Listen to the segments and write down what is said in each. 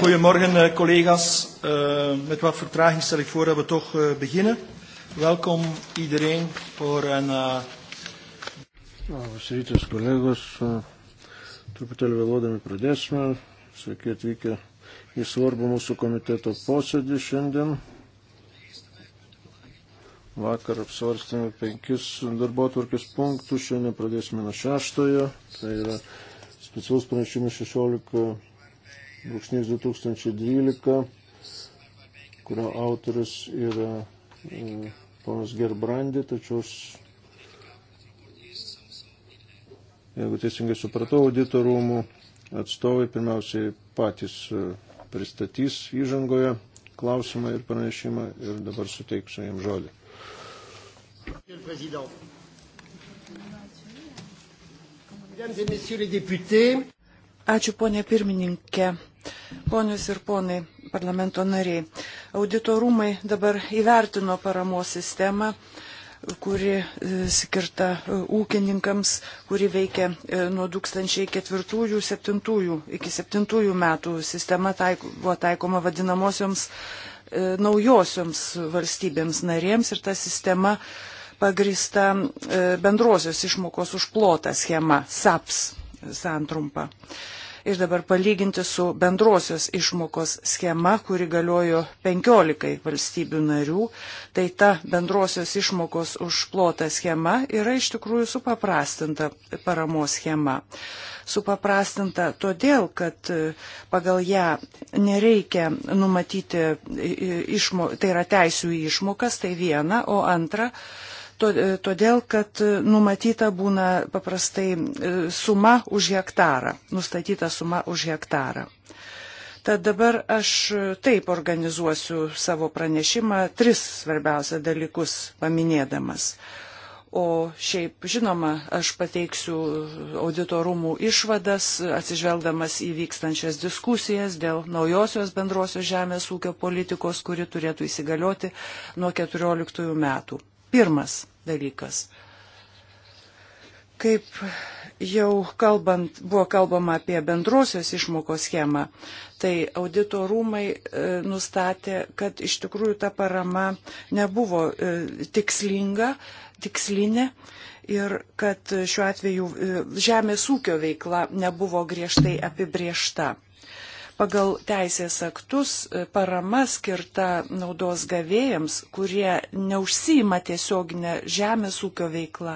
Goedemorgen eh, collega's. Uh, met wat vertraging stel ik voor dat we toch uh, beginnen. Welkom iedereen voor een. Uh... Labas rytas kolegos. Truputėlį vėluodami pradėsime. Sveiki atvykę į svarbą mūsų komiteto posėdį šiandien. Vakar apsvarstėme penkis darbo tvarkės punktus, šiandien pradėsime nuo šeštojo. Tai yra specialus pranešimas 16.2012, kurio autoris yra e, ponas Gerbrandi, tačiau aš, jeigu teisingai supratau, auditorumų atstovai pirmiausiai patys e, pristatys įžangoje klausimą ir pranešimą ir dabar suteiksiu jam žodį. Monsieur le Président, Ačiū, ponė pirmininkė. Ponius ir ponai, parlamento nariai. Auditorumai dabar įvertino paramos sistemą kuri e, skirta e, ūkininkams, kuri veikia e, nuo 2004-2007 iki 2007 metų. Sistema taik, buvo taikoma vadinamosioms naujosioms valstybėms narėms ir ta sistema uh, pagrista e, bendrosios išmokos už plotą schema SAPS santrumpa. Ir dabar palyginti su bendrosios išmokos schema, kuri galiojo 15 valstybių narių, tai ta bendrosios išmokos už plotą schema yra iš tikrųjų supaprastinta paramos schema. Supaprastinta todėl, kad e, pagal ją nereikia numatyti, išmo, tai yra teisų į išmokas, tai viena, o antra, E, todėl kad e, numatyta būna paprastai e, suma už hektarą, nustatyta suma už hektarą. Tad dabar aš taip organizuosiu savo pranešimą, tris svarbiausia dalykus paminėdamas. O šiaip, žinoma, aš pateiksiu auditorumų išvadas, atsižvelgdamas į vykstančias diskusijas dėl naujosios bendrosios žemės ūkio politikos, kuri turėtų įsigalioti nuo 2014 metų. Pirmas dalykas. Kaip jau kalbant, buvo kalbama apie bendrosios išmokos schemą, tai audito rūmai e, nustatė, kad iš tikrųjų ta parama nebuvo e, tikslinga, tikslinė ir kad šiuo atveju e, žemės ūkio veikla nebuvo griežtai apibriešta. Pagal teisės aktus e, parama skirta naudos gavėjams, kurie neužsima tiesioginę žemės ūkio veiklą.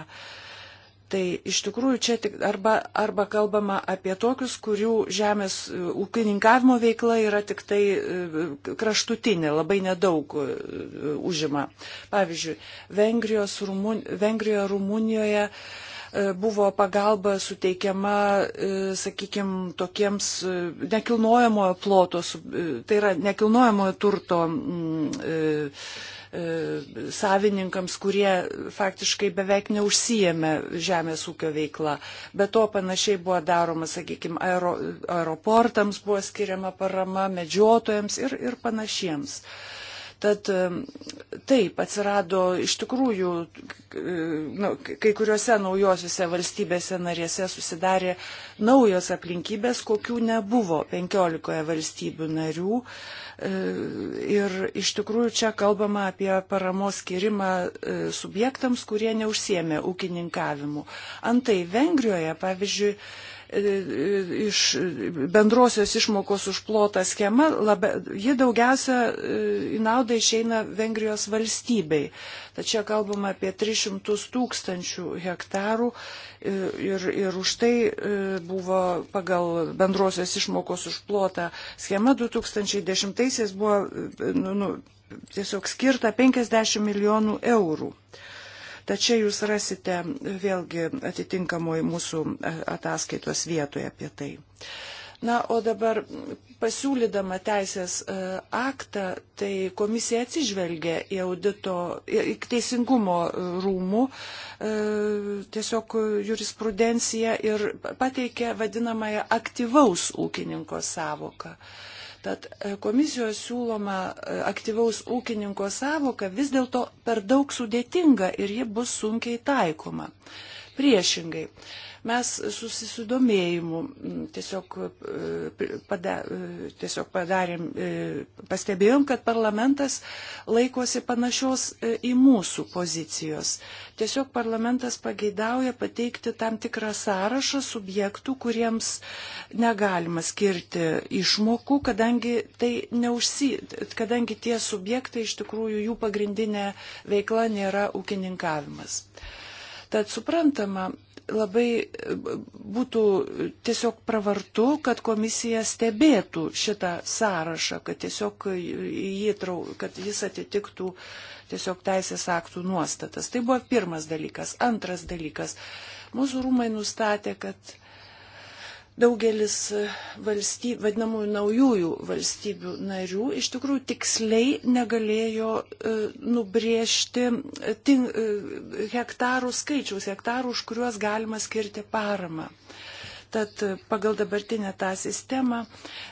Tai iš tikrųjų čia tik arba, arba kalbama apie tokius, kurių žemės e, ūkininkavimo veikla yra tik tai e, kraštutinė, labai nedaug užima. Pavyzdžiui, Vengrijos, Rumun, Vengrijoje, Rumunijoje E, buvo pagalba suteikiama, e, sakykime, tokiems e, nekilnojamojo ploto, tai yra nekilnojamojo turto mm, savininkams, kurie faktiškai beveik neužsijėmė žemės ūkio veikla. Be to panašiai buvo daroma, sakykime, aero, aeroportams buvo skiriama parama, medžiotojams ir, ir panašiems. Uh, Tad taip atsirado iš tikrųjų e, nu, kai kuriuose naujosiuose valstybėse narėse susidarė naujos aplinkybės, kokių nebuvo 15 valstybių narių. E, ir iš tikrųjų čia kalbama apie paramos skirimą e, subjektams, kurie neužsiemė ūkininkavimu. Antai Vengrijoje, pavyzdžiui, iš bendrosios išmokos užplota schema, labai, ji daugiausia e, į naudą išeina Vengrijos valstybei. Tačiau kalbama apie 300 tūkstančių hektarų e, ir, ir už tai e, buvo pagal bendrosios išmokos užplota schema 2010-aisiais buvo nu, nu, tiesiog skirta 50 milijonų eurų. Tačiau jūs rasite vėlgi atitinkamoji mūsų ataskaitos vietoje apie tai. Na, o dabar pasiūlydama teisės e, aktą, tai komisija atsižvelgia į audito, į teisingumo rūmų e, tiesiog jurisprudenciją ir pateikia vadinamąją aktyvaus ūkininko savoką. Bet komisijos siūloma e, aktyvaus ūkininko savoka vis dėlto per daug sudėtinga ir ji bus sunkiai taikoma. Priešingai, Mes susidomėjimu tiesiog, e, pada, e, tiesiog padarėm, e, pastebėjom, kad parlamentas laikosi panašios į mūsų pozicijos. Tiesiog parlamentas pageidauja pateikti tam tikrą sąrašą subjektų, kuriems negalima skirti išmokų, kadangi, tai neužsi, kadangi tie subjektai iš tikrųjų jų pagrindinė veikla nėra ūkininkavimas. Tad suprantama, labai būtų tiesiog pravartu, kad komisija stebėtų šitą sąrašą, kad tiesiog jį, kad jis atitiktų tiesiog teisės aktų nuostatas. Tai buvo pirmas dalykas. Antras dalykas. Mūsų rūmai nustatė, kad daugelis e, valstybių, vadinamųjų naujųjų valstybių narių iš tikrųjų tiksliai negalėjo e, nubriežti e, hektarų skaičiaus, hektarų, už kuriuos galima skirti paramą. Tad pagal dabartinę tą sistemą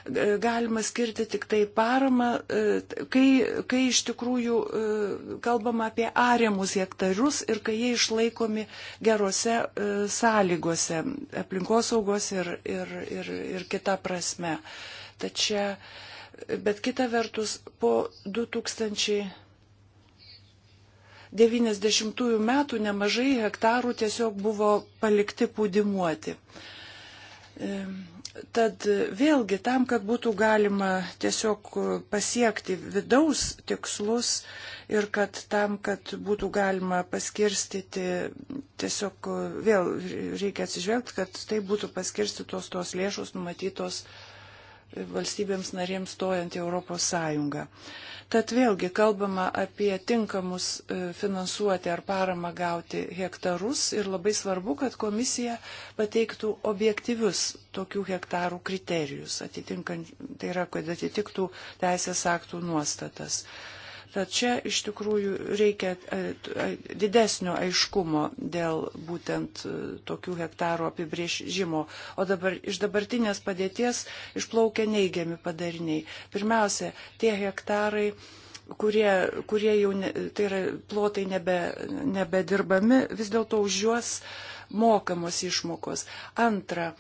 e, galima skirti tik tai paramą, e, kai, kai iš tikrųjų e, kalbama apie ariamus hektarus ir kai jie išlaikomi gerose sąlygose, aplinkosaugos ir, ir, ir, ir kita prasme. Tačiau, bet kita vertus, po 2000. 90-ųjų metų nemažai hektarų tiesiog buvo palikti pūdimuoti. Uh, Tad vėlgi tam, kad būtų galima tiesiog pasiekti vidaus tikslus ir kad tam, kad būtų galima paskirstyti, tiesiog vėl reikia atsižvelgti, kad tai būtų paskirstytos tos lėšos numatytos uh, valstybėms narėms stojant į Europos Sąjungą. Tad vėlgi kalbama apie tinkamus e, finansuoti ar paramą gauti hektarus ir labai svarbu, kad komisija pateiktų objektyvius tokių hektarų kriterijus, atitinkant, tai yra, kad atitiktų teisės aktų nuostatas. Tad čia iš tikrųjų reikia e, didesnio aiškumo dėl būtent e, tokių hektarų apibrėžimo. O dabar iš dabartinės padėties išplaukia neigiami padariniai. Pirmiausia, tie hektarai, kurie, kurie jau, ne, tai yra plotai nebe, nebedirbami, vis dėlto už juos uh, mokamos išmokos. Antra,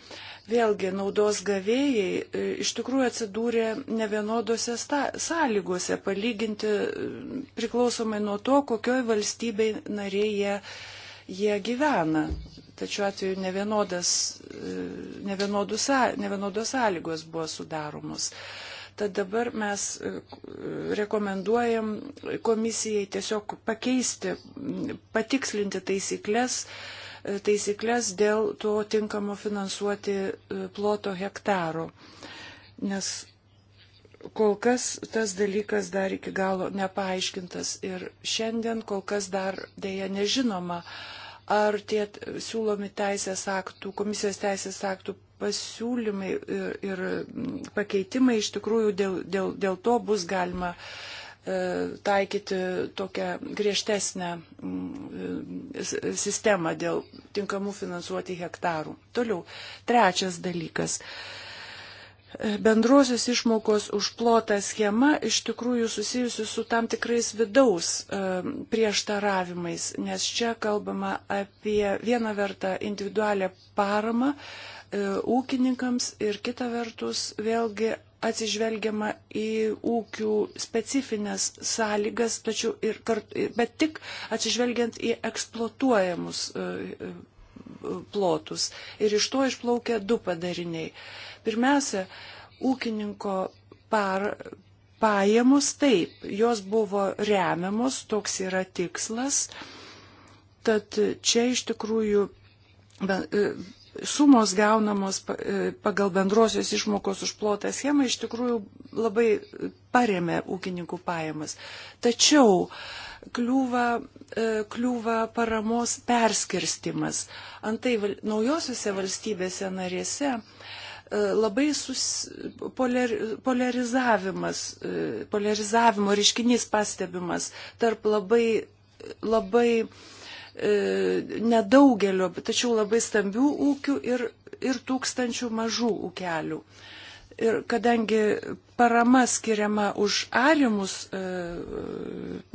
vėlgi naudos gavėjai e, iš tikrųjų atsidūrė nevienodose sąlygose, palyginti e, priklausomai nuo to, kokioj valstybei narėje jie gyvena. Tačiau atveju e, nevienodos ne ne sąlygos buvo sudaromos. Tad dabar mes rekomenduojam komisijai tiesiog pakeisti, patikslinti taisyklės, taisyklės dėl to tinkamo finansuoti e, ploto hektarų. Nes kol kas tas dalykas dar iki galo nepaaiškintas ir šiandien kol kas dar dėja nežinoma, ar tie siūlomi teisės aktų, komisijos teisės aktų pasiūlymai ir, ir pakeitimai iš tikrųjų dėl, dėl, dėl to bus galima uh, E, taikyti tokią griežtesnę mm, sistemą dėl tinkamų finansuoti hektarų. Toliau, trečias dalykas. E, bendrosios išmokos užplota schema iš tikrųjų susijusi su tam tikrais vidaus e, prieštaravimais, nes čia kalbama apie vieną vertą individualią paramą ūkininkams ir kita vertus vėlgi atsižvelgiama į ūkių specifines sąlygas, tačiau ir kart, bet tik atsižvelgiant į eksploatuojamus e, e, plotus. Ir iš to išplaukia du padariniai. Pirmiausia, ūkininko par, pajamos taip, jos buvo remiamos, toks yra tikslas. Tad čia iš tikrųjų e, sumos gaunamos e, pagal bendrosios išmokos užplotą schemą iš tikrųjų labai paremė ūkininkų pajamas. Tačiau kliūva, e, kliūva paramos perskirstimas. Antai naujosiuose valstybėse narėse e, labai sus, poler, polarizavimas, polarizavimo reiškinys pastebimas tarp labai, labai uh, E, nedaugelio, tačiau labai stambių ūkių ir, ir tūkstančių mažų ūkelių. Ir kadangi parama skiriama už arimus e,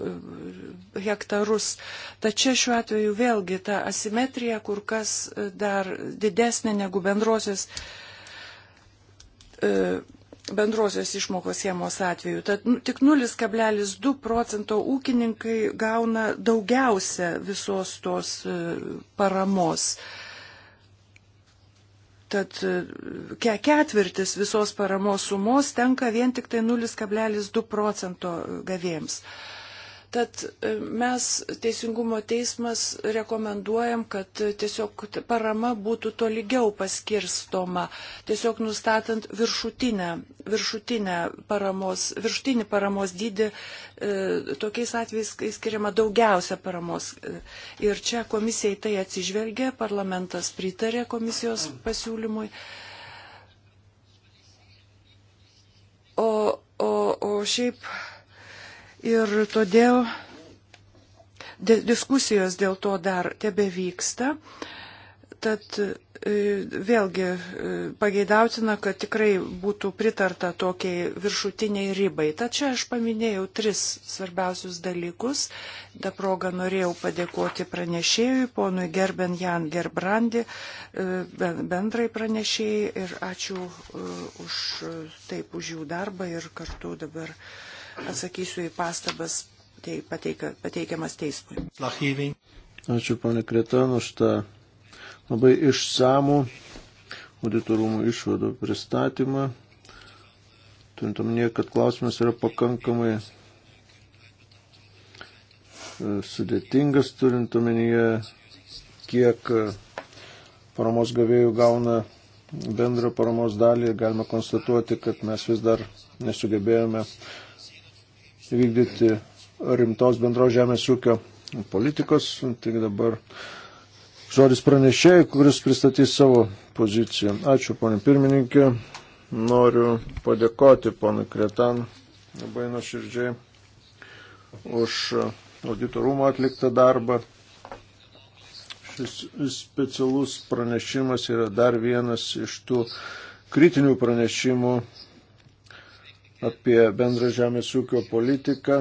e hektarus, tačiau šiuo atveju vėlgi ta asimetrija kur kas dar didesnė negu bendrosios e, bendrosios išmokos schemos atveju. Tad nu, tik 0,2 procento ūkininkai gauna daugiausia visos tos e, paramos. Tad e, ketvirtis visos paramos sumos tenka vien tik tai 0,2 procento gavėjams. Uh, Tad e, mes Teisingumo teismas rekomenduojam, kad tiesiog parama būtų tolygiau paskirstoma, tiesiog nustatant viršutinę, viršutinę paramos, viršutinį paramos dydį, e, tokiais atvejais, kai skiriama daugiausia paramos. E, ir čia komisija į tai atsižvelgia, parlamentas pritarė komisijos pasiūlymui. O, o, o šiaip Ir todėl diskusijos dėl to dar tebe vyksta. Tad e, vėlgi e, pageidautina, kad tikrai būtų pritarta tokiai viršutiniai ribai. Tačiau aš paminėjau tris svarbiausius dalykus. Da proga norėjau padėkoti pranešėjui, ponui Gerben Jan Gerbrandi, e, bendrai pranešėjai ir ačiū už taip, už jų darbą ir kartu dabar uh, atsakysiu į pastabas tai pateika, pateikiamas teismui. Ačiū, pane Kretan, už tą labai išsamų auditorumų išvadų pristatymą. Turint omenyje, kad klausimas yra pakankamai e, sudėtingas, turint omenyje, kiek e, paramos gavėjų gauna bendrą paramos dalį, galima konstatuoti, kad mes vis dar nesugebėjome vykdyti rimtos bendros žemės ūkio politikos. Tik dabar žodis pranešėjai, kuris pristatys savo poziciją. Ačiū, ponė pirmininkė. Noriu padėkoti ponui Kretan labai nuoširdžiai už auditorumo atliktą darbą. Šis specialus pranešimas yra dar vienas iš tų kritinių pranešimų apie bendrą žemės ūkio politiką.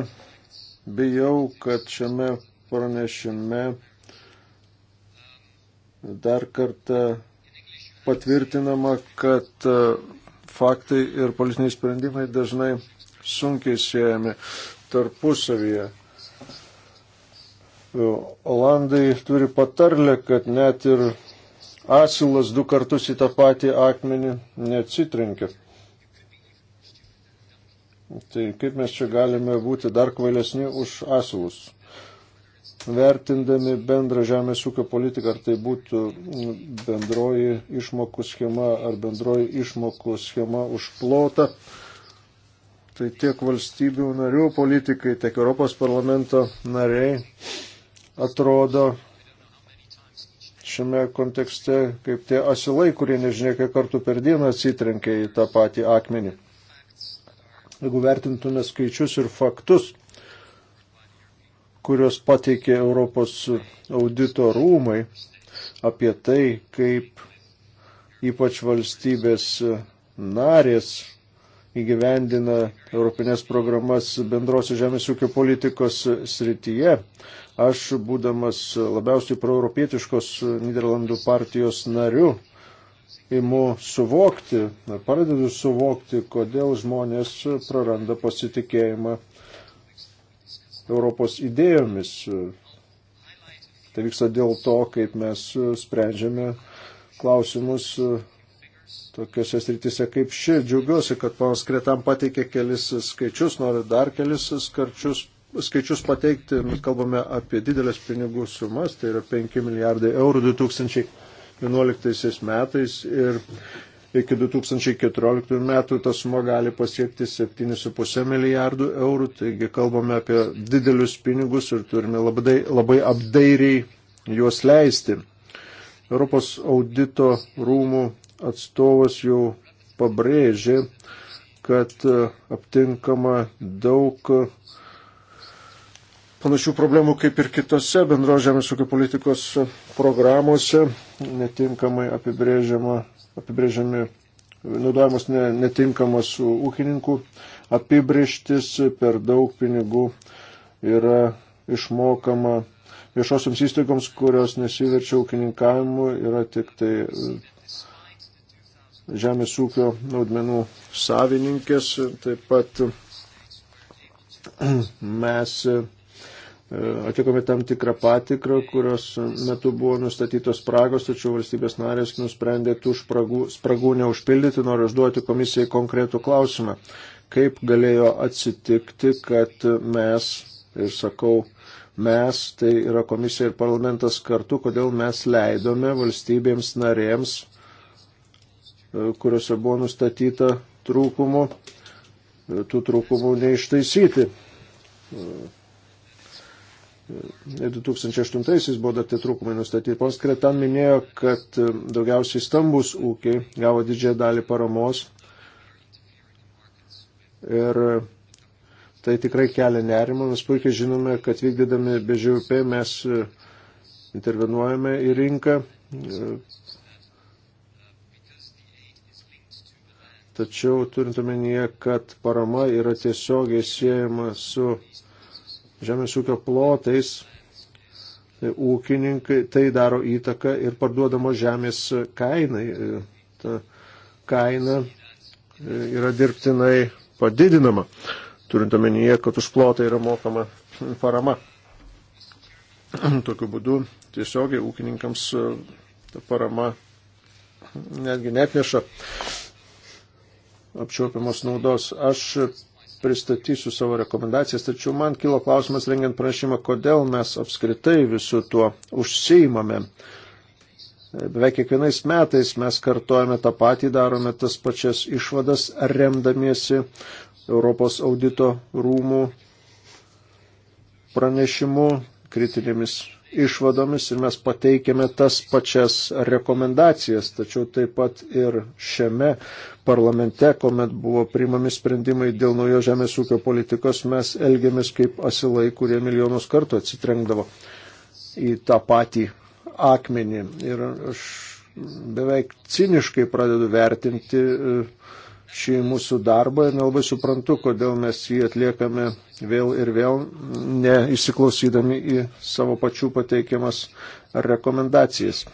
Bijau, kad šiame pranešime dar kartą patvirtinama, kad e, faktai ir politiniai sprendimai dažnai sunkiai siejami tarpusavyje. Olandai turi patarlę, kad net ir asilas du kartus į tą patį akmenį neatsitrenkia. Tai kaip mes čia galime būti dar kvailesni už asilus? Vertindami bendrą žemės ūkio politiką, ar tai būtų bendroji išmokų schema ar bendroji išmokų schema už plotą, tai tiek valstybių narių politikai, tiek Europos parlamento nariai atrodo šiame kontekste kaip tie asilai, kurie nežinia, kiek kartų per dieną atsitrenkia į tą patį akmenį jeigu vertintume skaičius ir faktus, kuriuos pateikė Europos audito rūmai apie tai, kaip ypač valstybės narės įgyvendina Europinės programas bendrosios žemės ūkio politikos srityje. Aš, būdamas labiausiai proeuropietiškos Niderlandų partijos nariu, imu suvokti, pradedu suvokti, kodėl žmonės praranda pasitikėjimą Europos idėjomis. Tai vyksta dėl to, kaip mes sprendžiame klausimus tokiuose srityse kaip ši. Džiaugiuosi, kad panas Kretam pateikė kelis skaičius, noriu dar kelis skarčius, skaičius pateikti. Mes kalbame apie didelės pinigų sumas, tai yra 5 milijardai eurų 2000. 2011 metais ir iki 2014 metų ta suma gali pasiekti 7,5 milijardų eurų, taigi kalbame apie didelius pinigus ir turime labai, labai apdairiai juos leisti. Europos audito rūmų atstovas jau pabrėžė, kad aptinkama daug panašių problemų kaip ir kitose bendro žemės ūkio politikos programuose, netinkamai apibrėžiami, naudojamos ne, netinkamas ūkininkų apibrieštis, per daug pinigų yra išmokama viešosioms įstaigoms, kurios nesiverčia ūkininkavimu, yra tik tai e, žemės ūkio naudmenų savininkės, taip pat mes e, atlikome tam tikrą patikrą, kurios metu buvo nustatytos spragos, tačiau valstybės narės nusprendė tų spragų, spragų neužpildyti. Noriu užduoti komisijai konkretų klausimą. Kaip galėjo atsitikti, kad mes, ir sakau, mes, tai yra komisija ir parlamentas kartu, kodėl mes leidome valstybėms narėms, kuriuose buvo nustatyta trūkumų, tų trūkumų neištaisyti 2008-aisiais buvo dar tie trūkumai nustatyti. Pons Kretan minėjo, kad e, daugiausiai stambus ūkiai gavo didžiąją dalį paramos ir e, tai tikrai kelia nerimą. Mes puikiai žinome, kad vykdydami BŽUP mes e, intervenuojame į rinką. Tačiau turint omenyje, kad parama yra tiesiogiai siejama su žemės ūkio plotais, tai ūkininkai tai daro įtaką ir parduodamo žemės kainai. Ta kaina e, yra dirbtinai padidinama, turint omenyje, kad už plotą yra mokama parama. Tokiu būdu tiesiogiai ūkininkams e, ta parama netgi netneša apčiuopiamos naudos. Aš pristatysiu savo rekomendacijas, tačiau man kilo klausimas rengiant prašymą, kodėl mes apskritai visų tuo užsiimame. Beveik kiekvienais metais mes kartojame tą patį, darome tas pačias išvadas, remdamiesi Europos audito rūmų pranešimu, kritinėmis išvadomis ir mes pateikėme tas pačias rekomendacijas, tačiau taip pat ir šiame parlamente, kuomet buvo priimami sprendimai dėl naujo žemės ūkio politikos, mes elgėmės kaip asilai, kurie milijonus kartų atsitrenkdavo į tą patį akmenį. Ir aš beveik ciniškai pradedu vertinti uh, šį mūsų darbą ir nelabai suprantu, kodėl mes jį atliekame vėl ir vėl, neįsiklausydami į savo pačių pateikiamas rekomendacijas.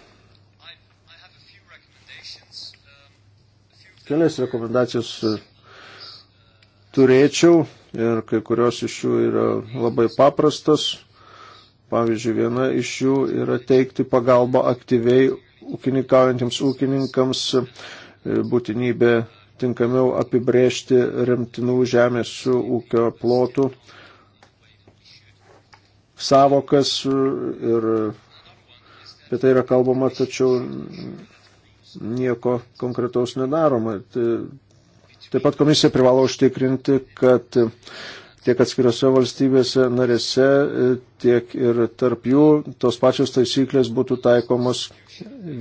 Kelias rekomendacijas e, turėčiau ir kai kurios iš jų yra labai paprastas. Pavyzdžiui, viena iš jų yra teikti pagalbą aktyviai ūkininkaujantiems ūkininkams e, būtinybė tinkamiau apibrėžti remtinų žemės ūkio plotų savokas ir apie tai yra kalbama, tačiau nieko konkretaus nedaroma. Tai taip pat komisija privalo užtikrinti, kad tiek atskirose valstybėse narėse, tiek ir tarp jų tos pačios taisyklės būtų taikomos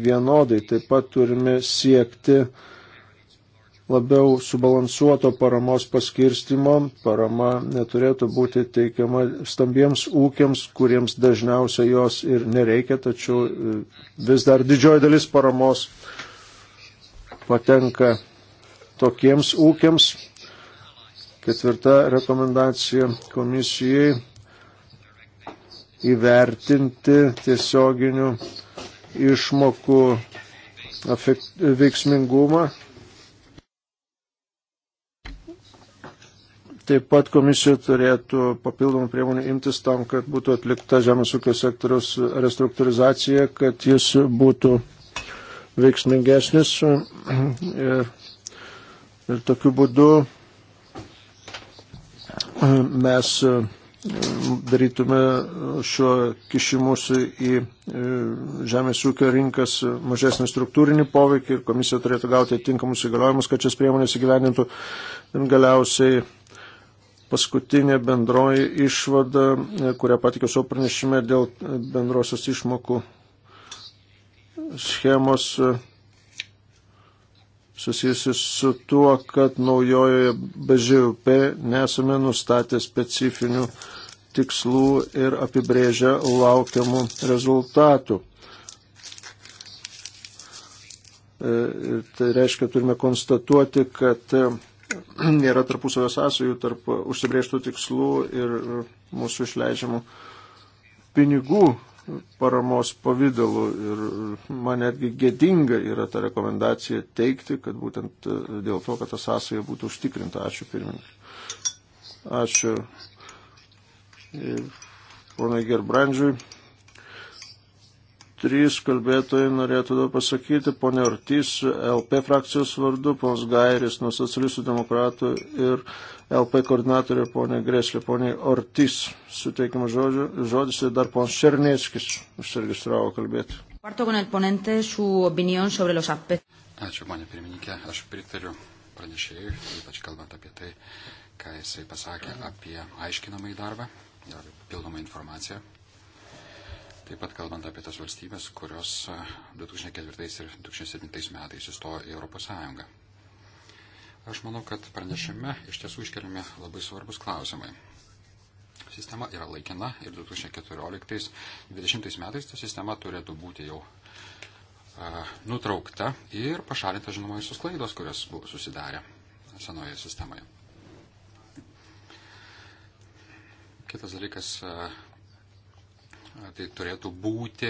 vienodai. Taip pat turime siekti uh, labiau subalansuoto paramos paskirstimo. Parama neturėtų būti teikiama stambiems ūkiams, kuriems dažniausiai jos ir nereikia, tačiau e, vis dar didžioji dalis paramos patenka tokiems ūkiams. Ketvirta rekomendacija komisijai įvertinti tiesioginių išmokų veiksmingumą Taip pat komisija turėtų papildomų priemonių imtis tam, kad būtų atlikta žemės ūkio sektoriaus restruktūrizacija, kad jis būtų veiksmingesnis ir, ir tokiu būdu mes darytume šiuo kišimusi į e, žemės ūkio rinkas mažesnį struktūrinį poveikį ir komisija turėtų gauti tinkamus įgaliojimus, kad šias priemonės įgyvenintų ir galiausiai paskutinė bendroji išvada, e, kurią patikiu savo pranešime dėl e, bendrosios išmokų schemos e, susijusi su tuo, kad naujojoje BŽUP nesame nustatę specifinių tikslų ir apibrėžę laukiamų rezultatų. Ir tai reiškia, turime konstatuoti, kad nėra tarpusavio sąsajų tarp užsibrieštų tikslų ir mūsų išleidžiamų pinigų paramos pavydalu ir man netgi gėdinga yra ta rekomendacija teikti, kad būtent dėl to, kad ta sąsaja būtų užtikrinta. Ačiū pirmininkai. Ačiū ponai Gerbrandžiui trys kalbėtojai norėtų dabar pasakyti, ponė Ortys LP frakcijos vardu, pons Gairis nuo socialistų demokratų ir LP koordinatorė ponė Greslė, ponė Ortys. Suteikimo žodžiu, žodis ir dar pons Černieckis užsiregistravo kalbėti. Ačiū, ponė pirmininkė, aš pritariu pranešėjui, ypač kalbant apie tai, ką jisai pasakė apie aiškinamąjį darbą ir pildomą informaciją Taip pat kalbant apie tas valstybės, kurios 2004 e, ir 2007 metais įstojo į Europos Sąjungą. Aš manau, kad pranešime iš tiesų iškeliami labai svarbus klausimai. Sistema yra laikina ir 2014-2020 metais ta sistema turėtų būti jau uh, nutraukta ir pašalinta, žinoma, visus klaidos, kurios buvo susidarę senoje sistemoje. Kitas dalykas uh, tai turėtų būti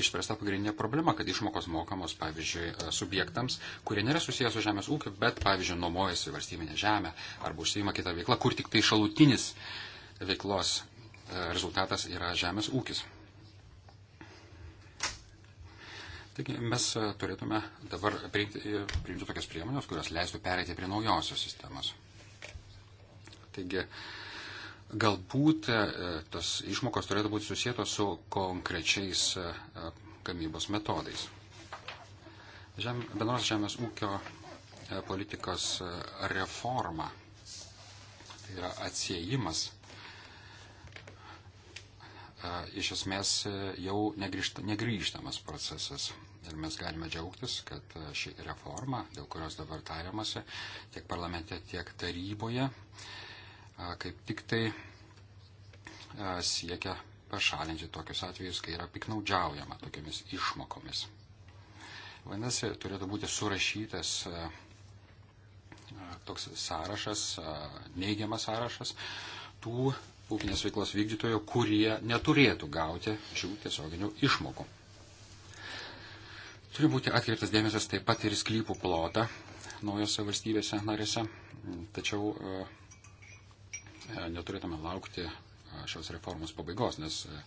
išspręsta pagrindinė problema, kad išmokos mokamos, pavyzdžiui, e, subjektams, kurie nėra susijęs su žemės ūkiu, bet, pavyzdžiui, nuomojasi valstybinę žemę arba užsima kitą veiklą, kur tik tai šalutinis veiklos e, rezultatas yra žemės ūkis. Taigi mes e, turėtume dabar priimti, priimti tokias priemonės, kurios leistų perėti prie naujosios sistemos. Taigi, uh, Galbūt e, tas išmokos turėtų būti susijętos su konkrečiais e, gamybos metodais. Žem, bendros žemės ūkio e, politikos reforma, tai yra atsiejimas, iš esmės jau negrįžta, negrįžtamas procesas. Ir mes galime džiaugtis, kad ši reforma, dėl kurios dabar tariamasi tiek parlamente, tiek taryboje, uh, kaip tik tai siekia pašalinti tokius atvejus, kai yra piknaudžiaujama tokiamis išmokomis. Vadinasi, turėtų būti surašytas toks sąrašas, neigiamas sąrašas tų ūkinės veiklos vykdytojų, kurie neturėtų gauti šių tiesioginių išmokų. Turi būti atkreiptas dėmesys taip pat ir sklypų plotą naujose valstybėse narėse, tačiau E, neturėtume laukti e, šios reformos pabaigos, nes, e,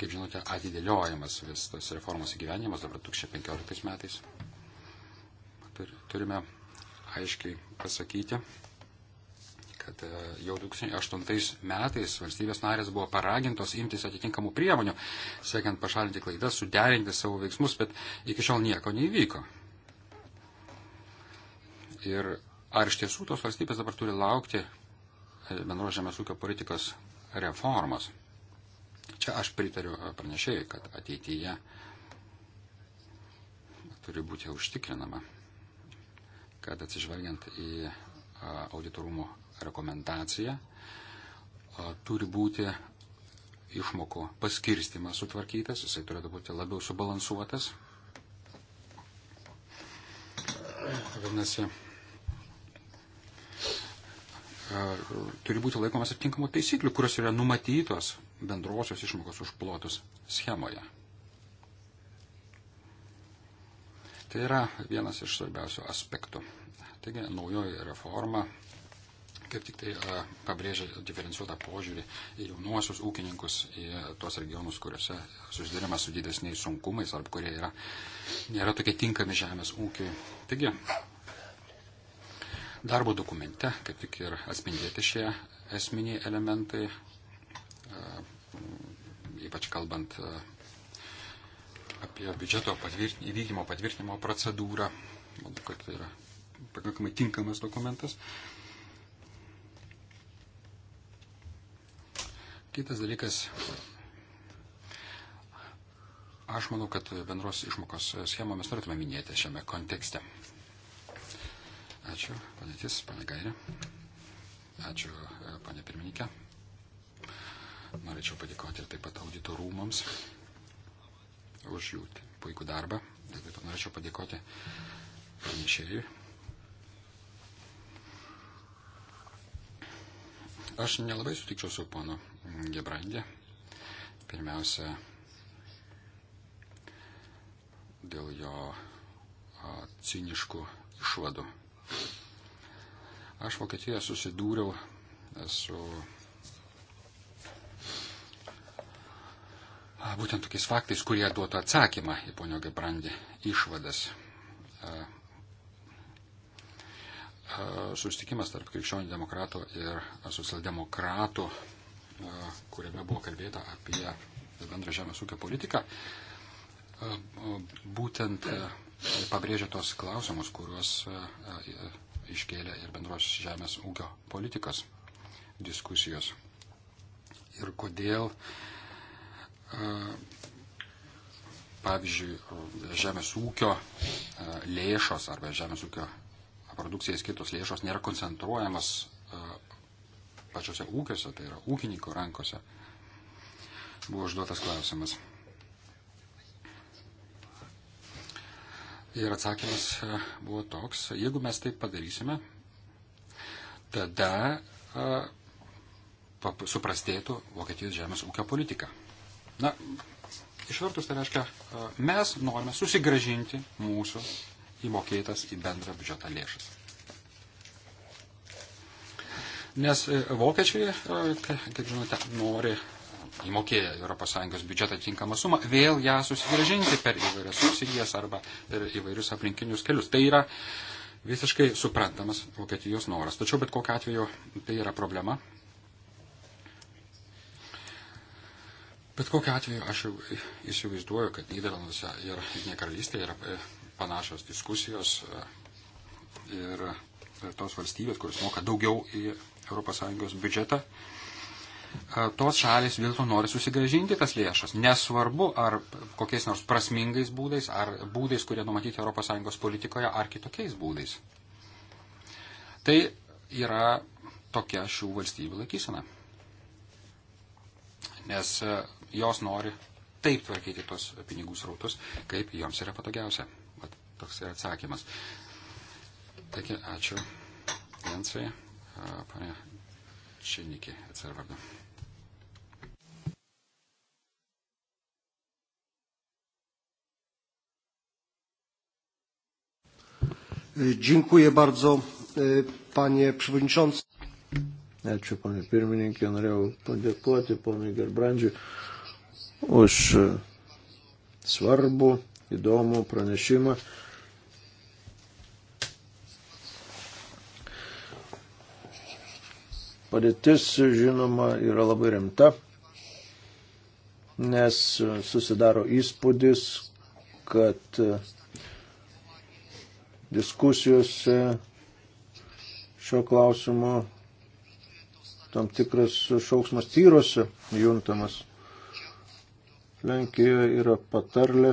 kaip žinote, atidėliojamas vis tas reformos įgyvenimas dabar 2015 metais. Turime aiškiai pasakyti, kad jau 2008 metais valstybės narės buvo paragintos imtis atitinkamų priemonių, siekiant pašalinti klaidas, suderinti savo veiksmus, bet iki šiol nieko neįvyko. Ir ar iš tiesų tos valstybės dabar turi laukti bendros žemės ūkio politikos reformos. Čia aš pritariu pranešėjai, kad ateityje turi būti užtikrinama, kad atsižvelgiant į auditorumo rekomendaciją turi būti išmokų paskirstimas sutvarkytas, jisai turėtų būti labiau subalansuotas. Vadinasi, E, turi būti laikomas atitinkamų taisyklių, kurios yra numatytos bendrosios išmokos už plotus schemoje. Tai yra vienas iš svarbiausių aspektų. Taigi naujoji reforma kaip tik tai e, pabrėžia diferencijuotą požiūrį į jaunuosius ūkininkus, į tuos regionus, kuriuose susidurima su didesniais sunkumais arba kurie yra, nėra tokie tinkami žemės ūkiai. Taigi, Darbo dokumente, kaip tik ir atspindėti šie esminiai elementai, e, ypač kalbant e, apie biudžeto patvirt, įvykdymo patvirtinimo procedūrą, manau, kad tai yra pakankamai tinkamas dokumentas. Kitas dalykas, aš manau, kad bendros išmokos schemą mes norėtume minėti šiame kontekste. Ačiū, panėtis, panė Gairė. Ačiū, e, panė pirmininkė. Norėčiau padėkoti ir taip pat audito rūmams už jų puikų darbą. Taip pat norėčiau padėkoti pranešėjui. Aš nelabai sutikčiau su ponu Gebrandė. Pirmiausia, dėl jo ciniškų išvadų Aš Vokietijoje susidūriau su būtent tokiais faktais, kurie duotų atsakymą į ponio Gebrandį išvadas. Sustikimas tarp krikščionių demokratų ir socialdemokratų, kuriame buvo kalbėta apie bendrą žemės ūkio politiką, būtent pabrėžia tos klausimus, kuriuos e, e, iškėlė ir bendros žemės ūkio politikos diskusijos. Ir kodėl, e, pavyzdžiui, žemės ūkio lėšos arba žemės ūkio produkcijai skirtos lėšos nėra koncentruojamas pačiose ūkiuose, tai yra ūkininkų rankose, buvo užduotas klausimas. Ir atsakymas e, buvo toks, jeigu mes taip padarysime, tada e, a, suprastėtų Vokietijos žemės ūkio politika. Na, išvertus tai reiškia, a, e, mes norime susigražinti mūsų įmokėtas į bendrą biudžetą lėšas. Nes vokiečiai, kaip žinote, nori įmokėję ES biudžetą tinkamą sumą, vėl ją susigražinti per įvairias subsidijas arba per įvairius aplinkinius kelius. Tai yra visiškai suprantamas Vokietijos noras. Tačiau bet kokiu atveju tai yra problema. Bet kokiu atveju aš jau įsivaizduoju, kad Niderlanduose ir Jungtinė karalystė yra e, panašios diskusijos e, ir tos valstybės, kuris moka daugiau į ES biudžetą, E, tos šalis vis dėlto nori susigražinti tas lėšas. Nesvarbu, ar kokiais nors prasmingais būdais, ar būdais, kurie numatyti ES politikoje, ar kitokiais būdais. Tai yra tokia šių valstybių laikysena. Nes e, jos nori taip tvarkyti tos pinigų srautus, kaip joms yra patogiausia. Vat toks yra atsakymas. Taigi, ačiū. Jensai, panė Čenikė, atsirvardu. Dziękuję bardzo, e, panie przewodniczący. Ačiū, panė pirmininkė, norėjau padėkoti ponui Gerbrandžiui už e, svarbų, įdomų pranešimą. Padėtis, žinoma, yra labai rimta, nes e, susidaro įspūdis, kad diskusijose šio klausimo tam tikras šauksmas tyrose juntamas. Lenkijoje yra patarlė,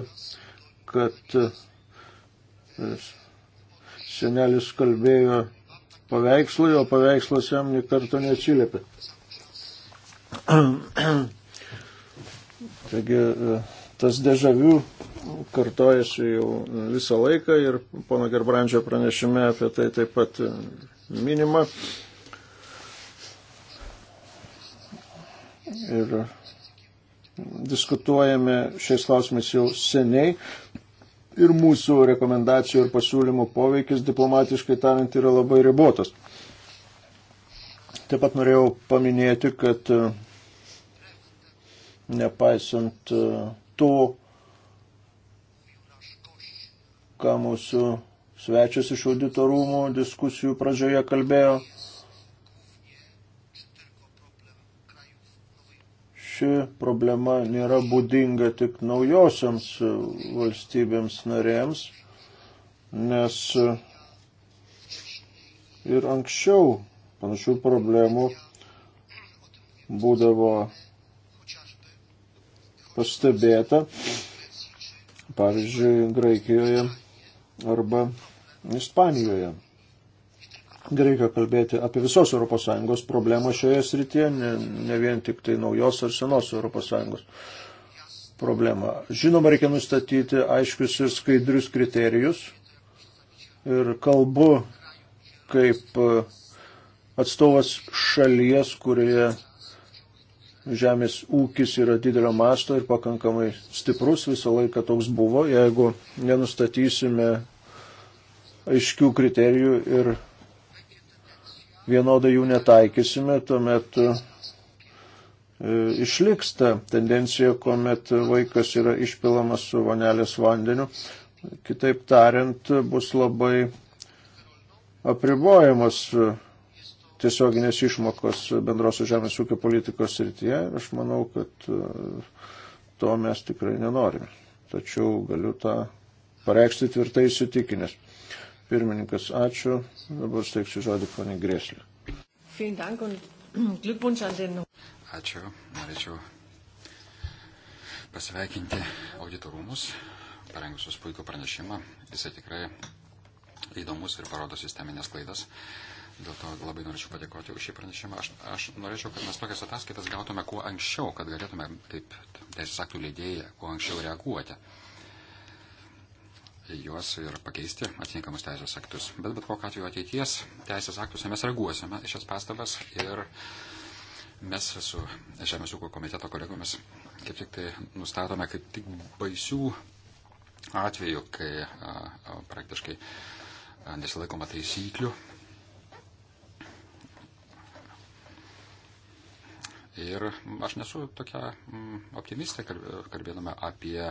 kad e, senelis kalbėjo paveikslui, o paveikslas jam nikarto neatsiliepė. Taigi e, tas dežavių kartojasi jau visą laiką ir pono Gerbrandžio pranešime apie tai taip pat minima. Ir diskutuojame šiais klausimais jau seniai. Ir mūsų rekomendacijų ir pasiūlymų poveikis diplomatiškai tariant yra labai ribotas. Taip pat norėjau paminėti, kad nepaisant to, ką mūsų svečias iš auditorumų diskusijų pradžioje kalbėjo. Ši problema nėra būdinga tik naujosiams valstybėms narėms, nes ir anksčiau panašių problemų būdavo pastebėta. Pavyzdžiui, Graikijoje arba Ispanijoje. Reikia kalbėti apie visos ES problemą šioje srityje, ne, ne vien tik tai naujos ar senos ES problemą. Žinoma, reikia nustatyti aiškius ir skaidrius kriterijus. Ir kalbu kaip e, atstovas šalies, kurioje žemės ūkis yra didelio masto ir pakankamai stiprus, visą laiką toks buvo. Jeigu nenustatysime aiškių kriterijų ir vienodai jų netaikysime, tuomet e, išliks ta tendencija, kuomet vaikas yra išpilamas su vanelės vandeniu. Kitaip tariant, bus labai apribojamas tiesioginės išmokos bendrosios žemės ūkio politikos srityje ir aš manau, kad e, to mes tikrai nenorime. Tačiau galiu tą pareikšti tvirtai įsitikinęs. Pirmininkas, ačiū. Dabar steiksiu žodį ponį Grėslį. Ačiū. Norėčiau pasveikinti auditorumus, parengusius puikų pranešimą. Jisai tikrai įdomus ir parodo sisteminės klaidas. Uh, Dėl to labai norėčiau padėkoti už šį pranešimą. Aš, aš norėčiau, kad mes tokias ataskaitas gautume kuo anksčiau, kad galėtume, kaip teisės aktų leidėjai, kuo anksčiau reaguoti į juos ir pakeisti atitinkamus teisės aktus. Bet bet kokiu atveju ateities teisės aktuose mes reaguosime į šias pastabas ir mes su Žemės ūkio komiteto kolegomis kaip tik tai nustatome kaip tik baisių atvejų, kai a, a, praktiškai a, nesilaikoma taisyklių Ir aš nesu tokia mm, optimistė, kalbėdama apie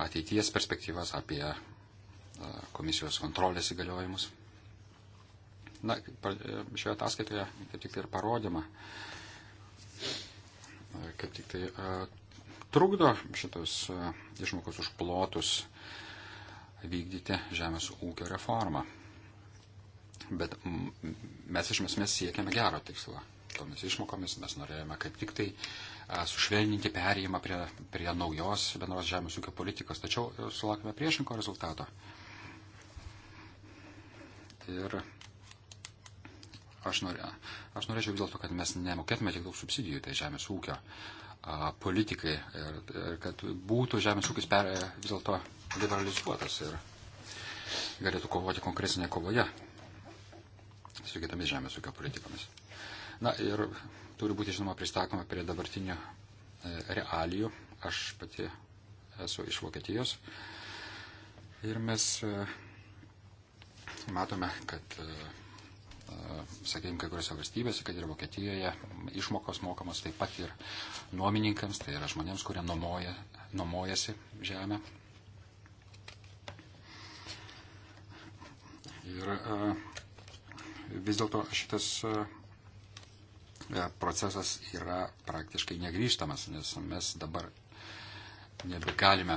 ateities perspektyvas, apie e, komisijos kontrolės įgaliojimus. Na, šioje ataskaitoje kaip tik tai ir parodoma, e, kaip tik tai e, trukdo šitos išmokos už plotus vykdyti žemės ūkio reformą. Bet mes iš esmės siekiame gero tikslo tomis išmokomis mes norėjome kaip tik tai sušvelninti perėjimą prie, prie naujos bendros žemės ūkio politikos, tačiau e, sulaukime priešinko rezultato. Ir aš, norė, aš norėčiau vis dėlto, kad mes nemokėtume tiek daug subsidijų tai žemės ūkio a, politikai ir, ir kad būtų žemės ūkis per, e, vis dėlto liberalizuotas ir galėtų kovoti konkrecinėje kovoje su kitomis žemės ūkio politikomis. Na ir turi būti, žinoma, pristatoma prie dabartinio e, realijų. Aš pati esu iš Vokietijos. Ir mes e, matome, kad, e, sakykime, kai kuriuose valstybėse, kad ir Vokietijoje, išmokos mokamos taip pat ir nuomininkams, tai yra žmonėms, kurie nuomoja, nuomojasi žemę. Ir vis dėlto šitas E, procesas yra praktiškai negryžtamas, nes mes dabar nebegalime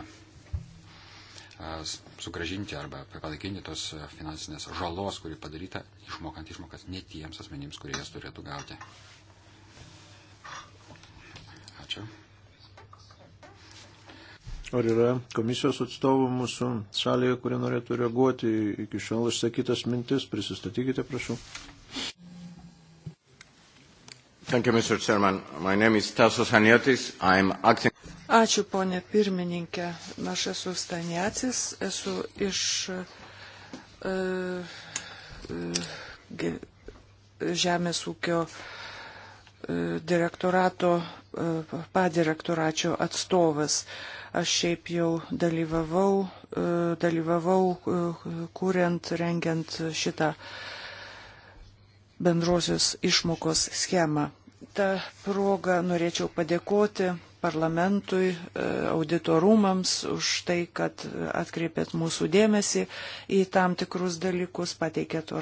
e, sugražinti arba panaikinti tos finansinės žalos, kuri padaryta, išmokant išmokas ne tiems asmenims, kurie jas turėtų gauti. Ačiū. Ar yra komisijos atstovų mūsų salėje, kurie norėtų reaguoti iki šiol išsakytas mintis? Prisistatykite, prašau. Thank you, Mr. Chairman. My name is Tasos Aniotis. I'm acting. Ačiū, ponė pirmininkė. Aš esu Staniacis, esu iš uh, uh, Žemės ūkio uh, direktorato, uh, padirektoračio atstovas. Aš šiaip jau dalyvavau, uh, dalyvavau uh, kuriant, rengiant šitą bendrosios išmokos schemą tą progą norėčiau padėkoti parlamentui, e, auditorumams už tai, kad atkreipėt mūsų dėmesį į tam tikrus dalykus, pateikėt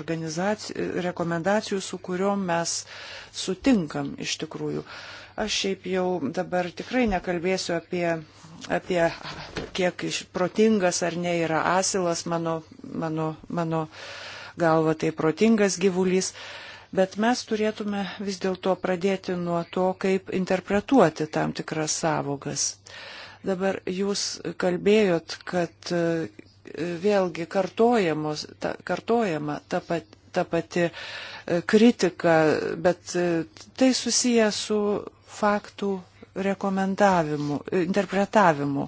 rekomendacijų, su kuriuom mes sutinkam iš tikrųjų. Aš šiaip jau dabar tikrai nekalbėsiu apie, apie kiek protingas ar ne yra asilas, mano, mano, mano galva tai protingas gyvulys. Uh, Bet mes turėtume vis dėlto pradėti nuo to, kaip interpretuoti tam tikras savogas. Dabar jūs kalbėjot, kad e, vėlgi ta, kartojama ta, pat, ta pati e, kritika, bet e, tai susiję su faktų rekomendavimu, interpretavimu.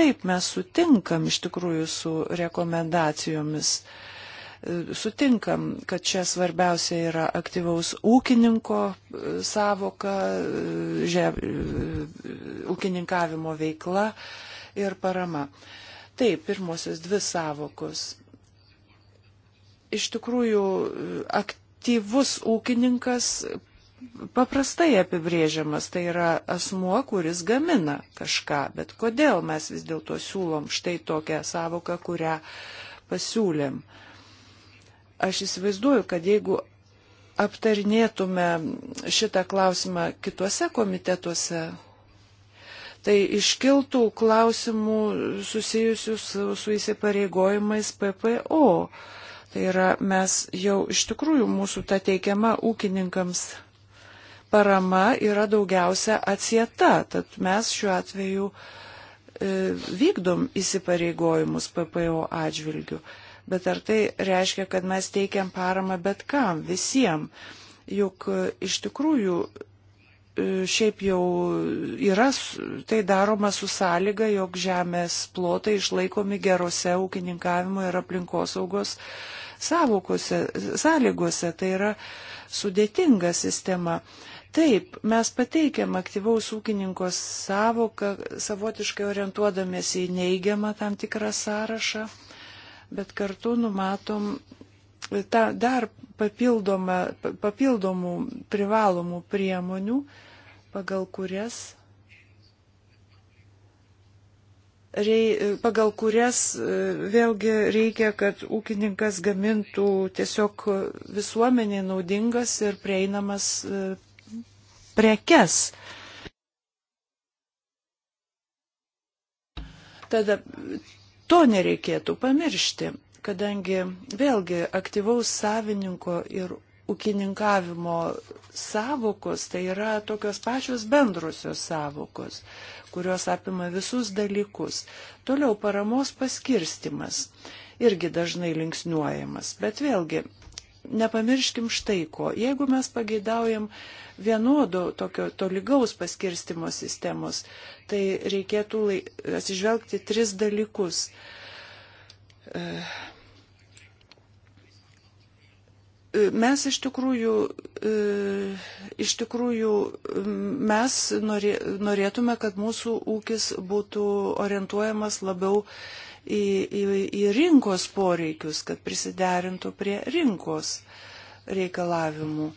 Taip, mes sutinkam iš tikrųjų su rekomendacijomis, sutinkam, kad čia svarbiausia yra aktyvaus ūkininko e, savoka, e, žem, e, ūkininkavimo veikla ir parama. Taip, pirmosios dvi savokos. Iš tikrųjų, aktyvus ūkininkas paprastai apibrėžiamas, tai yra asmuo, kuris gamina kažką, bet kodėl mes vis dėlto siūlom štai tokią savoką, kurią pasiūlėm. Uh, Aš įsivaizduoju, kad jeigu aptarinėtume šitą klausimą kituose komitetuose, tai iškiltų klausimų susijusių su, su įsipareigojimais PPO. Tai yra, mes jau iš tikrųjų mūsų ta teikiama ūkininkams parama yra daugiausia atsieta, tad mes šiuo atveju e, vykdom įsipareigojimus PPO atžvilgiu. E, Bet ar tai reiškia, kad mes teikiam paramą bet kam, visiems? Juk e, iš tikrųjų e, šiaip jau yra, tai daroma su sąlyga, jog žemės plotai išlaikomi gerose ūkininkavimo ir aplinkosaugos savokose, sąlygose. Tai yra sudėtinga sistema. Taip, mes pateikiam aktyvaus ūkininko savoką, savotiškai orientuodamėsi į neigiamą tam tikrą sąrašą, bet kartu numatom tą dar papildomų privalomų priemonių, pagal kurias rei, pagal kurias e, vėlgi reikia, kad ūkininkas gamintų tiesiog visuomeniai naudingas ir prieinamas e, prekes. Tada To nereikėtų pamiršti, kadangi vėlgi aktyvaus savininko ir ūkininkavimo savokos tai yra tokios pačios bendrusios savokos, kurios apima visus dalykus. Toliau paramos paskirstimas irgi dažnai linksniuojamas, bet vėlgi nepamirškim štai ko. Jeigu mes pageidaujam vienodo tokio tolygaus paskirstimo sistemos, tai reikėtų lai, atsižvelgti tris dalykus. E, e, mes iš tikrųjų, e, iš tikrųjų mes norėtume, kad mūsų ūkis būtų orientuojamas labiau į, į, į rinkos poreikius, kad prisiderintų prie rinkos reikalavimų.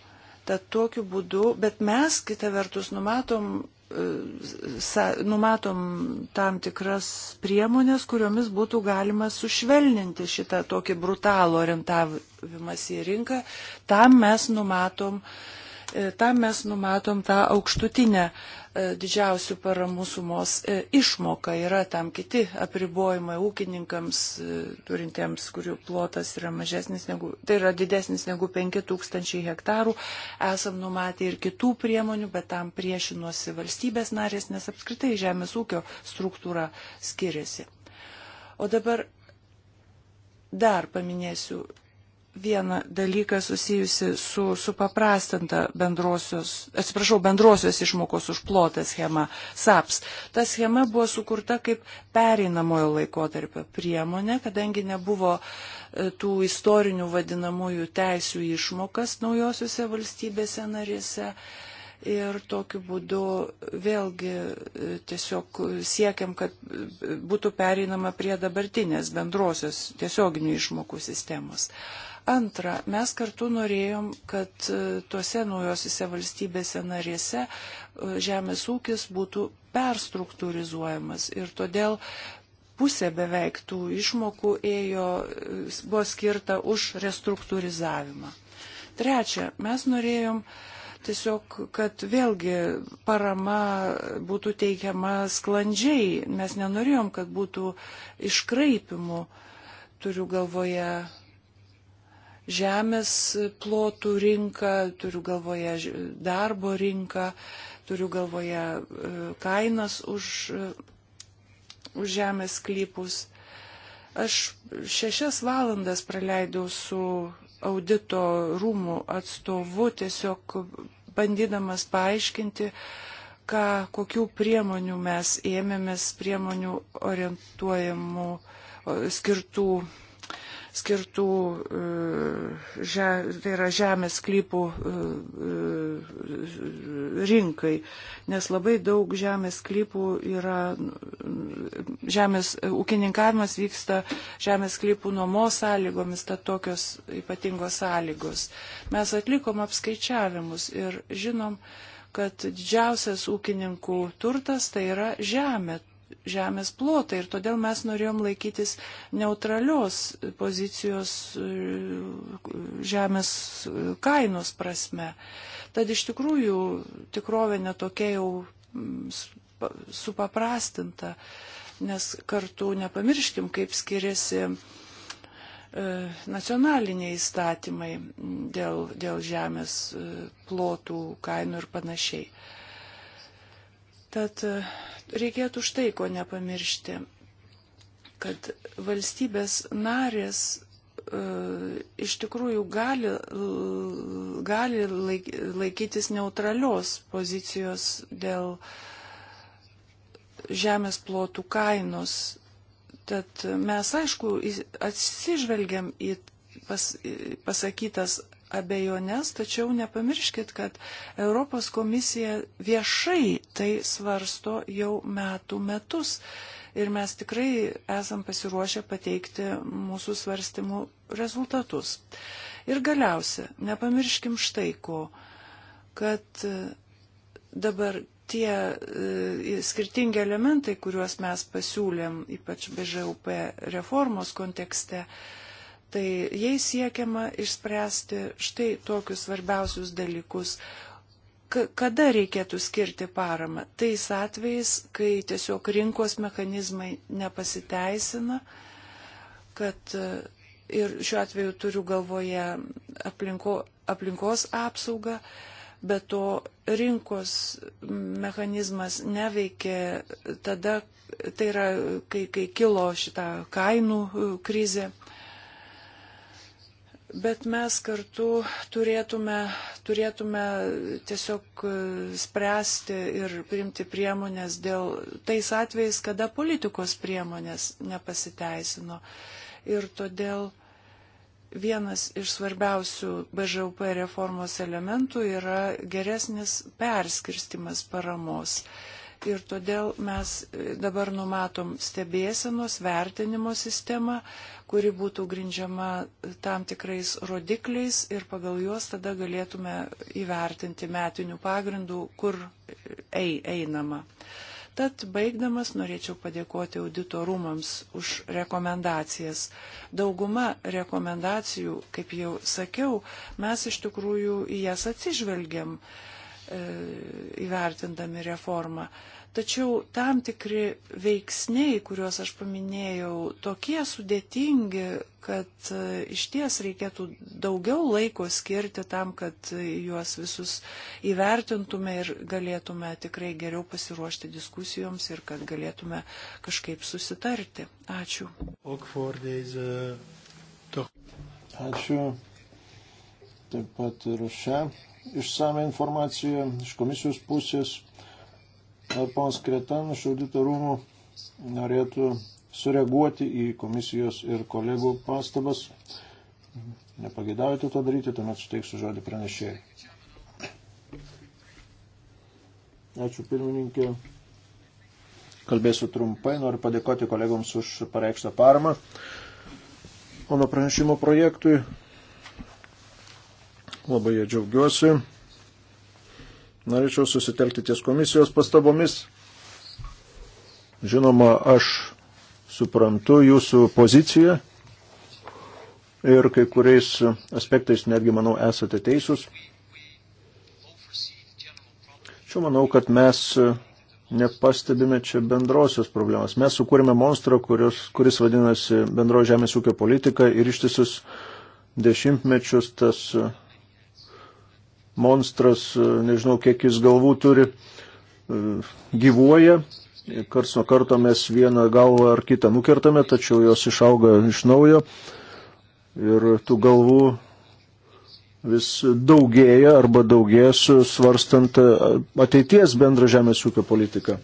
Tad tokiu būdu, bet mes kitą vertus numatom, e, sa, numatom tam tikras priemonės, kuriomis būtų galima sušvelninti šitą tokį brutalų orientavimas į rinką. Tam mes numatom uh, E, tam mes numatom tą aukštutinę e, didžiausių paramų sumos e, išmoka. Yra tam kiti apribojimai ūkininkams turintiems, kurių plotas yra mažesnis negu, tai yra didesnis negu 5000 hektarų. Esam numatę ir kitų priemonių, bet tam priešinosi valstybės narės, nes apskritai žemės ūkio struktūra skiriasi. O dabar dar paminėsiu vieną dalyką susijusi su supaprastinta bendrosios, atsiprašau, bendrosios išmokos už plotą schema SAPS. Ta schema buvo sukurta kaip pereinamojo laikotarpio priemonė, kadangi nebuvo e, tų istorinių vadinamųjų teisių išmokas naujosiuose valstybėse narėse. Ir tokiu būdu vėlgi e, tiesiog siekiam, kad būtų pereinama prie dabartinės bendrosios tiesioginių išmokų sistemos. Uh, Antra, mes kartu norėjom, kad e, tuose naujosiuose valstybėse narėse e, žemės ūkis būtų perstruktūrizuojamas ir todėl pusė beveik tų išmokų ėjo, e, buvo skirta už restruktūrizavimą. Trečia, mes norėjom tiesiog, kad vėlgi parama būtų teikiama sklandžiai, mes nenorėjom, kad būtų iškraipimų, turiu galvoje žemės plotų rinką, turiu galvoje darbo rinką, turiu galvoje e, kainas už, e, už žemės sklypus. Aš šešias valandas praleidau su audito rūmų atstovu, tiesiog bandydamas paaiškinti, ką, kokių priemonių mes ėmėmės, priemonių orientuojamų skirtų skirtų, e, že, tai yra žemės sklypų e, e, rinkai, nes labai daug žemės sklypų yra, žemės ūkininkavimas vyksta žemės sklypų nuomos sąlygomis, tad tokios ypatingos sąlygos. Mes atlikom apskaičiavimus ir žinom, kad didžiausias ūkininkų turtas tai yra žemė žemės plotą ir todėl mes norėjom laikytis neutralios pozicijos e, žemės kainos prasme. Tad iš tikrųjų tikrovė netokia jau mm, supaprastinta, nes kartu nepamirškim, kaip skiriasi e, nacionaliniai įstatymai dėl, dėl žemės e, plotų, kainų ir panašiai. Tad e, reikėtų štai ko nepamiršti, kad valstybės narės e, iš tikrųjų gali, gali laikytis neutralios pozicijos dėl žemės plotų kainos. Tad mes, aišku, atsižvelgiam į pas, pasakytas abejonės, tačiau nepamirškit, kad Europos komisija viešai tai svarsto jau metų metus. Ir mes tikrai esam pasiruošę pateikti mūsų svarstymų rezultatus. Ir galiausia, nepamirškim štai ko, kad e, dabar tie e, skirtingi elementai, kuriuos mes pasiūlėm, ypač BŽUP reformos kontekste, uh, Tai jai siekiama išspręsti štai tokius svarbiausius dalykus. Kada reikėtų skirti paramą? Tais atvejais, kai tiesiog rinkos mechanizmai nepasiteisina, kad e, ir šiuo atveju turiu galvoje aplinko, aplinkos apsaugą, bet to rinkos mechanizmas neveikia tada, tai yra, kai, kai kilo šitą kainų e, krizė Bet mes kartu turėtume, turėtume tiesiog e, spręsti ir priimti priemonės dėl tais atvejais, kada politikos priemonės nepasiteisino. Ir todėl vienas iš svarbiausių BŽUP reformos elementų yra geresnis perskirstimas paramos. Uh, ir todėl mes e, dabar numatom stebėsenos vertinimo sistemą, kuri būtų grindžiama tam tikrais rodikliais ir pagal juos tada galėtume įvertinti metinių pagrindų, kur ei, einama. Tad baigdamas norėčiau padėkoti auditorumams už rekomendacijas. Dauguma rekomendacijų, kaip jau sakiau, mes iš tikrųjų į jas atsižvelgiam. Uh, E, įvertindami reformą. Tačiau tam tikri veiksniai, kuriuos aš paminėjau, tokie sudėtingi, kad e, iš ties reikėtų daugiau laiko skirti tam, kad juos visus įvertintume ir galėtume tikrai geriau pasiruošti diskusijoms ir kad galėtume kažkaip susitarti. Ačiū. Uh, Ačiū taip pat ir šią išsame informaciją iš komisijos pusės. Ar panas Kretan iš audito rūmų norėtų sureaguoti į komisijos ir kolegų pastabas? Nepagėdavote to daryti, tuomet suteiksiu žodį pranešėjai. Ačiū pirmininkė. Kalbėsiu trumpai, noriu padėkoti kolegoms už pareikštą paramą mano pranešimo projektui labai jie džiaugiuosi. Norėčiau susitelkti ties komisijos pastabomis. Žinoma, aš suprantu jūsų poziciją ir kai kuriais aspektais netgi, manau, esate teisūs. Čia manau, kad mes nepastebime čia bendrosios problemas. Mes sukūrėme monstrą, kurios, kuris vadinasi bendro žemės ūkio politika ir ištisus dešimtmečius tas monstras, e, nežinau kiek jis galvų turi, e, gyvuoja. Kars nuo karto mes vieną galvą ar kitą nukertame, tačiau jos išauga iš naujo. Ir tų galvų vis daugėja arba daugės svarstant e, ateities bendrą žemės ūkio politiką.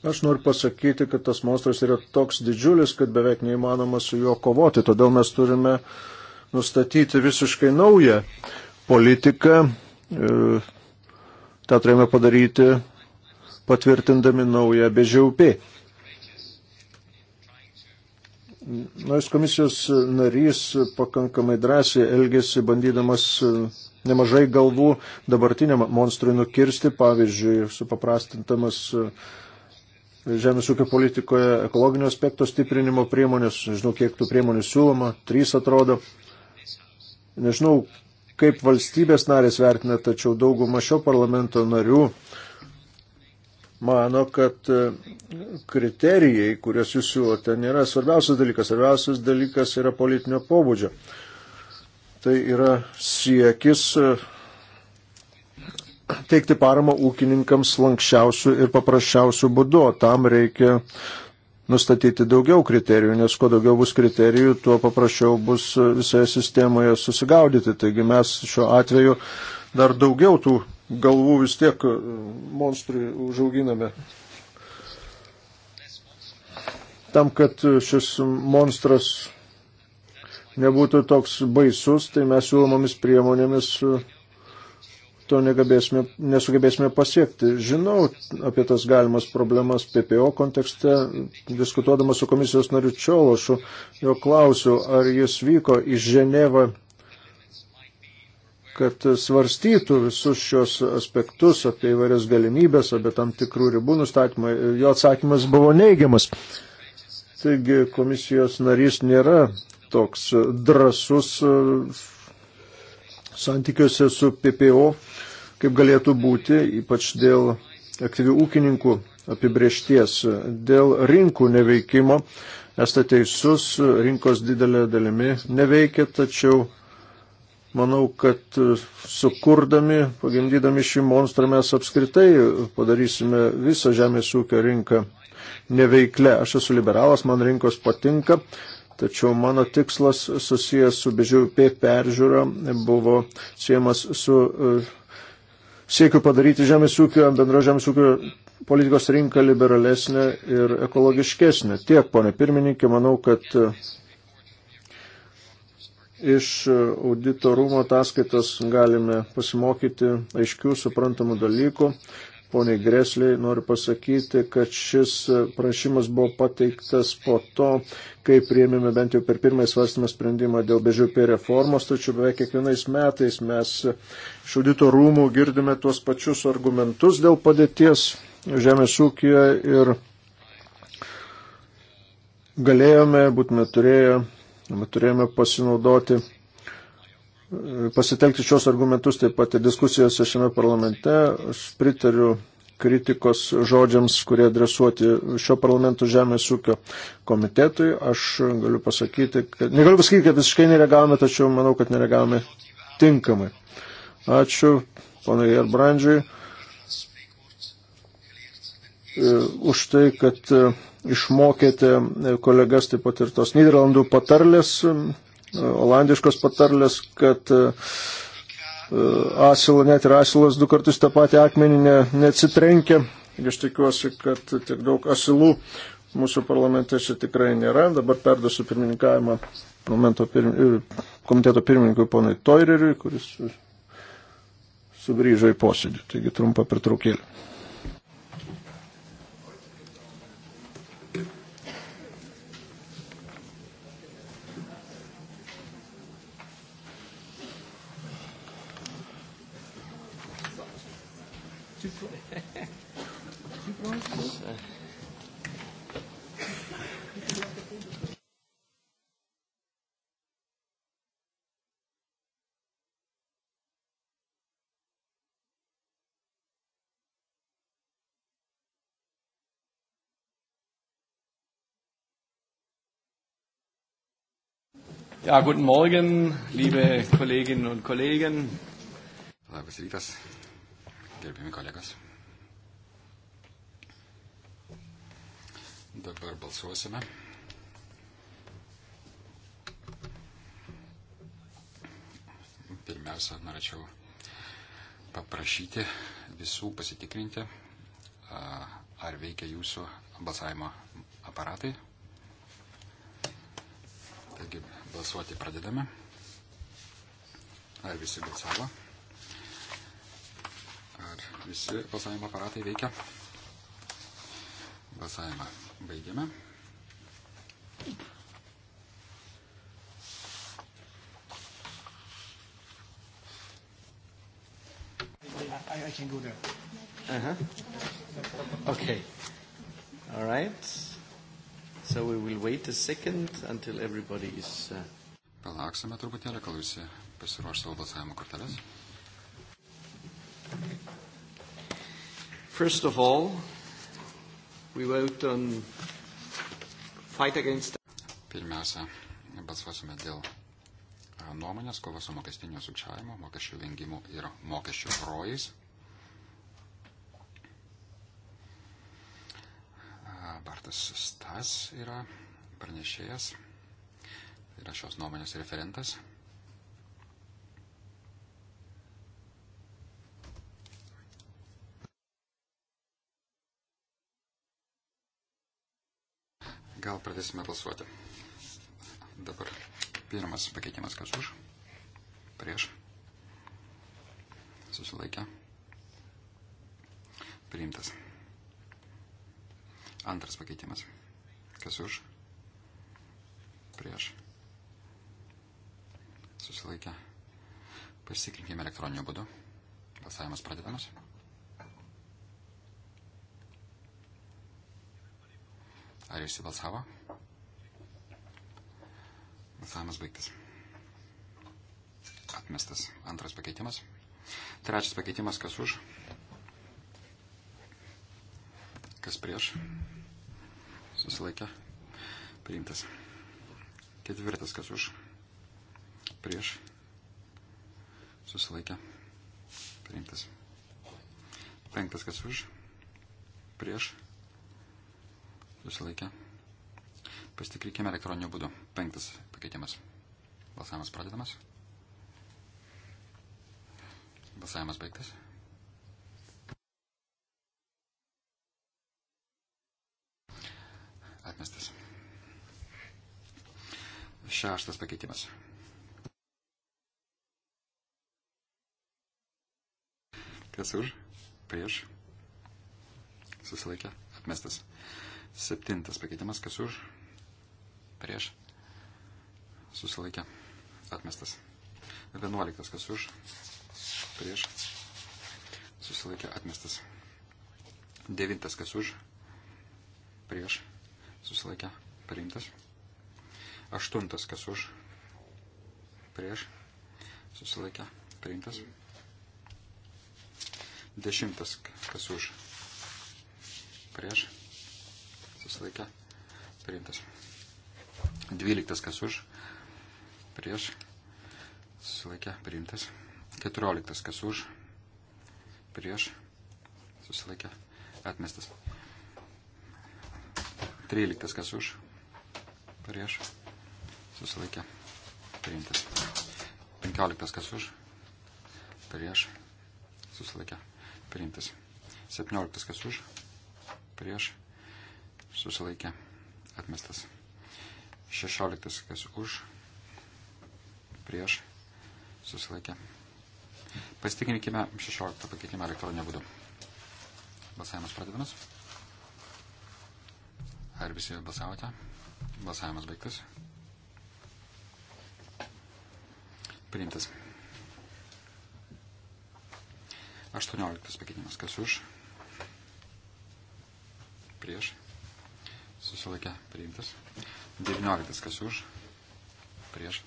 Aš noriu pasakyti, kad tas monstras yra toks didžiulis, kad beveik neįmanoma su juo kovoti, todėl mes turime nustatyti visiškai naują politiką. E, Ta turėjome padaryti patvirtindami naują BŽUP. Nors komisijos narys pakankamai drąsiai elgėsi, bandydamas e, nemažai galvų dabartiniam monstrui nukirsti, pavyzdžiui, supaprastintamas e, žemės ūkio politikoje ekologinio aspekto stiprinimo priemonės, nežinau, kiek tų priemonių siūloma, trys atrodo. Nežinau, kaip valstybės narės vertina, tačiau dauguma šio parlamento narių mano, kad e, kriterijai, kurias jūs siūlote, nėra svarbiausias dalykas. Svarbiausias dalykas yra politinio pobūdžio. Tai yra siekis e, teikti paramą ūkininkams lankščiausių ir paprasčiausių būdu. Tam reikia nustatyti daugiau kriterijų, nes kuo daugiau bus kriterijų, tuo paprasčiau bus e, visoje sistemoje susigaudyti. Taigi mes šiuo atveju dar daugiau tų galvų vis tiek e, monstrui užauginame. Tam, kad e, šis monstras nebūtų toks baisus, tai mes siūlomomis priemonėmis to nesugebėsime, nesugebėsime pasiekti. Žinau apie tas galimas problemas PPO kontekste, diskutuodamas su komisijos nariu Čiološu, jo klausiu, ar jis vyko į Ženevą, kad svarstytų visus šios aspektus apie įvairias galimybės, apie tam tikrų ribų nustatymą. Jo atsakymas buvo neigiamas. Taigi komisijos narys nėra toks drasus e, santykiuose su PPO kaip galėtų būti, ypač dėl aktyvių ūkininkų apibriešties, dėl rinkų neveikimo. Esate teisus, rinkos didelė dalimi neveikia, tačiau manau, kad sukurdami, pagimdydami šį monstrą mes apskritai padarysime visą žemės ūkio rinką neveiklę. Aš esu liberalas, man rinkos patinka, tačiau mano tikslas susijęs su BŽUP peržiūra buvo siejamas su siekiu padaryti žemės ūkio, bendro žemės ūkio politikos rinką liberalesnę ir ekologiškesnę. Tiek, ponė pirmininkė, manau, kad e, iš auditorumo ataskaitos galime pasimokyti aiškių suprantamų dalykų. Pone Gresliai, noriu pasakyti, kad šis prašymas buvo pateiktas po to, kai priėmėme bent jau per pirmąjį svarstymą sprendimą dėl BŽP reformos, tačiau beveik kiekvienais metais mes iš audito rūmų girdime tuos pačius argumentus dėl padėties žemės ūkija ir galėjome, būtume turėję, turėjome pasinaudoti pasitelkti šios argumentus taip pat ir diskusijose šiame parlamente. Aš pritariu kritikos žodžiams, kurie adresuoti šio parlamento žemės ūkio komitetui. Aš galiu pasakyti, kad, negaliu pasakyti, kad visiškai neregavome, tačiau manau, kad neregavome tinkamai. Ačiū, ponai Gerbrandžiui, e, už tai, kad e, išmokėte e, kolegas taip pat ir tos Niderlandų patarlės olandiškos patarlės, kad e, e, asilą, net ir asilas du kartus tą patį akmenį ne, neatsitrenkia. Aš tikiuosi, kad tiek daug asilų mūsų parlamente čia tikrai nėra. Dabar perduosiu pirmininkavimą pirmin, e, komiteto pirmininkui ponai Toireriui, kuris sugrįžo į posėdį. Taigi trumpa pertraukėlė. Ja, guten Morgen, liebe Kolleginnen und Kollegen. Labas rytas, gerbiami kolegos. Dabar balsuosime. Pirmiausia, norėčiau paprašyti visų pasitikrinti, ar veikia jūsų balsavimo aparatai. Taigi, Balsuoti pradedame. Ar visi balsavo? Ar visi balsavimo aparatai veikia? Balsavimą baigiame. I, I can go there. Uh-huh. Okay. All right. So we will wait a second until everybody is. Uh... Palauksime truputėlį, kol visi pasiruoš savo balsavimo korteles. First of all, we vote on fight against. Pirmiausia, balsuosime dėl uh, nuomonės, kova su mokestinio sukčiavimo, mokesčių vengimu ir mokesčių rojais. Bartas Stas yra pranešėjas, yra šios nuomonės referentas. Gal pradėsime balsuoti. Dabar pirmas pakeitimas, kas už, prieš, susilaikę, priimtas. Antras pakeitimas. Kas už? Prieš. Susilaikę. Pasitikrinkime elektroniniu būdu. Balsavimas pradedamas. Ar visi balsavo? Balsavimas baigtas. Atmestas antras pakeitimas. Trečias pakeitimas, kas už? Kas prieš? Susilaikė. Priimtas. Ketvirtas, kas už? Prieš. Susilaikė. Priimtas. Penktas, kas už? Prieš. Susilaikė. Pasitikrinkime elektroniniu būdu. Penktas pakeitimas. Balsavimas pradedamas. Balsavimas baigtas. atmestas. Šeštas pakeitimas. Kas už? Prieš. Susilaikė. Atmestas. Septintas pakeitimas. Kas už? Prieš. Susilaikė. Atmestas. Vienuoliktas. Kas už? Prieš. Susilaikė. Atmestas. Devintas. Kas už? Prieš susilaikė priimtas. Aštuntas, kas už, prieš, susilaikė priimtas. Dešimtas, kas už, prieš, susilaikė priimtas. Dvyliktas, kas už, prieš, susilaikė priimtas. Keturioliktas, kas už, prieš, susilaikė atmestas. 13 kas už, prieš, susilaikė, priimtas. 15 kas už, prieš, susilaikė, priimtas. 17 kas už, prieš, susilaikė, atmestas. 16 kas už, prieš, susilaikė. Pasitikinkime 16 pakeitimą elektroninio būdu. Balsavimas pradedamas. Ar visi balsavote? Balsavimas baigtas. Priimtas. 18 pakeitimas. Kas už? Prieš. Susilaikė. Priimtas. 19 kas už? Prieš.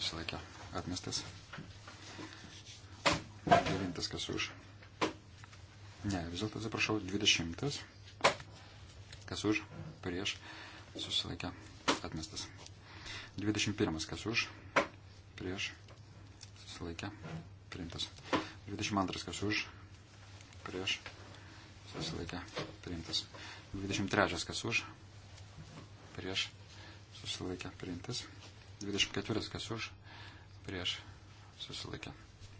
Susilaikė. Atmestas. 9 kas už? Ne, vis dėlto atsiprašau. 20 kas už, prieš, susilaikė, atmestas. 21, kas už, prieš, susilaikė, priimtas. 22, kas už, prieš, susilaikė, priimtas. 23, kas už, prieš, susilaikė, priimtas. 24, kas už, prieš, susilaikė,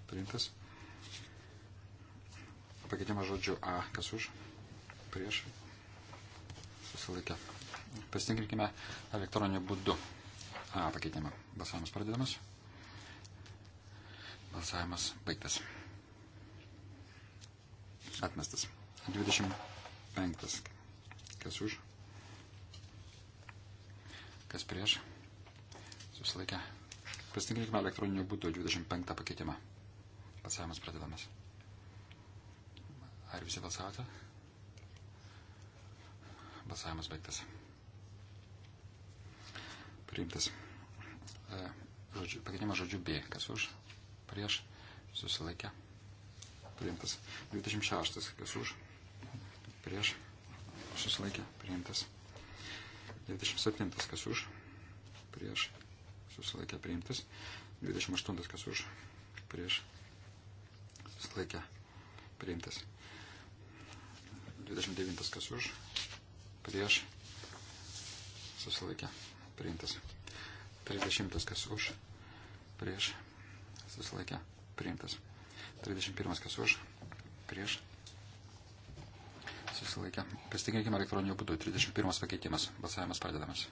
priimtas. Pakeitimas žodžiu A, kas už, prieš, susilaikė. Pasitinkrinkime elektroniniu būdu. A, pakeitimą. Balsavimas pradedamas. Balsavimas baigtas. Atmestas. 25. Kas už? Kas prieš? Susilaikė. Pasitinkrinkime elektroniniu būdu 25 pakeitimą. Balsavimas pradedamas. Ar visi balsavote? Balsavimas baigtas. Priimtas. E, žodžiu, pakeitimas žodžiu B. Kas už? Prieš. Susilaikė. Priimtas. 26. Kas už? Prieš. Susilaikė. Priimtas. 27. Kas už? Prieš. Susilaikė. Priimtas. 28. Kas už? Prieš. Susilaikė. Priimtas. 29. Kas už? prieš susilaikė priimtas. 30 kas už, prieš susilaikė priimtas. 31 kas už, prieš susilaikė. Pasitikinkime elektroniniu būdu. 31 pakeitimas. Balsavimas pradedamas.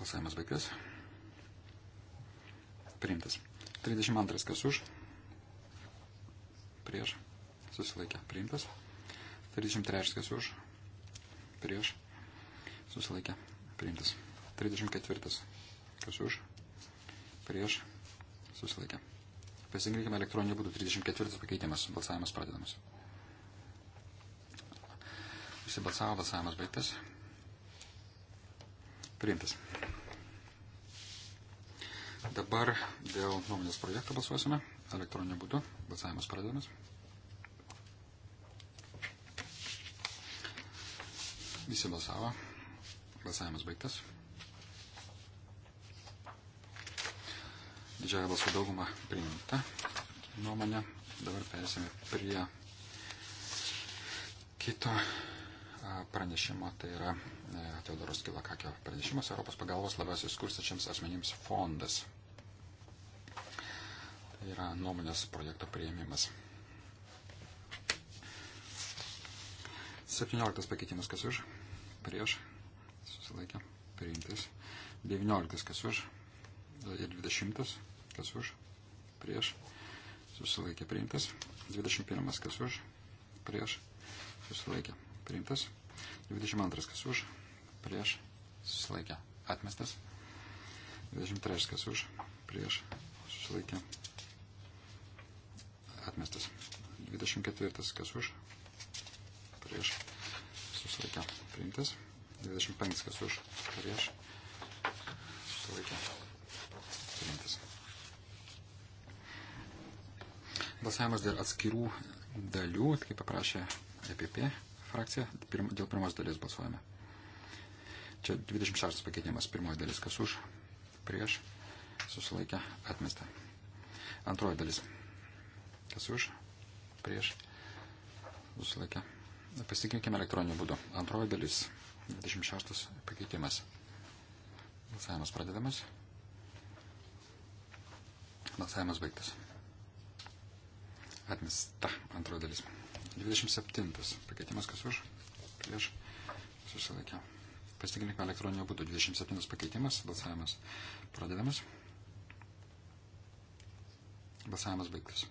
Balsavimas baigtas. Priimtas. 32 kas už, prieš susilaikė priimtas. 33 už, prieš, susilaikė, priimtas. 34 kas už, prieš, susilaikė. Pasirinkime elektroniniu būdu 34 pakeitimas, balsavimas pradedamas. Visi balsavo, balsavimas baigtas. Priimtas. Dabar dėl nuomonės projekto balsuosime elektroniniu būdu. Balsavimas pradedamas. Visi balsavo. Balsavimas baigtas. Didžiąją balsų daugumą priimta nuomonė. Dabar perėsime prie kito pranešimo, tai yra e, Teodoros Kilakakio pranešimas Europos pagalbos labiausiai skurstačiams asmenims fondas. Tai yra nuomonės projekto prieimimas. 17 pakeitimas kas už? prieš, susilaikė, priimtas. 19 kas už ir 20 kas už, prieš, susilaikė, priimtas. 21 kas už, prieš, susilaikė, priimtas. 22 kas už, prieš, susilaikė, atmestas. 23 kas už, prieš, susilaikė, atmestas. 24 kas už, prieš, susilaikė, priimtas. 25 kas už, prieš, sulaikė, priimtas. Balsavimas dėl atskirų dalių, kaip paprašė EPP frakcija, pirm, dėl pirmos dalies balsuojame. Čia 26 pakeitimas, pirmoji dalis kas už, prieš, susilaikė, atmesta. Antroji dalis, kas už, prieš, susilaikė, atmesta Pasitikrinkime elektroniniu būdu. Antroji dalis. 26 pakeitimas. Balsavimas pradedamas. Balsavimas baigtas. Atmesta antroji dalis. 27 pakeitimas kas už? Prieš. Susilaikė. Pasitikrinkime elektroniniu būdu. 27 pakeitimas. Balsavimas pradedamas. Balsavimas baigtas.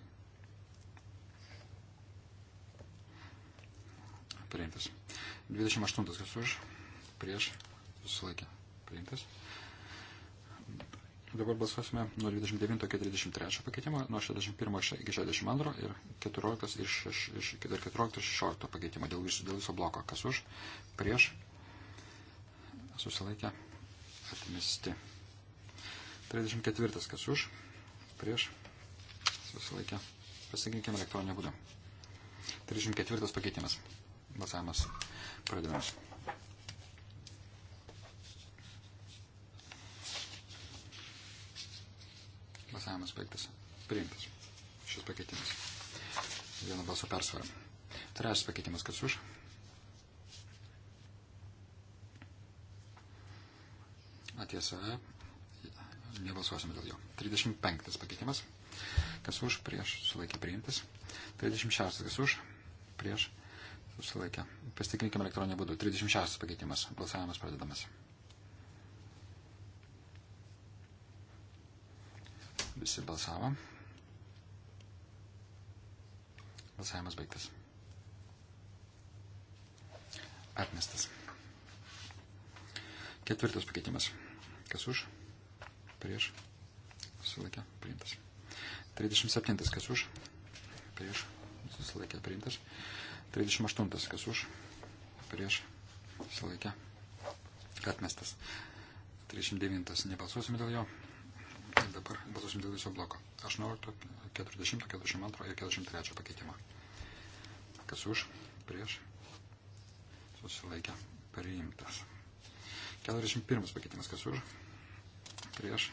priimtas. 28 kas už, prieš, susilaikė, priimtas. Dabar balsuosime nuo 29 iki 33 pakeitimo, nuo 61 iki 62 ir 14 iš, iš, iš, ir 14 iš 16 pakeitimo dėl, vis, dėl viso bloko. Kas už, prieš, susilaikė, atmesti. 34 kas už, prieš, susilaikė, pasiginkime elektroninę būdą. 34 pakeitimas. Balsavimas pradedamas. Balsavimas baigtas. Priimtas šis pakeitimas. Vieno balso persvara. Trečias pakeitimas, kas už. Atiesa, nebalsuosime dėl jo. 35 pakeitimas, kas už, prieš, sulaikė priimtas. 36 kas už, prieš, sulaikė priimtas susilaikė. Pastikrinkime elektroninį būdų. 36 pakeitimas. Balsavimas pradedamas. Visi balsavo. Balsavimas baigtas. Atmestas. Ketvirtas pakeitimas. Kas už? Prieš. Susilaikė. Priimtas. 37. Kas už? Prieš. Susilaikė. Priimtas. 38. Kas už? Prieš. Silaikė. Atmestas. 39. Nebalsuosim dėl jo. Ir dabar balsuosim dėl viso bloko. 18, 40, 42 ir 43 pakeitimo. Kas už? Prieš. Susilaikė. Priimtas. 41 pakeitimas. Kas už? Prieš.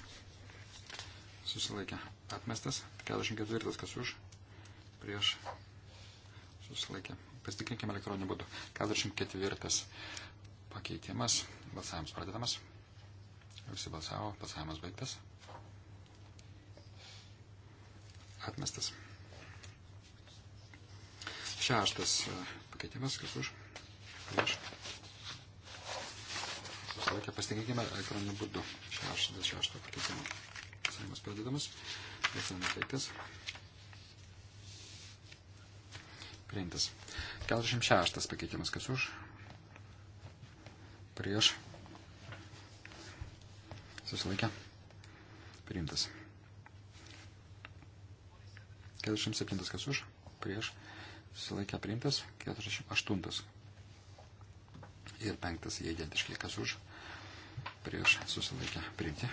Susilaikė. Atmestas. 44. Kas už? Prieš susilaikė. Pasitikrinkime elektroniniu būdu. 44 pakeitimas. Balsavimas pradedamas. Visi balsavo. Balsavimas baigtas. Atmestas. Šeštas e, pakeitimas. Kas už? Prieš. Susilaikė. Pasitikrinkime elektroniniu būdu. Šeštas šešto pakeitimo. Balsavimas pradedamas. Balsavimas baigtas. priimtas. 46 pakeitimas, kas už, prieš, susilaikė, priimtas. 47 kas už, prieš, susilaikė, priimtas. 48 ir 5 jie identiškai kas už, prieš, susilaikė, priimti.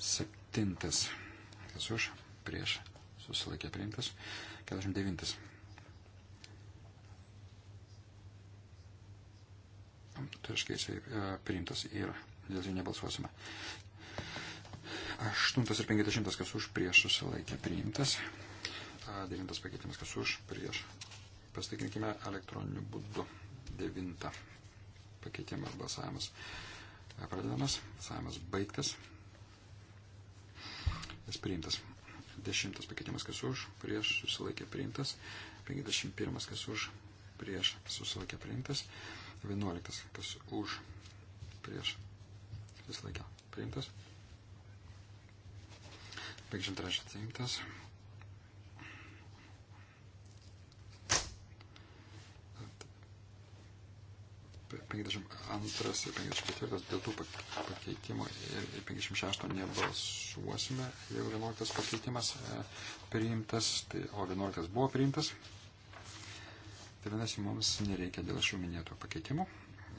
7 kas už, prieš, susilaikė, priimtas. 49 tai reiškia jisai e, priimtas ir dėl jo nebalsuosime. 8 ir 50 kas už prieš susilaikė priimtas. 9 pakeitimas kas už prieš. Pastikrinkime elektroniniu būdu. 9 pakeitimas balsavimas e, pradedamas, balsavimas baigtas. Jis priimtas. 10 pakeitimas kas už prieš susilaikė priimtas. 51 kas už prieš susilaikė priimtas. 11, kas už, prieš, visą laikę priimtas. 53 atsiimtas. ir 54 dėl tų pakeitimų ir 56 nebalsuosime, jeigu 11 pakeitimas e, priimtas, tai, o 11 buvo priimtas. Tai vadinasi, mums nereikia dėl šių minėtų pakeitimų.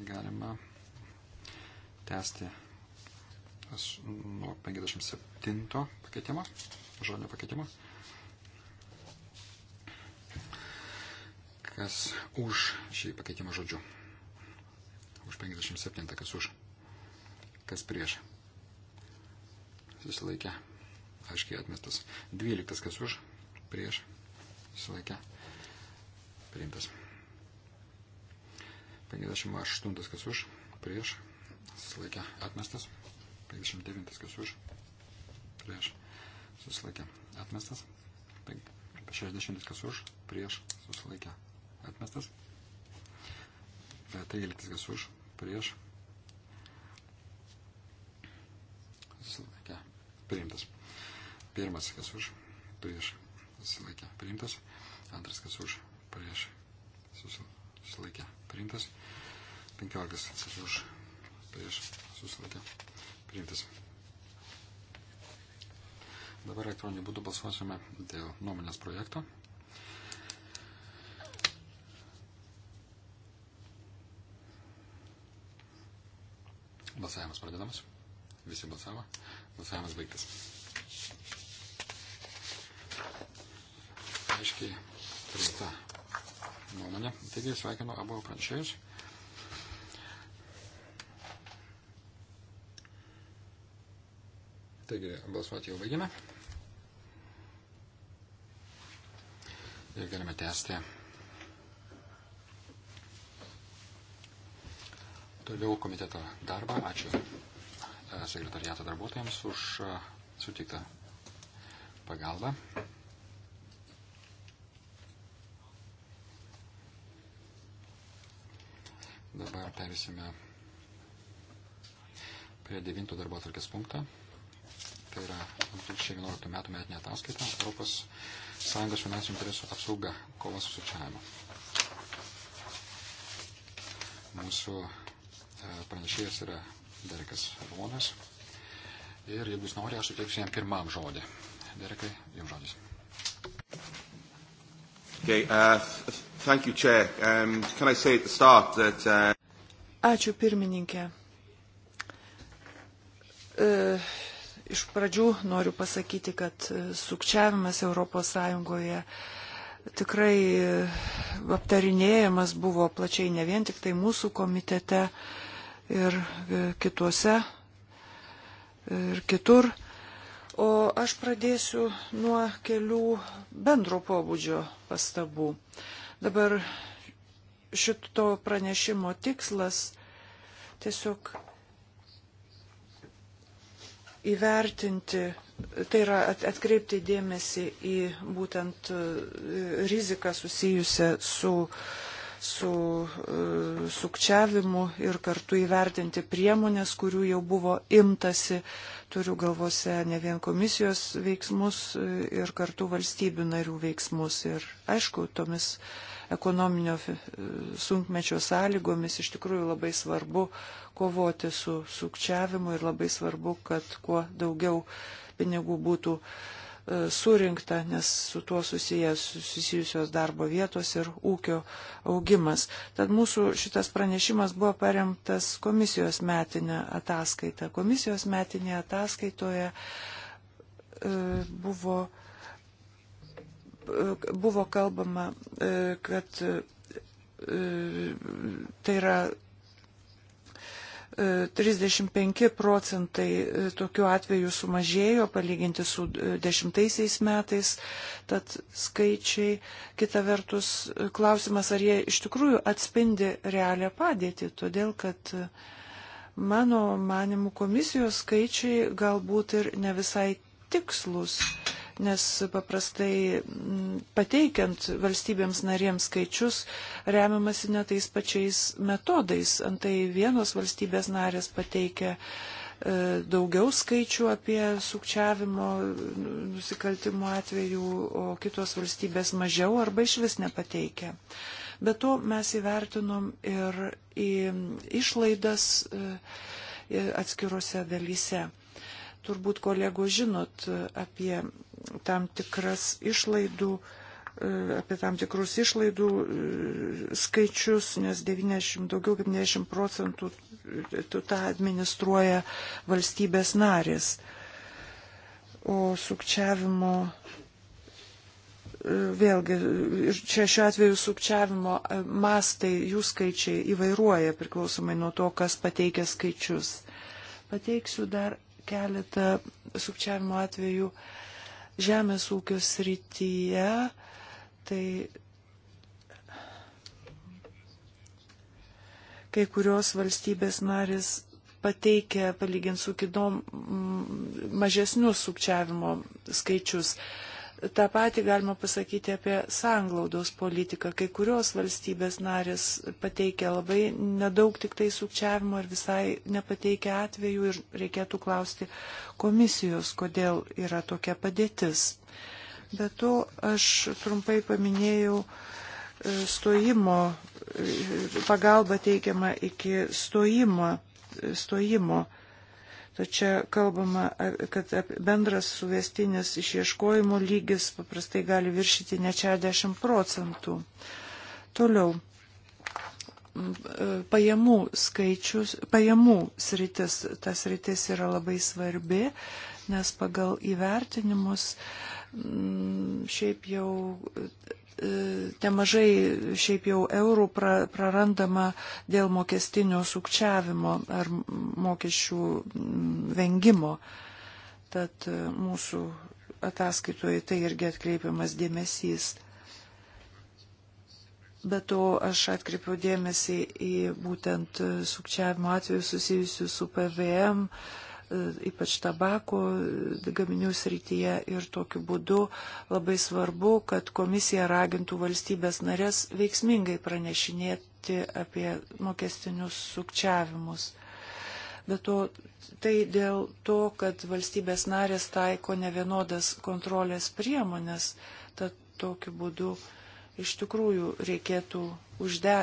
Galima tęsti nuo 57 pakeitimo, žodinio pakeitimo. Kas už šį pakeitimą žodžiu? Už 57, kas už? Kas prieš? Susilaikė. Aiškiai atmestas. 12, kas už? Prieš? Susilaikė. Priimtas. 58 kas už, prieš, susilaikė atmestas. 59 kas už, prieš, susilaikė atmestas. 60 kas už, prieš, susilaikė atmestas. 13 kas už, prieš, susilaikė priimtas. Pirmas kas už, prieš, susilaikė priimtas. Antras kas už, prieš, susilaikė priimtas. 15 atsakė už prieš susilaikė priimtas. Dabar elektroniniu būdu balsuosime dėl nuomonės projekto. Balsavimas pradedamas. Visi balsavo. Balsavimas baigtas. Aiškiai, priimta nuomonę. Taigi sveikinu abu pranešėjus. Taigi balsuoti jau baigėme. Ir galime tęsti. Toliau komiteto darbą. Ačiū e, sekretariato darbuotojams už e, sutiktą pagalbą. perėsime prie devinto darbo atvarkės punkto. Tai yra 2011 metų metinė ataskaita Europos Sąjungos finansinių interesų apsauga, kova su sučiavimu. Mūsų e, pranešėjas yra Derekas Vonas. Ir jeigu jis nori, aš suteiksiu jam pirmam žodį. Derekai, jums žodis. Okay, uh, thank you, Chair. Um, can I say at the start that... Uh... Ačiū pirmininkė. E, iš pradžių noriu pasakyti, kad sukčiavimas ES tikrai aptarinėjamas buvo plačiai ne vien tik tai mūsų komitete ir kituose ir kitur. O aš pradėsiu nuo kelių bendro pobūdžio pastabų. Dabar šito pranešimo tikslas tiesiog įvertinti, tai yra atkreipti dėmesį į būtent e, riziką susijusią su, su e, sukčiavimu ir kartu įvertinti priemonės, kurių jau buvo imtasi Turiu galvose ne vien komisijos veiksmus ir kartu valstybių narių veiksmus. Ir aišku, tomis ekonominio sunkmečio sąlygomis iš tikrųjų labai svarbu kovoti su sukčiavimu ir labai svarbu, kad kuo daugiau pinigų būtų uh, E, surinkta, nes su tuo susijęs susijusios darbo vietos ir ūkio augimas. Tad mūsų šitas pranešimas buvo paremtas komisijos metinę ataskaitą. Komisijos metinėje ataskaitoje e, buvo, e, buvo kalbama, kad tai yra 35 procentai e, tokių atvejų sumažėjo palyginti su e, dešimtaisiais metais, tad skaičiai, kita vertus, e, klausimas, ar jie iš tikrųjų atspindi realią padėtį, todėl kad mano manimų komisijos skaičiai galbūt ir ne visai tikslus nes paprastai mm, pateikiant valstybėms narėms skaičius remiamasi netais pačiais metodais. Antai vienos valstybės narės pateikia e, daugiau skaičių apie sukčiavimo nu, nusikaltimo atvejų, o kitos valstybės mažiau arba iš vis nepateikia. Be to mes įvertinom ir į išlaidas e, atskiruose dalyse turbūt kolego žinot apie tam tikras išlaidų, e, apie tam tikrus išlaidų e, skaičius, nes 90, daugiau kaip 90 procentų e, tą administruoja valstybės narės. O sukčiavimo vėlgi, čia šiuo atveju sukčiavimo mastai, jų skaičiai įvairuoja priklausomai nuo to, kas pateikia skaičius. Pateiksiu dar keletą sukčiavimo atvejų žemės ūkio srityje. Tai kai kurios valstybės narės pateikia, palyginti su kitom, mažesnius sukčiavimo skaičius tą patį galima pasakyti apie sanglaudos politiką. Kai kurios valstybės narės pateikia labai nedaug tik tai sukčiavimo ir visai nepateikia atvejų ir reikėtų klausti komisijos, kodėl yra tokia padėtis. Be to aš trumpai paminėjau e, stojimo, e, pagalba teikiama iki stojimo. E, stojimo To tai čia kalbama, kad bendras suvestinis išieškojimo lygis paprastai gali viršyti ne 60 procentų. Toliau pajamų skaičius, pajamų sritis, tas sritis yra labai svarbi, nes pagal įvertinimus šiaip jau E, nemažai šiaip jau eurų pra, prarandama dėl mokestinio sukčiavimo ar mokesčių mm, vengimo. Tad e, mūsų ataskaitoje tai irgi atkreipiamas dėmesys. Bet to aš atkreipiau dėmesį į būtent sukčiavimo atvejus susijusius su PVM, uh, E, ypač tabako e, gaminių srityje ir tokiu būdu labai svarbu, kad komisija ragintų valstybės narės veiksmingai pranešinėti apie mokestinius sukčiavimus. Bet to, tai dėl to, kad valstybės narės taiko ne vienodas kontrolės priemonės, tad tokiu būdu iš tikrųjų reikėtų užde,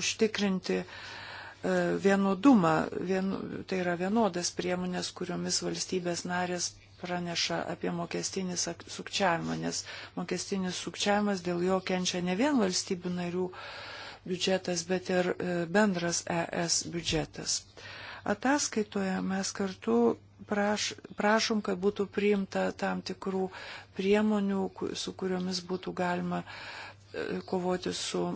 užtikrinti uh, E, vienodumą, vien, tai yra vienodas priemonės, kuriomis valstybės narės praneša apie mokestinį sukčiavimą, nes mokestinis sukčiavimas dėl jo kenčia ne vien valstybių narių biudžetas, bet ir e, bendras ES biudžetas. Ataskaitoje mes kartu praš, prašom, kad būtų priimta tam tikrų priemonių, su kuriomis būtų galima e, kovoti su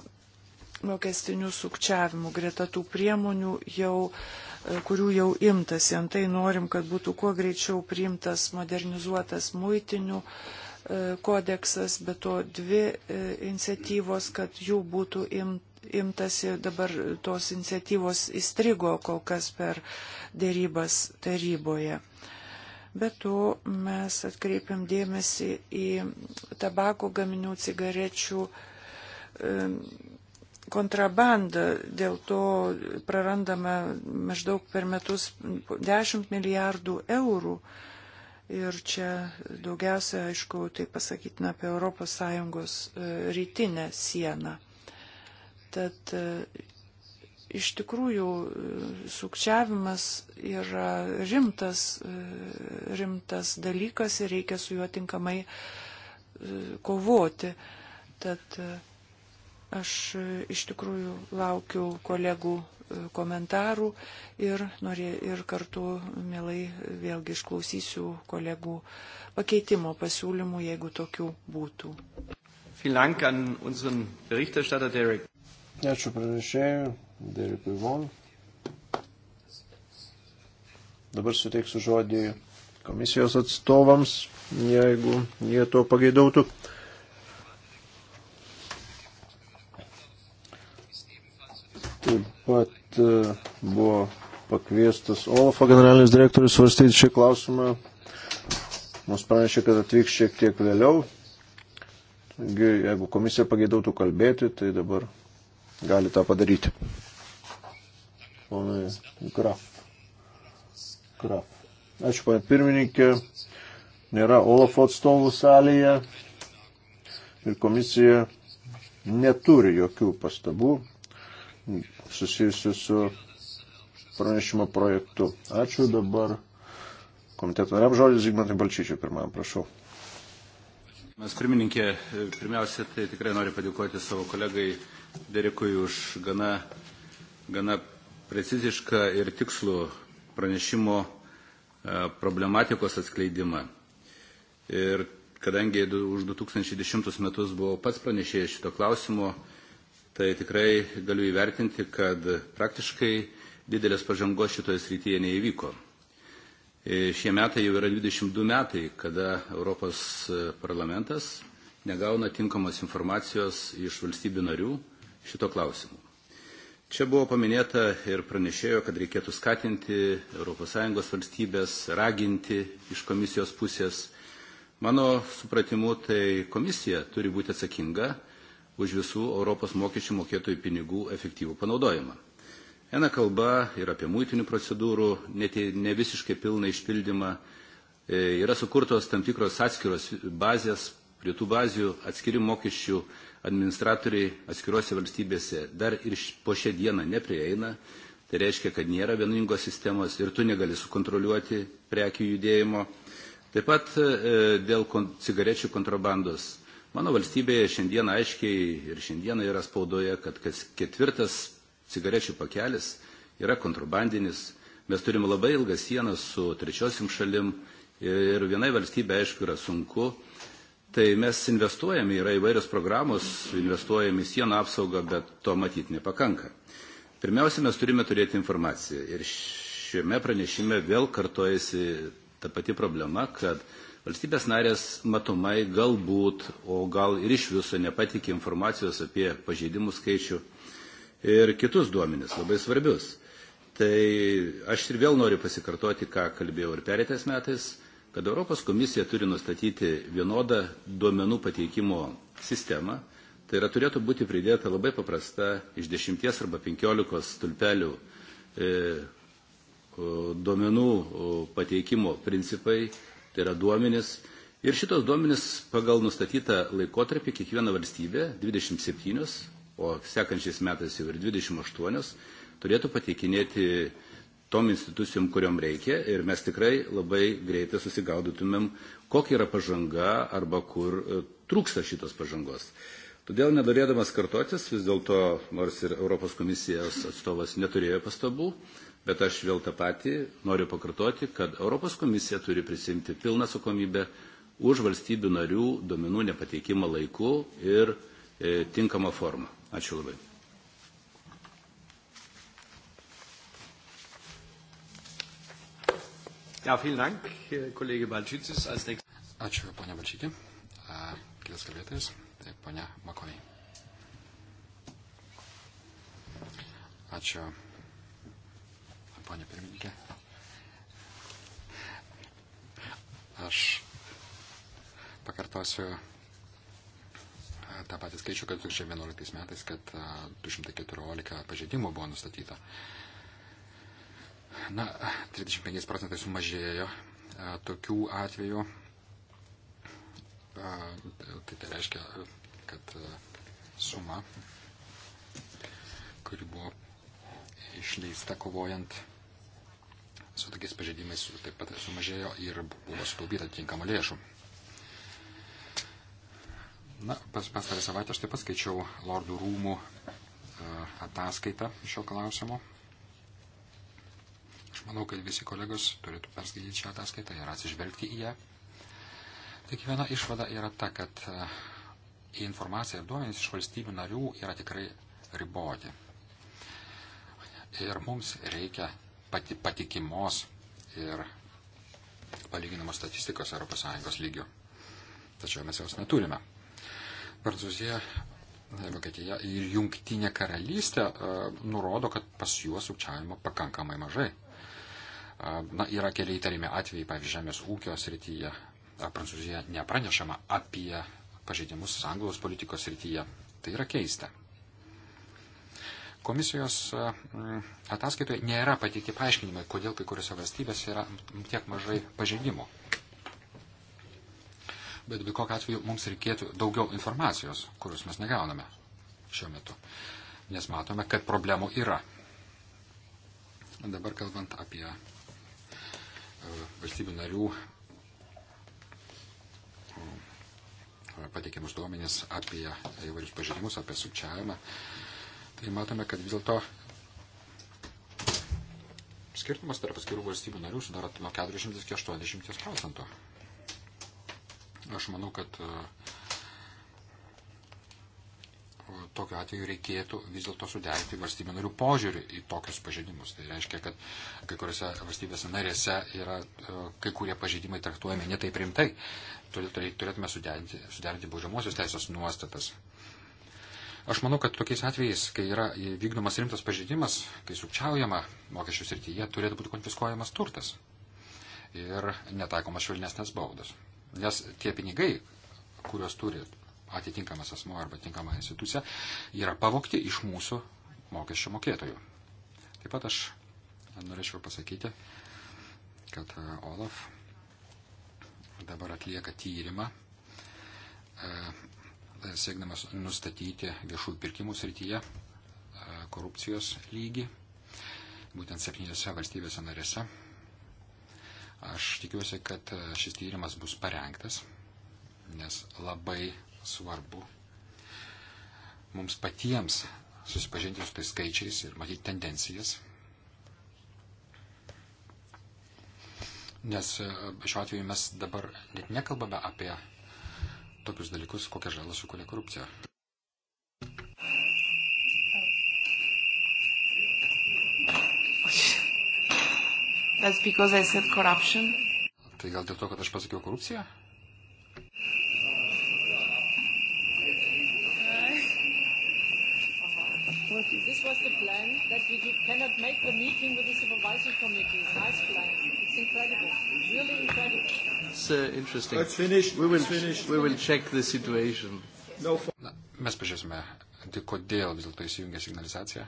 mokestinių sukčiavimų greta tų priemonių jau e, kurių jau imtasi. Antai norim, kad būtų kuo greičiau priimtas modernizuotas muitinių e, kodeksas, bet to dvi e, iniciatyvos, kad jų būtų imtasi dabar tos iniciatyvos įstrigo kol kas per dėrybas taryboje. Bet to mes atkreipiam dėmesį į tabako gaminių cigarečių kontrabandą, dėl to prarandama maždaug per metus 10 milijardų eurų. Ir čia daugiausia, aišku, tai pasakytina apie ES e, rytinę sieną. Tad e, iš tikrųjų e, sukčiavimas yra rimtas, rimtas dalykas ir reikia su juo tinkamai kovoti. Tad, uh... Aš e, iš tikrųjų laukiu kolegų e, komentarų ir, norė, ir kartu mielai vėlgi išklausysiu kolegų pakeitimo pasiūlymų, jeigu tokių būtų. Ačiū pranešėjui, Derikui Von. Dabar suteiksiu žodį komisijos atstovams, jeigu jie to pageidautų. pat e, buvo pakviestas OLAFO generalinis direktorius svarstyti šį klausimą. Mums pranešė, kad atvyks šiek tiek vėliau. Taigi, jeigu komisija pageidautų kalbėti, tai dabar gali tą padaryti. Ponai Graf. Graf. Ačiū, ponai pirmininkė. Nėra OLAFO atstovų salėje ir komisija neturi jokių pastabų susijusių su pranešimo projektu. Ačiū dabar komiteto nariam žodis Zygmantai Balčyčiui pirmam, prašau. Mes pirmininkė, pirmiausia, tai tikrai noriu padėkoti savo kolegai Derikui už gana, gana precizišką ir tikslų pranešimo e, problematikos atskleidimą. Ir kadangi už 2010 metus buvau pats pranešėjęs šito klausimo, tai tikrai galiu įvertinti, kad praktiškai didelės pažangos šitoje srityje neįvyko. E, šie metai jau yra 22 metai, kada Europos e, parlamentas negauna tinkamos informacijos iš valstybių narių šito klausimu. Čia buvo paminėta ir pranešėjo, kad reikėtų skatinti ES valstybės, raginti iš komisijos pusės. Mano supratimu, tai komisija turi būti atsakinga už visų Europos mokesčių mokėtojų pinigų efektyvų panaudojimą. Eina kalba ir apie mūtinių procedūrų, net ne visiškai pilną išpildymą. E, yra sukurtos tam tikros atskiros bazės, prie tų bazių atskiri mokesčių administratoriai atskiruose valstybėse dar ir po šią dieną neprieina. Tai reiškia, kad nėra vieningos sistemos ir tu negali sukontroliuoti prekių judėjimo. Taip pat e, dėl cigarečių kontrabandos Mano valstybėje šiandien aiškiai ir šiandien yra spaudoje, kad kas ketvirtas cigarečių pakelis yra kontrabandinis. Mes turime labai ilgą sieną su trečiosim šalim ir vienai valstybė, aišku, yra sunku. Tai mes investuojame, yra įvairios programos, investuojame į sieną apsaugą, bet to matyti nepakanka. Pirmiausia, mes turime turėti informaciją. Ir šiame pranešime vėl kartojasi ta pati problema, kad Valstybės narės matomai galbūt, o gal ir iš viso nepatikė informacijos apie pažeidimų skaičių ir kitus duomenis, labai svarbius. Tai aš ir vėl noriu pasikartoti, ką kalbėjau ir perėtės metais, kad Europos komisija turi nustatyti vienodą duomenų pateikimo sistemą. Tai yra turėtų būti pridėta labai paprasta iš dešimties arba penkiolikos stulpelių e, duomenų pateikimo principai tai yra duomenis. Ir šitos duomenis pagal nustatytą laikotarpį kiekviena valstybė, 27, o sekančiais metais jau ir 28, turėtų pateikinėti tom institucijom, kuriom reikia ir mes tikrai labai greitai susigaudytumėm, kokia yra pažanga arba kur e, trūksta šitos pažangos. Todėl nedorėdamas kartotis, vis dėlto, nors ir Europos komisijos atstovas neturėjo pastabų, Bet aš vėl tą patį noriu pakartoti, kad Europos komisija turi prisimti pilną atsakomybę už valstybių narių duomenų nepateikimą laiku ir e, tinkamą formą. Ačiū labai. Ja, vielen Dank, Kollege Balčytis. Als nächstes. Ačiū, ponia Balčytė. Kitas kalbėtojas, tai ponia Makovė. Ačiū, ponė pirmininkė. Aš pakartosiu e, tą patį skaičių, kad 2011 metais, kad 214 e, pažeidimų buvo nustatyta. Na, 35 procentai sumažėjo e, tokių atvejų. Tai tai reiškia, kad suma, kuri buvo išleista kovojant su tokiais pažeidimais taip pat sumažėjo ir buvo sutaupyta tinkamų lėšų. Na, pas pastarą savaitę aš taip pat skaičiau Lordų rūmų e, ataskaitą šio klausimo. Aš manau, kad visi kolegos turėtų perskaityti šią ataskaitą ir atsižvelgti į ją. Tik viena išvada yra ta, kad e, informacija ir duomenys iš valstybių narių yra tikrai riboti. Ir mums reikia pati, patikimos ir palyginamos statistikos ES lygių. Tačiau mes jos neturime. Prancūzija, Vokietija ir Jungtinė karalystė e, nurodo, kad pas juos sukčiavimo pakankamai mažai. E, na, yra keli įtarimi atvejai, pavyzdžiui, žemės ūkio srityje. E, Prancūzija nepranešama apie pažeidimus sąjungos politikos srityje. Tai yra keista. Komisijos e, ataskaitoje nėra pateikti paaiškinimai, kodėl kai kuriuose valstybėse yra tiek mažai pažeidimų. Bet bet kokiu atveju mums reikėtų daugiau informacijos, kurios mes negauname šiuo metu, nes matome, kad problemų yra. Dabar kalbant apie e, valstybių narių pateikiamus duomenis apie įvairius pažeidimus, apie sukčiavimą tai matome, kad vis dėlto skirtumas tarp atskirų valstybių narių sudaro nuo 40 iki 80 procentų. Aš manau, kad e, tokiu atveju reikėtų vis dėlto suderinti valstybių narių požiūrį į tokius pažeidimus. Tai reiškia, kad kai kuriuose valstybėse narėse yra e, kai kurie pažeidimai traktuojami netaip rimtai. Todėl turėtume suderinti, suderinti baudžiamosios teisės nuostatas Aš manau, kad tokiais atvejais, kai yra vykdomas rimtas pažeidimas, kai sukčiaujama mokesčių srityje, turėtų būti konfiskuojamas turtas ir netaikomas švelnesnės baudos. Nes tie pinigai, kuriuos turi atitinkamas asmo arba tinkama institucija, yra pavokti iš mūsų mokesčių mokėtojų. Taip pat aš norėčiau pasakyti, kad e, Olaf dabar atlieka tyrimą e, E, siekdamas nustatyti viešųjų pirkimų srityje e, korupcijos lygį, būtent septyniose valstybėse narėse. Aš tikiuosi, kad e, šis tyrimas bus parengtas, nes labai svarbu mums patiems susipažinti su tais skaičiais ir matyti tendencijas. Nes šiuo atveju mes dabar net nekalbame apie tokius dalykus, kokią žalą sukuria korupcija. That's because I said corruption. Tai gal dėl to, kad aš pasakiau korupciją? working. This was the plan that we cannot make the meeting with the supervisory committee. Nice plan. It's incredible. Really incredible. It's uh, interesting. Let's finish. We will, Let's finish. We will check the situation. No. Na, mes pažiūrėsime, tai kodėl vis dėlto įsijungia signalizacija.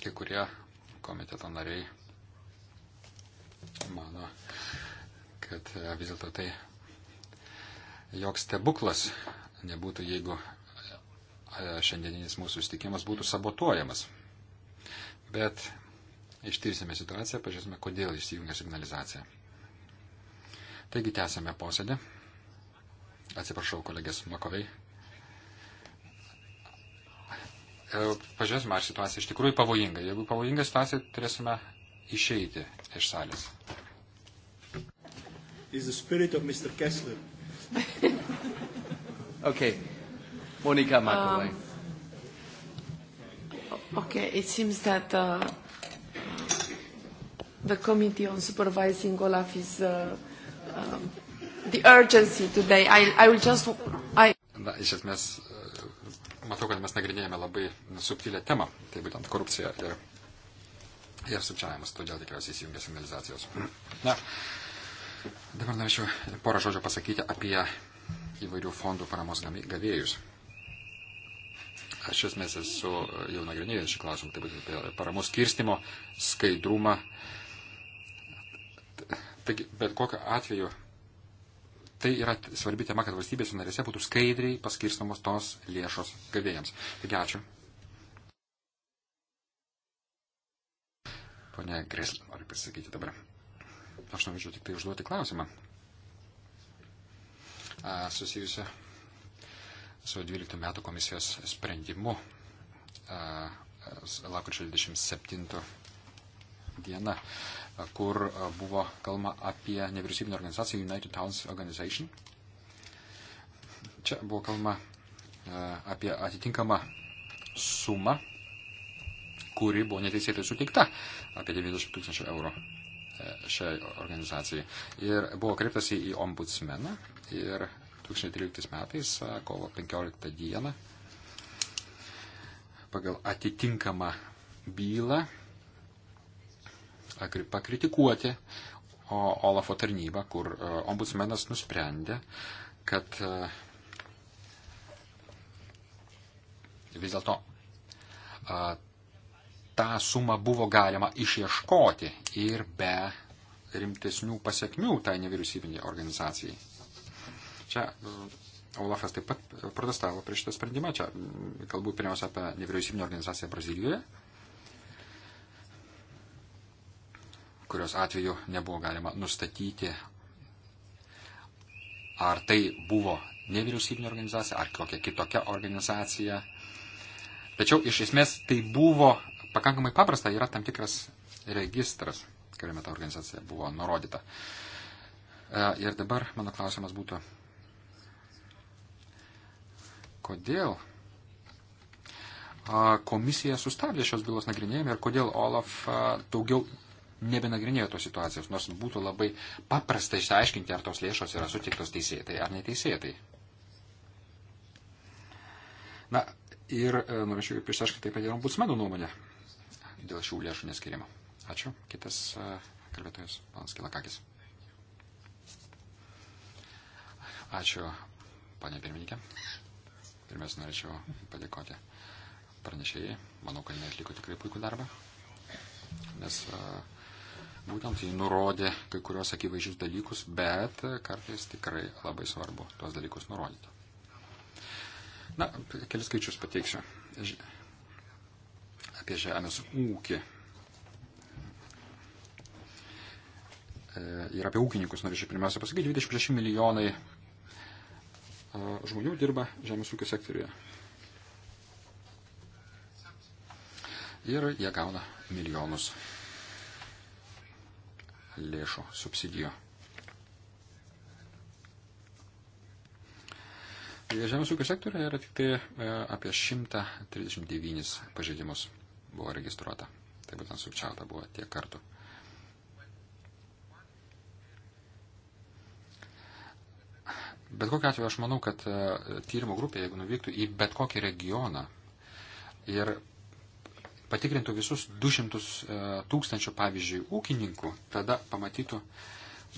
Kai kurie komiteto nariai mano, kad uh, vis dėlto tai joks stebuklas nebūtų, jeigu e, šiandieninis mūsų susitikimas būtų sabotuojamas. Bet ištirsime situaciją, pažiūrėsime, kodėl įsijungia signalizacija. Taigi tęsime posėdį. Atsiprašau, kolegės Makovei. E, pažiūrėsime, ar situacija iš tikrųjų pavojinga. Jeigu pavojinga situacija, turėsime išeiti iš salės. Is the spirit of Mr. Kessler. Okay. Monica McAvoy. Um, okay, it seems that uh, uh, the Committee on Supervising Olaf is uh, um, the urgency today. I, I will just... I... Na, iš esmės, uh, matau, kad mes nagrinėjame labai subtilę temą, tai būtent korupcija ir, ir sukčiavimas, todėl tikriausiai įsijungia signalizacijos. Na, dabar norėčiau porą žodžių pasakyti apie įvairių fondų paramos gavėjus. Aš esmės esu e, jau nagrinėjęs šį klausimą, taip pat apie paramos kirstimo skaidrumą. Taigi, bet kokiu atveju tai yra svarbi tema, kad valstybėse narėse būtų skaidriai paskirstamos tos lėšos gavėjams. Taigi ačiū. Pone Greslė, noriu pasisakyti dabar. Aš norėčiau tik tai užduoti klausimą susijusią su 12 metų komisijos sprendimu lakrčio 27 diena, kur buvo kalba apie nevyriausybinę organizaciją United Towns Organization. Čia buvo kalba apie atitinkamą sumą, kuri buvo neteisėtai suteikta apie 90 tūkstančių eurų šiai organizacijai. Ir buvo kreiptasi į ombudsmeną ir 2013 metais, kovo 15 dieną, pagal atitinkamą bylą pakritikuoti Olafo tarnybą, kur ombudsmenas nusprendė, kad vis dėlto tą sumą buvo galima išieškoti ir be rimtesnių pasiekmių tai nevyriausybinė organizacijai. Čia mm, Olafas taip pat protestavo prieš šitą sprendimą. Čia mm, kalbu pirmiausia apie nevyriausybinę organizaciją Brazilijoje, kurios atveju nebuvo galima nustatyti, ar tai buvo nevyriausybinė organizacija, ar kokia kitokia organizacija. Tačiau iš esmės tai buvo pakankamai paprasta, yra tam tikras registras, kuriame ta organizacija buvo nurodyta. E, ir dabar mano klausimas būtų kodėl komisija sustabdė šios bylos nagrinėjimą ir kodėl Olaf daugiau nebenagrinėjo tos situacijos, nors būtų labai paprasta išsiaiškinti, ar tos lėšos yra sutiktos teisėtai ar neteisėtai. Na ir e, norėčiau išsiaiškinti taip pat ir ombudsmenų nuomonę dėl šių lėšų neskirimo. Ačiū. Kitas e, kalbėtojas, panas Kilakakis. Ačiū, panė pirmininkė. Pirmiausia, norėčiau padėkoti pranešėjai. Manau, kad jie atliko tikrai puikų darbą. Nes e, būtent jie nurodė kai kurios akivaizdžius dalykus, bet kartais tikrai labai svarbu tuos dalykus nurodyti. Na, kelis skaičius pateiksiu. Apie žemės ūkį. E, ir apie ūkininkus norėčiau pirmiausia pasakyti, 26 milijonai žmonių dirba žemės ūkio sektoriuje. Ir jie gauna milijonus lėšų subsidijų. Žemės ūkio sektoriuje yra tik tai e, apie 139 pažeidimus buvo registruota. Tai būtent sukčiauta buvo tiek kartų. Bet kokiu atveju aš manau, kad e, tyrimo grupė, jeigu nuvyktų į bet kokį regioną ir patikrintų visus 200 e, tūkstančių, pavyzdžiui, ūkininkų, tada pamatytų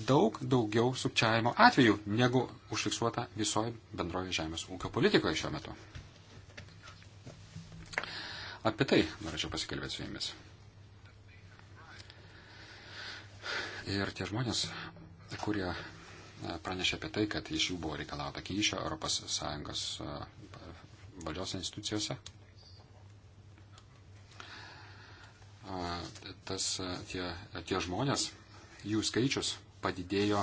daug daugiau sukčiavimo atvejų, negu užfiksuota visoje bendroje žemės ūkio politikoje šiuo metu. Apie tai norėčiau pasikalbėti su jumis. Ir tie žmonės, kurie pranešė apie tai, kad iš jų buvo reikalauta kyšio ES valdžios institucijose. Tas, tie, tie žmonės, jų skaičius padidėjo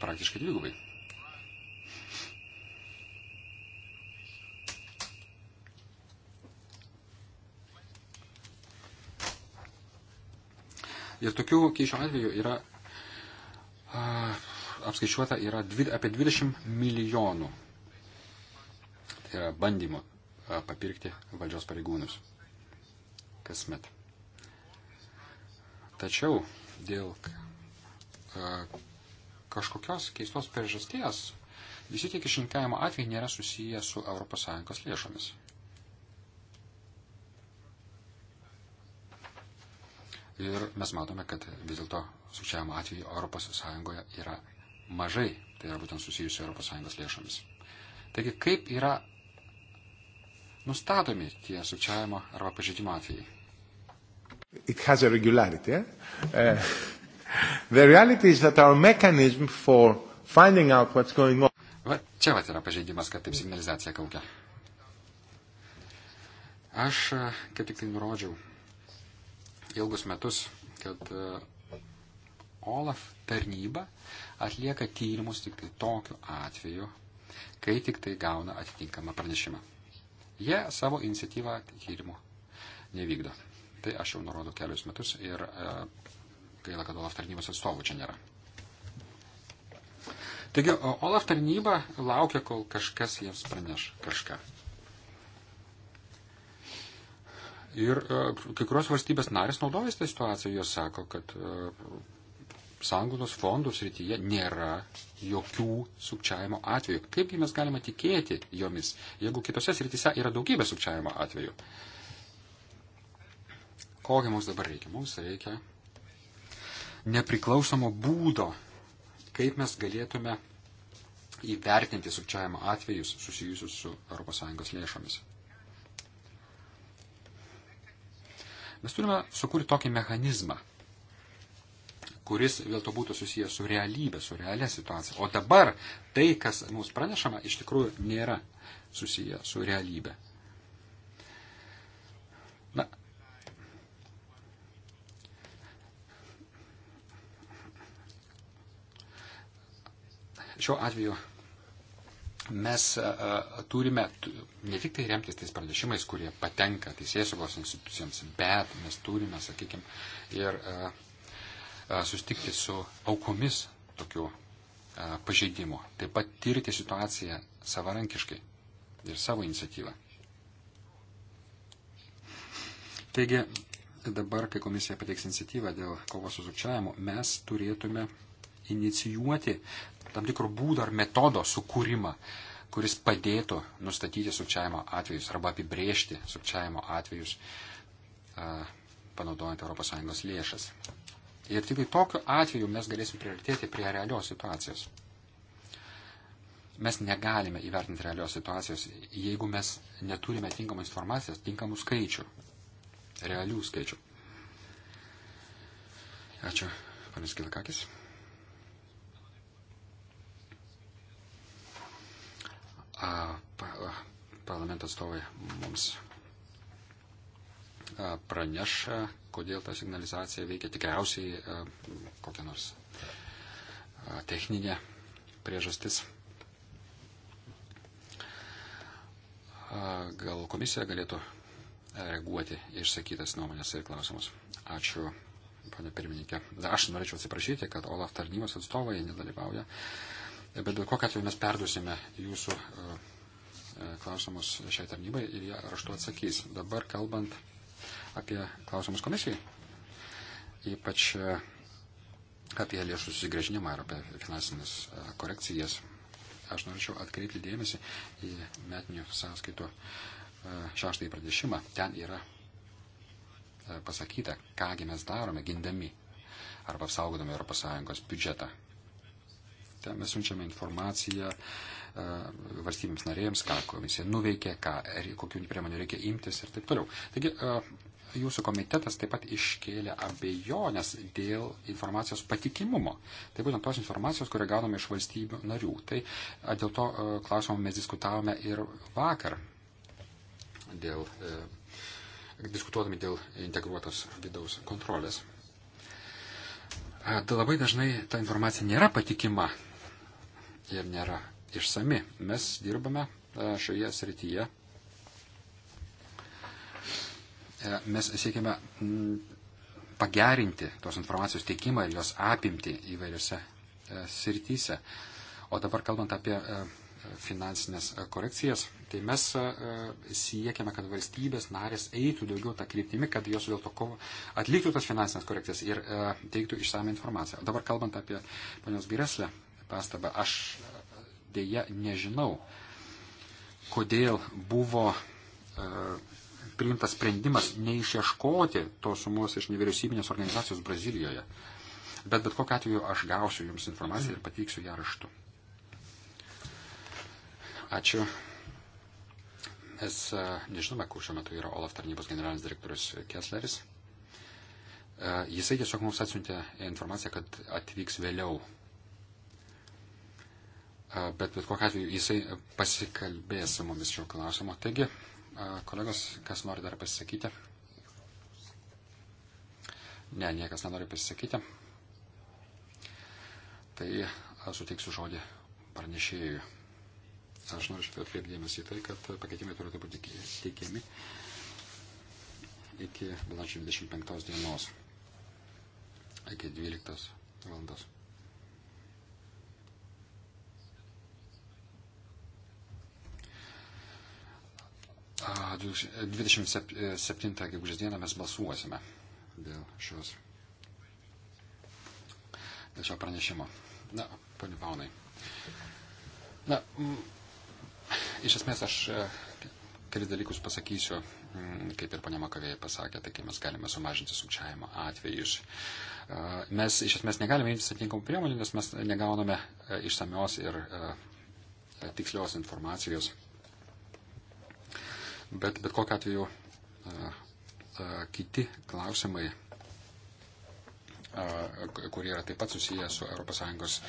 praktiškai dvigubai. Ir tokių kyšių atvejų yra a, apskaičiuota yra dvi, apie 20 milijonų. Tai yra bandymų a, papirkti valdžios pareigūnus kasmet. Tačiau dėl a, kažkokios keistos priežasties visi tie kišininkavimo atvejai nėra susiję su ES lėšomis. Ir mes matome, kad vis dėlto sukčiavimo atveju ES yra mažai, tai yra būtent susijusi ES lėšomis. Taigi, kaip yra nustatomi tie sukčiavimo arba pažeidimo atvejai? It has a regularity. Eh? Uh, the reality is that our mechanism for finding out what's going on. Va, čia va yra pažeidimas, kad taip signalizacija kaukia. Aš eh, kaip tik tai nurodžiau ilgus metus, kad e, OLAF tarnyba atlieka tyrimus tik tai tokiu atveju, kai tik tai gauna atitinkamą pranešimą. Jie savo iniciatyvą tyrimų nevykdo. Tai aš jau nurodau kelius metus ir e, gaila, kad OLAF tarnybos atstovų čia nėra. Taigi, OLAF tarnyba laukia, kol kažkas jiems praneš kažką. Ir e, kai kurios valstybės narės naudojasi tą situaciją, jos sako, kad e, sąnglaudos fondų srityje nėra jokių sukčiavimo atvejų. Kaipgi mes galime tikėti jomis, jeigu kitose srityse yra daugybė sukčiavimo atvejų? Kogi mums dabar reikia? Mums reikia nepriklausomo būdo, kaip mes galėtume įvertinti sukčiavimo atvejus susijusius su ES lėšomis. Mes turime sukurti tokį mechanizmą, kuris vėl to būtų susijęs su realybė, su realia situacija. O dabar tai, kas mums pranešama, iš tikrųjų nėra susiję su realybė. Na. Šiuo atveju mes a, turime ne tik tai remtis tais pranešimais, kurie patenka teisėsaugos institucijoms, bet mes turime, sakykime, ir a, a, sustikti su aukomis tokių pažeidimų. Taip pat tirti situaciją savarankiškai ir savo iniciatyvą. Taigi, dabar, kai komisija pateiks iniciatyvą dėl kovos su sukčiavimu, mes turėtume inicijuoti tam tikro būdo ar metodo sukūrimą, kuris padėtų nustatyti sukčiavimo atvejus arba apibriežti sukčiavimo atvejus panaudojant ES lėšas. Ir tik tai tokiu atveju mes galėsim prioritėti prie realios situacijos. Mes negalime įvertinti realios situacijos, jeigu mes neturime tinkamų informacijos, tinkamų skaičių, realių skaičių. Ačiū, panas Kilkakis. parlamento atstovai mums praneš, kodėl ta signalizacija veikia tikriausiai kokia nors techninė priežastis. Gal komisija galėtų reaguoti išsakytas nuomonės ir klausimus. Ačiū, ponė pirmininkė. Aš norėčiau atsiprašyti, kad OLAF tarnybos atstovai nedalyvauja Bet bet kokią atveju mes perduosime jūsų e, e, klausimus šiai tarnybai ir jie raštu atsakys. Dabar kalbant apie klausimus komisijai, ypač e, apie lėšų susigražinimą ar apie finansinės korekcijas, aš norėčiau atkreipti dėmesį į metinių sąskaitų šeštąjį pradėšimą. Ten yra pasakyta, kągi mes darome gindami arba apsaugodami ES biudžetą ataskaitą, mes siunčiame informaciją e, valstybėms narėjams, ką komisija nuveikė, ką, kokių priemonių reikia imtis ir taip toliau. Taigi, e, jūsų komitetas taip pat iškėlė abejonės dėl informacijos patikimumo. Tai būtent tos informacijos, kurią gauname iš valstybių narių. Tai e, dėl to klausimo mes diskutavome ir vakar, dėl, diskutuodami dėl integruotos vidaus kontrolės. Tai labai dažnai ta informacija nėra patikima ir nėra išsami. Mes dirbame e, šioje srityje. E, mes siekime pagerinti tos informacijos teikimą ir jos apimti įvairiose e, srityse. O dabar kalbant apie finansinės korekcijas, tai mes siekiame, kad valstybės narės eitų daugiau tą kryptimį, kad jos dėl to kovo atliktų tas finansinės korekcijas ir teiktų išsame informaciją. O dabar kalbant apie ponios Greslę pastabą. Aš dėja nežinau, kodėl buvo e, priimtas sprendimas neišieškoti tos sumos iš nevyriausybinės organizacijos Brazilijoje. Bet bet kokiu atveju aš gausiu jums informaciją ir pateiksiu ją raštu. Ačiū. Mes e, nežinome, kur šiuo metu yra Olaf tarnybos generalinis direktorius Kessleris. E, jisai tiesiog mums atsiuntė informaciją, kad atvyks vėliau bet bet kokiu atveju jisai pasikalbės su mumis šio klausimo. Taigi, kolegos, kas nori dar pasisakyti? Ne, niekas nenori pasisakyti. Tai suteiksiu žodį pranešėjui. Aš noriu šitą atkreipdėmės į tai, kad pakeitimai turėtų būti teikiami iki balandžio 25 dienos, iki 12 valandos. 27 gegužės dieną mes balsuosime dėl šios dėl šio pranešimo. Na, poni Paunai. Na, m, iš esmės aš e, kelis dalykus pasakysiu, m, kaip ir ponia Makavėja pasakė, tai kaip mes galime sumažinti sukčiavimo atvejus. E, mes iš esmės negalime imtis atitinkamų priemonių, nes mes negauname e, išsamios ir a, tikslios informacijos Bet, bet kokiu atveju a, a, kiti klausimai, a, kurie yra taip pat susiję su ES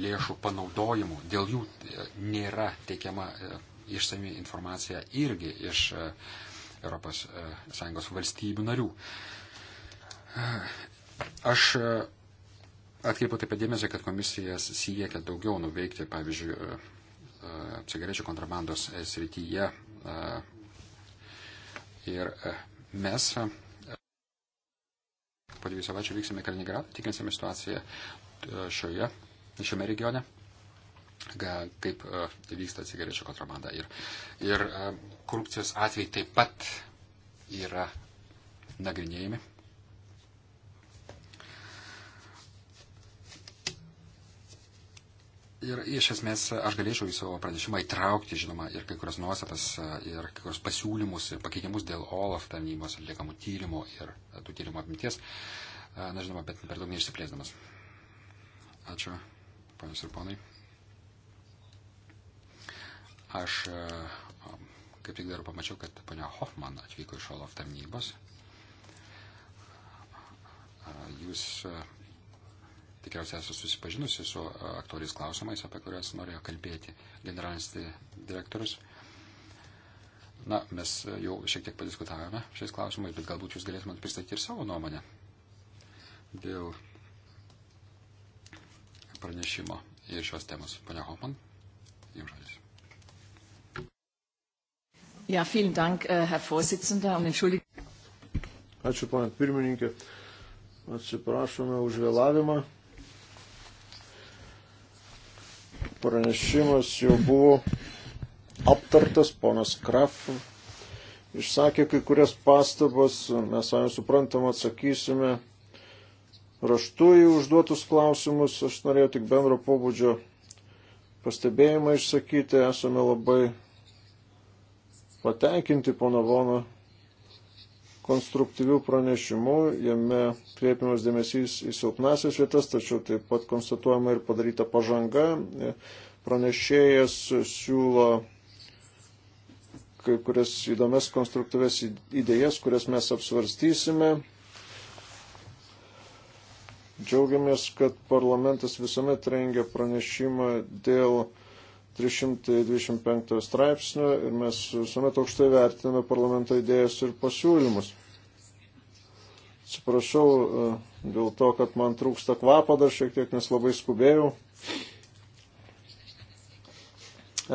lėšų panaudojimu, dėl jų e, nėra teikiama e, išsami informacija irgi iš e, ES valstybių narių. Aš atkreipiu taip pat dėmesį, kad komisija siekia daugiau nuveikti, pavyzdžiui, cigarečių kontrabandos srityje Ir mes po dviejų savaičių vyksime į Kaliningradą, tikinsime situaciją šioje, šiame regione, kaip vyksta cigarečių kontrabanda. Ir, ir korupcijos atvejai taip pat yra nagrinėjami Ir iš esmės aš galėčiau į savo pranešimą įtraukti, žinoma, ir kai kurias nuostatas, ir kai kurios pasiūlymus, ir pakeitimus dėl OLAF tarnybos atliekamų tyrimų ir tų tyrimų apimties. Na, žinoma, bet per daug neišsiplėsdamas. Ačiū, ponios ir ponai. Aš kaip tik dar pamačiau, kad ponia Hoffman atvyko iš OLAF tarnybos. Jūs tikriausiai esu susipažinusi su aktualiais klausimais, apie kurias norėjo kalbėti generalinis direktorius. Na, mes jau šiek tiek padiskutavome šiais klausimais, bet galbūt jūs galėtumėt pristatyti ir savo nuomonę dėl pranešimo ir šios temos. Pane Hoffman, jums žodis. Ja, vielen Dank, äh, Herr Vorsitzender, und entschuldigt. Ačiū, pane pirmininkė. Atsiprašome už vėlavimą. pranešimas jau buvo aptartas, ponas Kraf išsakė kai kurias pastabas, mes savai suprantam atsakysime raštu į užduotus klausimus, aš norėjau tik bendro pobūdžio pastebėjimą išsakyti, esame labai patenkinti pono Vono konstruktyvių pranešimų, jame kreipiamas dėmesys į silpnasias vietas, tačiau taip pat konstatuojama ir padaryta pažanga. Pranešėjas siūlo kai kurias įdomias konstruktyves idėjas, kurias mes apsvarstysime. Džiaugiamės, kad parlamentas visuomet rengia pranešimą dėl 325 straipsnio ir mes visuomet aukštai vertiname parlamento idėjas ir pasiūlymus. Atsiprašau e, dėl to, kad man trūksta kvapo dar šiek tiek, nes labai skubėjau.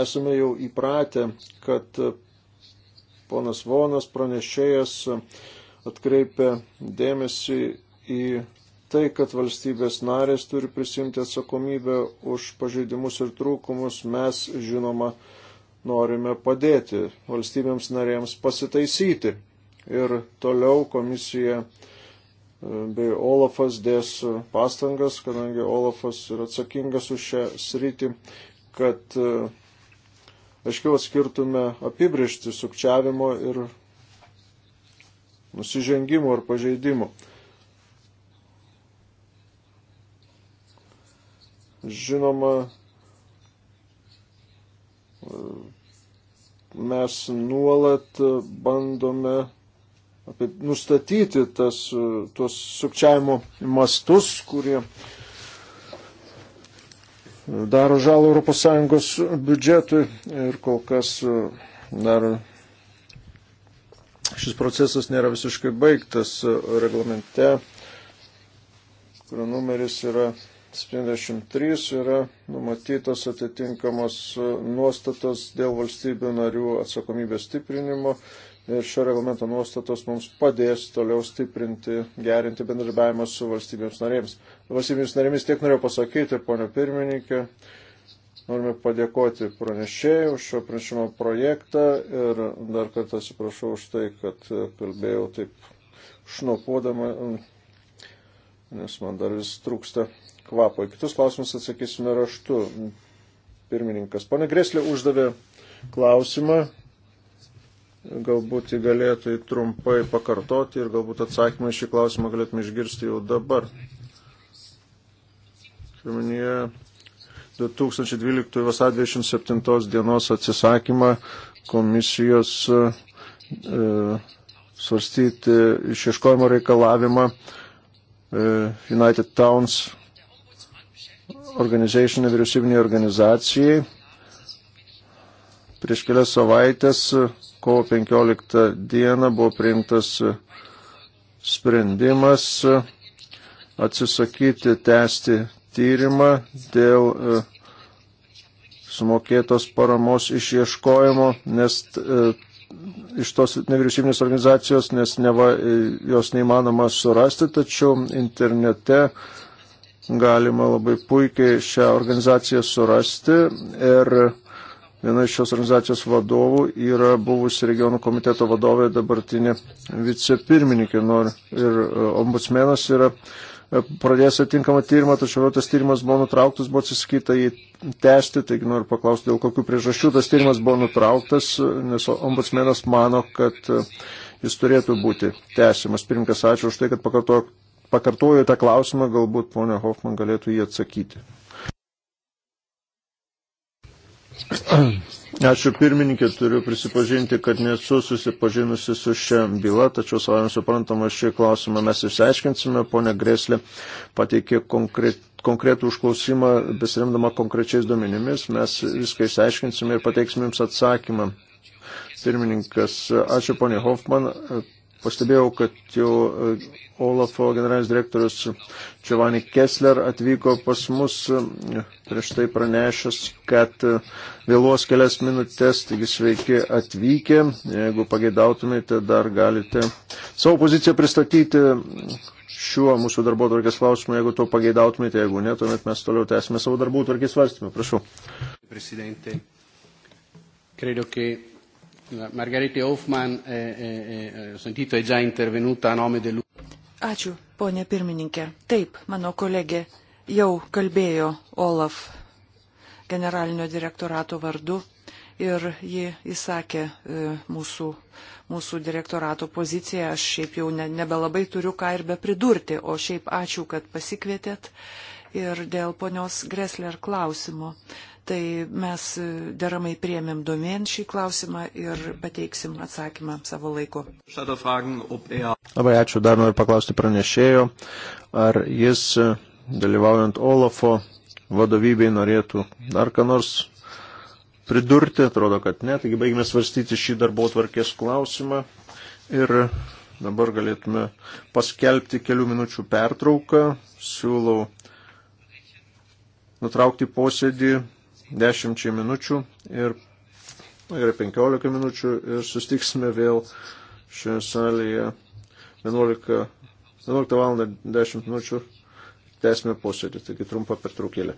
Esame jau įpratę, kad e, ponas Vonas pranešėjas atkreipia dėmesį į tai, kad valstybės narės turi prisimti atsakomybę už pažeidimus ir trūkumus, mes, žinoma, norime padėti valstybėms narėms pasitaisyti. Ir toliau komisija uh, bei Olafas dės pastangas, kadangi Olafas yra atsakingas už šią sritį, kad e, aiškiau atskirtume apibriežti sukčiavimo ir nusižengimo ar pažeidimo. Žinoma, e, mes nuolat bandome apie nustatyti tas, tuos sukčiavimo mastus, kurie daro žalą ES biudžetui ir kol kas dar šis procesas nėra visiškai baigtas reglamente, kurio numeris yra 73 yra numatytos atitinkamos nuostatos dėl valstybių narių atsakomybės stiprinimo šio reglamento nuostatos mums padės toliau stiprinti, gerinti bendradarbiavimą su valstybėms narėms. Valstybėms narėmis tiek norėjau pasakyti, ponio pirmininkė. Norime padėkoti pranešėjai už šio pranešimo projektą ir dar kartą atsiprašau už tai, kad kalbėjau taip šnopuodama, nes man dar vis trūksta kvapo. Į kitus klausimus atsakysime raštu. Pirmininkas. Pone Greslė uždavė klausimą Galbūt jį galėtų jį trumpai pakartoti ir galbūt atsakymą šį klausimą galėtume išgirsti jau dabar. Pirminėje 2012 vasarą 27 dienos atsisakymą komisijos e, svarstyti išieškojimo reikalavimą e, United Towns organizacijai, nevyriausybiniai organizacijai. Prieš kelias savaitės kovo 15 dieną buvo priimtas sprendimas atsisakyti tęsti tyrimą dėl e, sumokėtos paramos išieškojimo, nes e, iš tos nevyriausybinės organizacijos, nes neva e, jos neįmanoma surasti, tačiau internete galima labai puikiai šią organizaciją surasti ir Viena iš šios organizacijos vadovų yra buvusi regionų komiteto vadovė, dabartinė vicepirmininkė nori. Ir e, ombudsmenas yra e, pradėjęs atinkamą tyrimą, tačiau tas tyrimas buvo nutrauktas, buvo atsisakyta jį tęsti, taigi noriu paklausti, dėl kokių priežasčių tas tyrimas buvo nutrauktas, nes ombudsmenas mano, kad e, jis turėtų būti tęsiamas. Pirmkas, ačiū už tai, kad pakartoju tą klausimą, galbūt ponia Hoffman galėtų jį atsakyti. Ačiū pirmininkė, turiu prisipažinti, kad nesu susipažinusi su šia byla, tačiau savame suprantama, šį klausimą mes išsiaiškinsime. Pone Greslė pateikė konkret, konkretų užklausimą, besiremdama konkrečiais duomenimis, mes viską išsiaiškinsime ir pateiksime jums atsakymą. Pirmininkas, ačiū ponė Hoffman, Pastebėjau, kad jau e, Olafo generalinis direktorius Giovanni Kessler atvyko pas mus e, prieš tai pranešęs, kad e, vėluos kelias minutės, taigi sveiki atvykę. Jeigu pageidautumėte, dar galite savo poziciją pristatyti šiuo mūsų darbo tvarkės klausimu, jeigu to pageidautumėte, jeigu ne, tuomet mes toliau tęsime savo darbų tvarkės svarstymą. Prašau. Presidente, credo che Margarita Hoffman, eh, eh, eh sentito, è già intervenuta a nome del... Ačiū, ponė pirmininkė. Taip, mano kolegė jau kalbėjo Olaf generalinio direktorato vardu ir ji įsakė e, mūsų, mūsų direktorato poziciją. Aš šiaip jau ne, nebelabai turiu ką ir be pridurti, o šiaip ačiū, kad pasikvietėt. Ir dėl ponios Gresler klausimo. Uh, Tai mes deramai priemėm domėn šį klausimą ir pateiksim atsakymą savo laiku. Labai ačiū, dar noriu paklausti pranešėjo, ar jis dalyvaujant Olafo vadovybei norėtų dar ką nors pridurti, atrodo, kad ne. Taigi baigime svarstyti šį darbo tvarkės klausimą ir dabar galėtume paskelbti kelių minučių pertrauką. Siūlau nutraukti posėdį 10 minučių ir, ir 15 minučių ir sustiksime vėl šioje salėje 11, 11 val. 10 minučių. Tęsime posėdį, taigi trumpa pertraukėlė.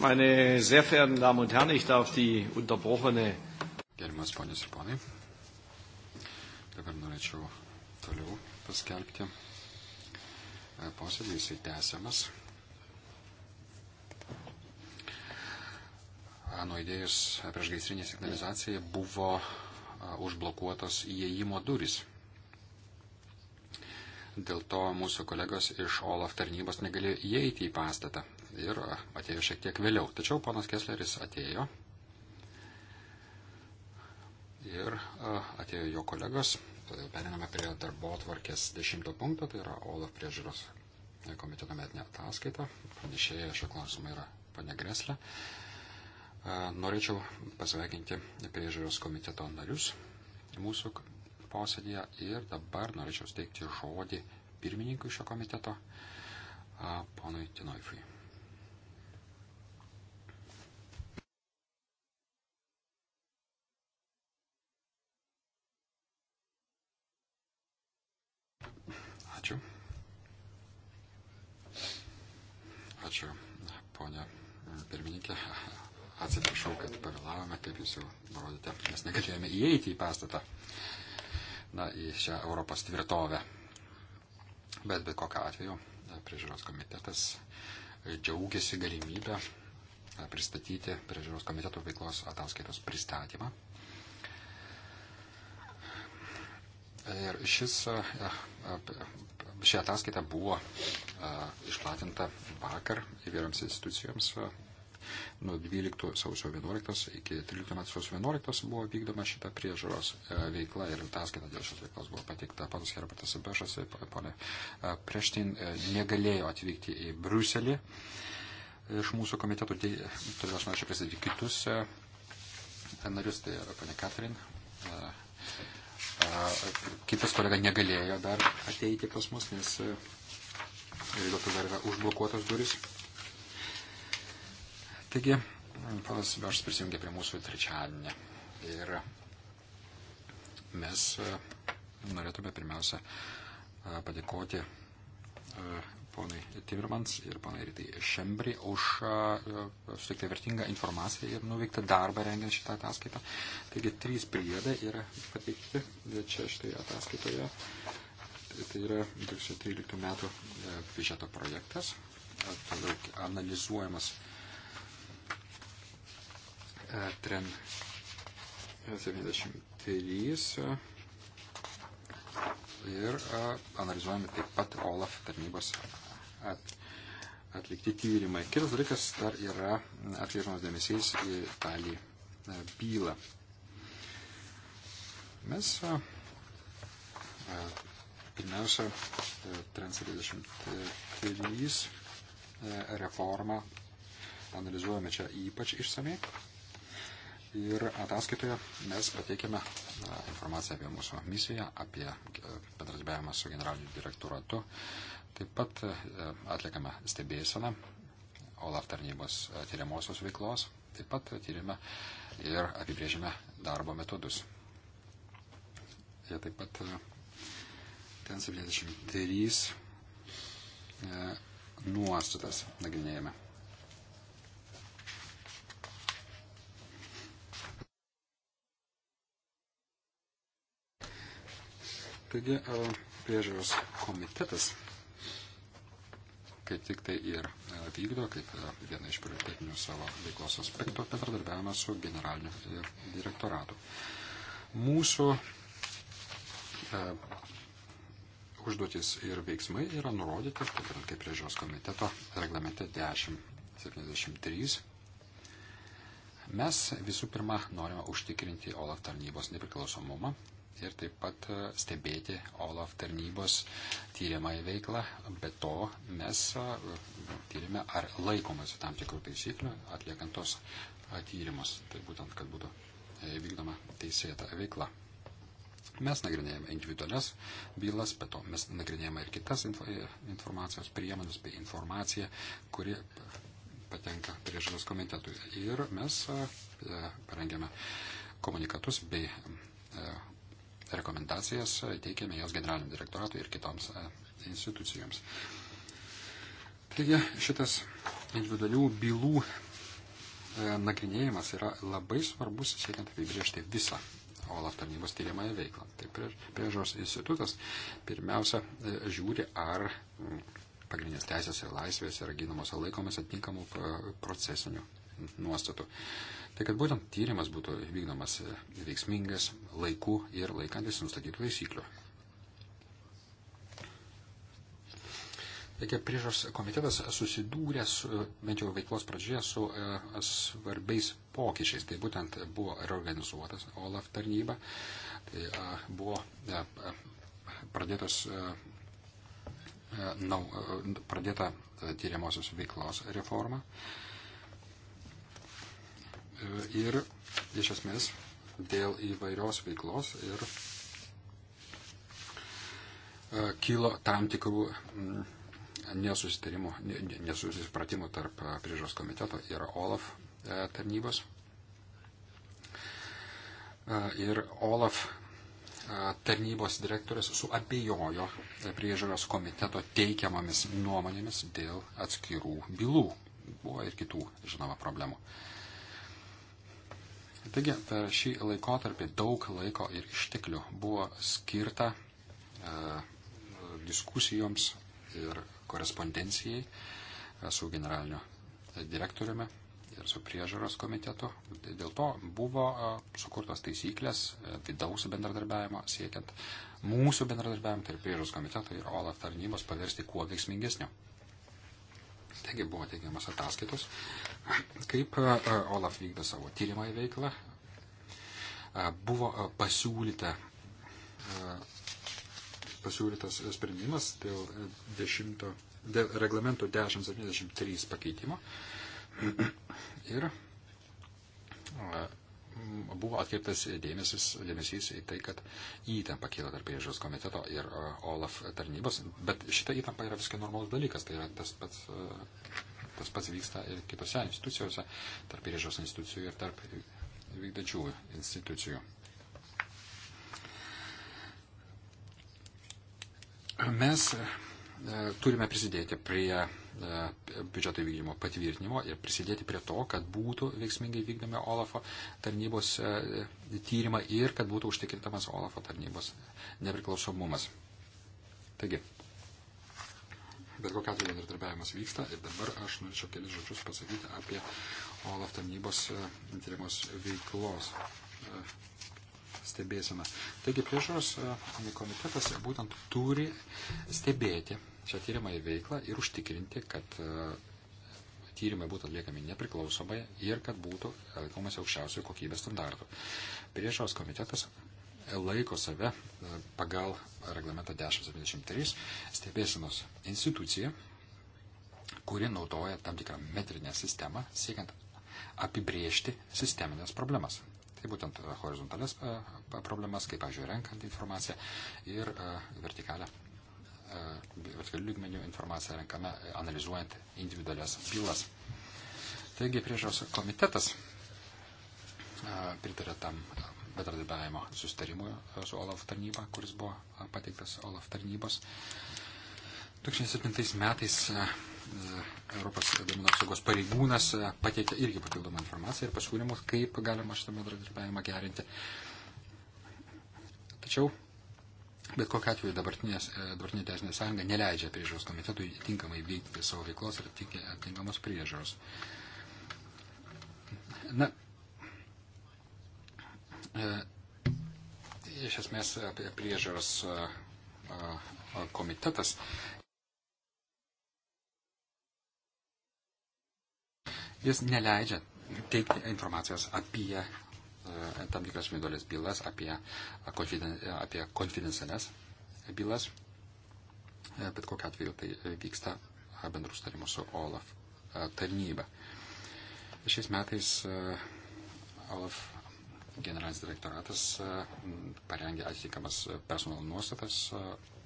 Meine sehr verehrten Damen und Herren, ich darf die unterbrochene. Gerimas ponios ir ponai, dabar norėčiau toliau paskelbti e, posėdį, jisai tęsiamas. Nuėdėjus e, priešgaisrinė signalizacija buvo e, užblokuotos įėjimo durys. Dėl to mūsų kolegos iš OLAF tarnybos negalėjo įeiti į pastatą ir atėjo šiek tiek vėliau. Tačiau ponas Kessleris atėjo ir atėjo jo kolegos. Todėl periname prie darbo atvarkės dešimto punkto, tai yra OLAF priežiūros komiteto metinė ataskaita. Pranešėja šio klausimo yra pane Greslė. Norėčiau pasveikinti priežiūros komiteto narius mūsų posėdėje ir dabar norėčiau steigti žodį pirmininkui šio komiteto, ponui Tinoifui. Ačiū. Ačiū, ponė pirmininkė. Atsiprašau, kad pavėlavome, kaip jūs jau nurodėte, nes negalėjome įeiti į pastatą, na, į šią Europos tvirtovę. Bet bet kokią atveju priežiūros komitetas džiaugiasi galimybę pristatyti priežiūros komiteto veiklos ataskaitos pristatymą Ir šis, e, e, ši ataskaita buvo e, išplatinta vakar įvairioms institucijoms. Nuo 12 sausio 11 iki 13 metų sausio 11 buvo vykdoma šita priežaros veikla ir ataskaita dėl šios veiklos buvo pateikta. Panas Herbertas Bešas, ponė Prieštin, negalėjo atvykti į Briuselį iš mūsų komitetų, tai, todėl aš norėčiau pristatyti kitus narius, tai yra ponė Katrin. Kitas kolega negalėjo dar ateiti pas mus, nes e, vis dėlto dar yra užblokuotos duris. Taigi, panas Veršas prisijungė prie mūsų trečiadienį. Ir mes e, norėtume pirmiausia e, padėkoti ponai Timirmans ir ponai Rytai Šembri už e, suteiktą vertingą informaciją ir nuveiktą darbą rengiant šitą ataskaitą. Taigi trys priedai yra pateikti čia štai ataskaitoje. Tai yra 2013 metų e, biudžeto projektas. Toliau analizuojamas e, tren 73 ir analizuojami taip pat OLAF tarnybos at, atlikti tyrimai. Kitas dalykas dar yra atkreipiamas dėmesys į talį e, bylą. Mes e, e, pirmiausia, Trans 33 reformą analizuojame čia ypač išsamei. Ir ataskaitoje mes pateikėme informaciją apie mūsų misiją, apie bendradarbiavimą su generaliniu direktoratu, Taip pat e, atliekame stebėseną OLAF tarnybos e, tyriamosios veiklos, taip pat tyrime ir apibrėžime darbo metodus. Ir taip pat e, ten 73 nuostatas nagrinėjame. Taigi priežiūros komitetas kaip tik tai ir e, vykdo, kaip e, viena iš prioritetinių savo veiklos aspektų, bendradarbiavimą su generaliniu e, direktoratu. Mūsų e, užduotis ir veiksmai yra nurodyti, būtent kaip priežiūros komiteto reglamente 1073. Mes visų pirma norime užtikrinti OLAF tarnybos nepriklausomumą ir taip pat e, stebėti OLAF tarnybos tyriamąją veiklą. Be to mes e, tyrime, ar laikomasi tam tikrų taisyklių atliekant tos e, tyrimus. Tai būtent, kad būtų vykdoma teisėta veikla. Mes nagrinėjame individualias bylas, bet to mes nagrinėjame ir kitas informacijos priemonės bei informaciją, kuri patenka priežiūros komitetui. Ir mes parengėme komunikatus bei rekomendacijas e, teikiame jos generaliniam direktoratui ir kitoms e, institucijoms. Taigi šitas individualių bylų e, nagrinėjimas yra labai svarbus siekiant apibriežti visą OLAF tarnybos tyriamąją veiklą. Tai priežos institutas pirmiausia žiūri, ar pagrindinės teisės ir laisvės yra ginamos ar laikomas atitinkamų procesinių nuostatų. Tai kad būtent tyrimas būtų vykdomas veiksmingas laiku ir laikantis nustatytų taisyklių. Taigi priežas komitetas susidūrė su, bent jau veiklos pradžioje su e, svarbiais pokyčiais. Tai būtent buvo reorganizuotas OLAF tarnyba, tai e, buvo e, e pradėtas, e, e nau, e, pradėta tyriamosios veiklos reforma. E, E, ir iš esmės dėl įvairios veiklos ir e, kilo tam tikrų mm, nesusitarimų, nesusipratimų tarp e, priežos komiteto ir OLAF tarnybos. Ir OLAF tarnybos direktorius suabejojo priežiūros komiteto teikiamomis nuomonėmis dėl atskirų bylų. Buvo ir kitų, žinoma, problemų. Uh, Taigi per šį laikotarpį daug laiko ir išteklių buvo skirta e, diskusijoms ir korespondencijai e, su generaliniu direktoriumi ir su priežaros komitetu. Dėl to buvo e, sukurtos taisyklės e, vidaus bendradarbiavimo siekiant mūsų bendradarbiavimą tarp priežaros komiteto ir OLAF tarnybos paversti kuo veiksmingesniu. Taigi buvo teigiamas ataskaitos, kaip Olaf vykdė savo tyrimą į veiklą. Buvo pasiūlyta, pasiūlytas sprendimas dėl, dešimto, dėl reglamento 1073 pakeitimo. Ir buvo atkreiptas dėmesis, dėmesys į tai, kad įtampa kyla tarp priežiūros komiteto ir e, OLAF tarnybos, bet šita įtampa yra viskai normalus dalykas, tai yra tas pats, e, tas pats vyksta ir kitose institucijose, tarp priežiūros institucijų ir tarp vykdančių institucijų. Mes E, turime prisidėti prie e, biudžeto vykdymo patvirtinimo ir prisidėti prie to, kad būtų veiksmingai vykdomi Olafo tarnybos e, tyrimą ir kad būtų užtikrintamas Olafo tarnybos nepriklausomumas. Taigi, bet kokia atveju bendradarbiavimas vyksta ir dabar aš norėčiau kelis žodžius pasakyti apie Olaf tarnybos tyrimos veiklos stebėsime. Taigi priežos e, komitetas būtent turi stebėti šią tyrimą į veiklą ir užtikrinti, kad e, tyrimai būtų atliekami nepriklausomai ir kad būtų e, laikomas aukščiausių kokybės standartų. Priežos komitetas laiko save pagal reglamentą 1073 stebėsinos institucija, kuri naudoja tam tikrą metrinę sistemą, siekiant apibriežti sisteminės problemas. Tai būtent e, horizontales e, problemas, kaip, pavyzdžiui, renkant informaciją ir e, vertikalę vertikalių lygmenių informaciją renkame analizuojant individualias bylas. Taigi priežos komitetas pritarė tam bedradarbiavimo sustarimui su OLAF tarnyba, kuris buvo pateiktas OLAF tarnybos. 2007 metais Europos duomenų apsaugos pareigūnas e, pateikė irgi papildomą informaciją ir pasiūlymus, kaip galima šitą bendradarbiavimą gerinti. Tačiau, bet kokiu atveju, e, dabartinė teisinė sąjunga neleidžia priežiūros komitetui tinkamai vykti savo veiklos ir e, tinkamos priežiūros. Na, iš esmės priežiūros komitetas Jis neleidžia teikti informacijos apie e, tam tikras individualias bylas, apie, e, e, apie konfidencialias bylas. Bet kokiu atveju tai vyksta bendrų sutarimų su OLAF tarnyba. Šiais metais OLAF generalinis direktoratas parengė atitinkamas personalo nuostatas,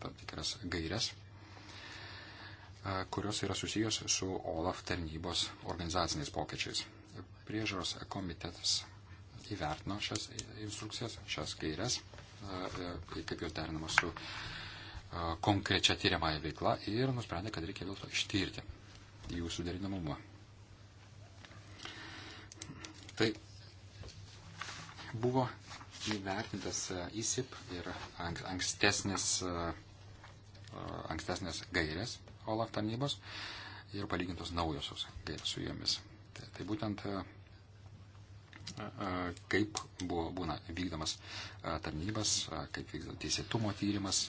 tam tikras gairias kurios yra susijęs su OLAF tarnybos organizaciniais pokyčiais. Priežaros komitetas įvertino šias instrukcijas, šias gairias, kaip jos derinamas su konkrečia tyriamąją veiklą ir nusprendė, kad reikia dėl to ištirti jų suderinamumą. Tai buvo įvertintas ISIP ir ankstesnis ankstesnės gairės OLAF tarnybos ir palygintos naujosios su jomis. Tai, tai būtent e, e, e, kaip buvo, būna vykdomas tarnybas, kaip vykdomas teisėtumo tyrimas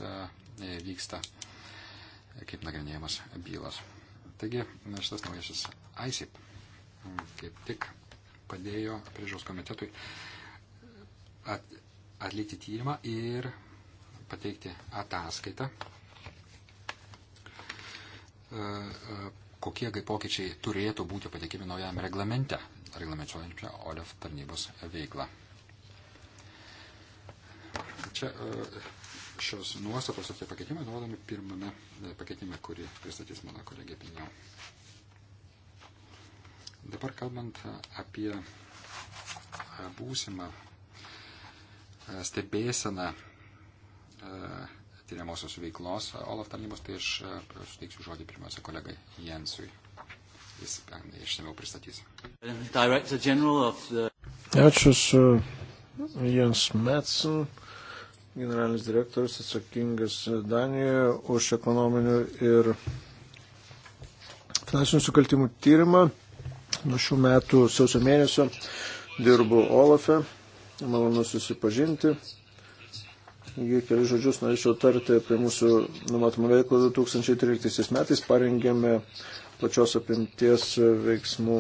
vyksta, kaip nagrinėjamas bylas. Taigi šitas naujasis ISIP kaip tik padėjo priežiūros komitetui at, atlikti tyrimą ir pateikti ataskaitą E, e, kokiegi pokyčiai turėtų būti patikimi naujam reglamente, reglamentuojančia OLEF tarnybos veiklą. Čia e, šios nuostatos ir tie pakeitimai nuodomi pirmame pakeitime, kurį pristatys mano kolegė Pinio. Dabar kalbant apie būsimą stebėseną tyriamosios veiklos OLAF tarnybos, tai aš e, suteiksiu žodį pirmiausia kolegai Jensui. Jis išsameu pristatys. The... Ačiū su Jens Metsen, generalinis direktorius atsakingas Danijoje už ekonominių ir finansinių sukaltimų tyrimą. Nuo šių metų sausio mėnesio dirbu Olafe. Malonu susipažinti kelius žodžius norėčiau tarti apie mūsų numatomą veiklą 2013 metais. Parengėme plačios apimties veiksmų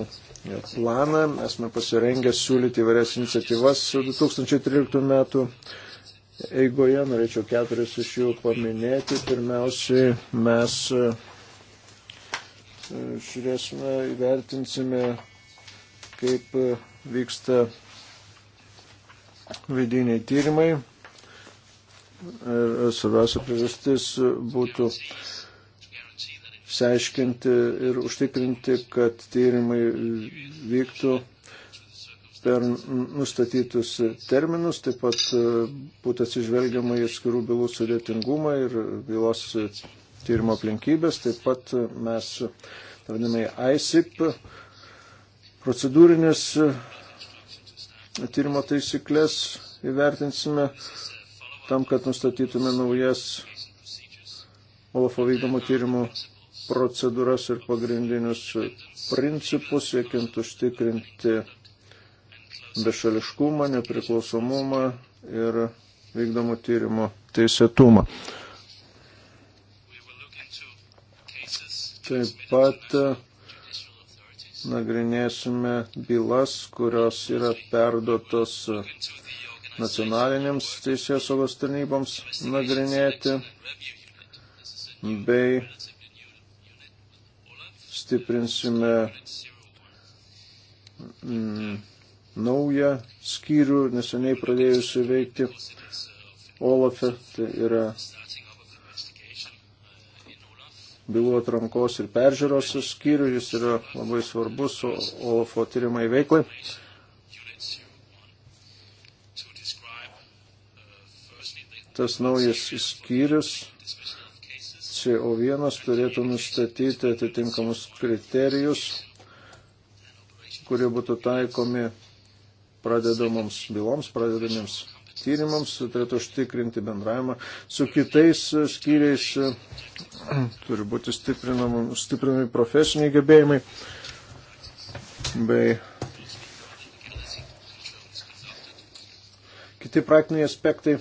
planą. Esame pasirengę siūlyti įvairias iniciatyvas 2013 metų eigoje. Norėčiau keturias iš jų paminėti. Pirmiausiai mes e, žiūrėsime, įvertinsime, kaip vyksta vidiniai tyrimai Ir e, svarbiausia priežastis būtų seiškinti ir užtikrinti, kad tyrimai vyktų per nustatytus terminus, taip pat e, būtų atsižvelgiama į skirų bylų sudėtingumą ir bylos tyrimo aplinkybės. Taip pat mes, vadinamai, ISIP procedūrinės tyrimo taisyklės įvertinsime tam, kad nustatytume naujas Olafo vykdomų tyrimų procedūras ir pagrindinius principus, siekiant užtikrinti bešališkumą, nepriklausomumą ir vykdomų tyrimų teisėtumą. Taip pat nagrinėsime bylas, kurios yra perdotos nacionalinėms teisės saugos tarnyboms nagrinėti bei stiprinsime mm, naują skyrių, neseniai pradėjusi veikti Olafe, tai yra bylų atrankos ir peržiūros skyrių, jis yra labai svarbus Olafo tyrimai veiklai. tas naujas skyrius CO1 turėtų nustatyti atitinkamus kriterijus, kurie būtų taikomi pradedamoms byloms, pradedamiems tyrimams, turėtų užtikrinti bendravimą su kitais skyriais, turi būti stiprinami profesiniai gebėjimai bei kiti praktiniai aspektai.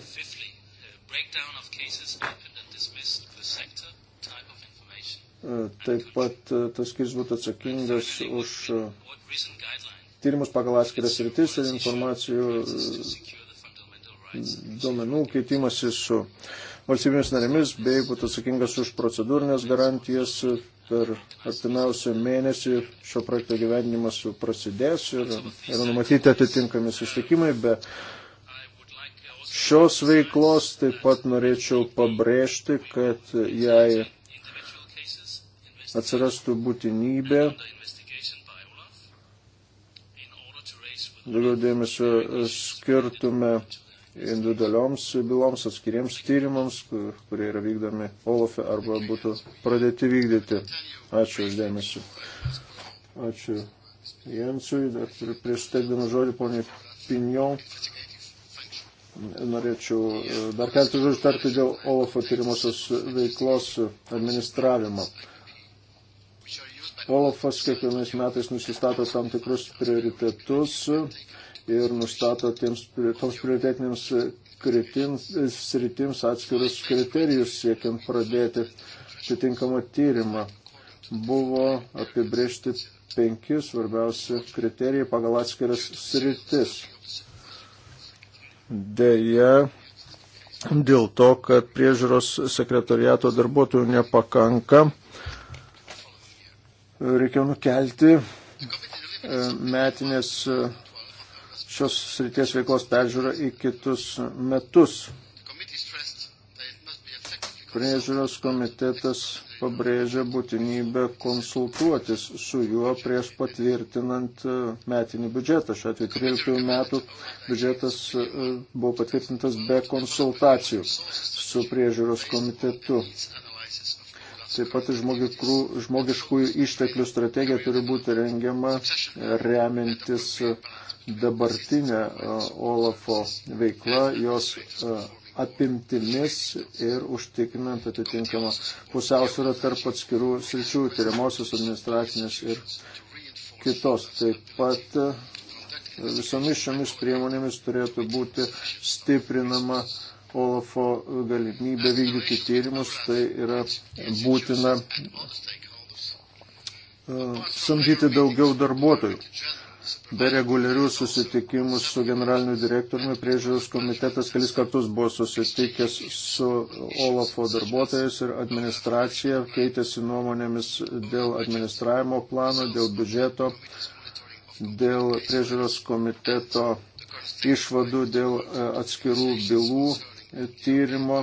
E, taip pat e, tas skirs būtų atsakingas už e, tyrimus pagal atskiras rytis ir informacijų duomenų keitimasi su valstybėmis narėmis, bei būtų atsakingas už procedūrinės garantijas per artimiausią mėnesį šio projekto gyvenimas prasidės ir yra numatyti atitinkami susitikimai, be šios veiklos taip pat norėčiau pabrėžti, kad jei atsirastų būtinybė daugiau dėmesio skirtume individualioms byloms, atskiriems tyrimams, kur, kurie yra vykdomi Olofė arba būtų pradėti vykdyti. Ačiū už dėmesį. Ačiū Jensui, dar prieš teikdamas tai žodį poniai Pinjon norėčiau e, dar kelti žodžių tarti dėl Olafo tyrimosios veiklos administravimo. Olafas kiekvienais metais nusistato tam tikrus prioritetus ir nustato tiems, toms prioritetinėms kritims, sritims atskirus kriterijus siekiant pradėti atitinkamą tyrimą. Buvo apibriežti penki svarbiausi kriterijai pagal atskiras sritis Deja, dėl to, kad priežiūros sekretariato darbuotojų nepakanka, reikėjo nukelti e, metinės e, šios srities veiklos peržiūrą į kitus metus. Priežiūros komitetas pabrėžia būtinybę konsultuotis su juo prieš patvirtinant e, metinį biudžetą. Šiuo atveju 13 metų biudžetas e, buvo patvirtintas be konsultacijų su priežiūros komitetu. Taip pat žmogiškųjų išteklių strategija turi būti rengiama remintis e, dabartinę Olafo veiklą, jos apimtimis ir užtikrinant atitinkamą pusiausvyrą tarp atskirų sričių, tyriamosios, administracinės ir kitos. Taip pat e, visomis šiomis priemonėmis turėtų būti stiprinama Olafo galimybė vykdyti tyrimus, tai yra būtina e, samdyti daugiau darbuotojų be reguliarių susitikimų su generaliniu direktoriumi priežiūros komitetas kelis kartus buvo susitikęs su Olafo darbuotojais ir administracija, keitėsi nuomonėmis dėl administravimo plano, dėl biudžeto, dėl priežiūros komiteto išvadų, dėl e, atskirų bylų e, tyrimo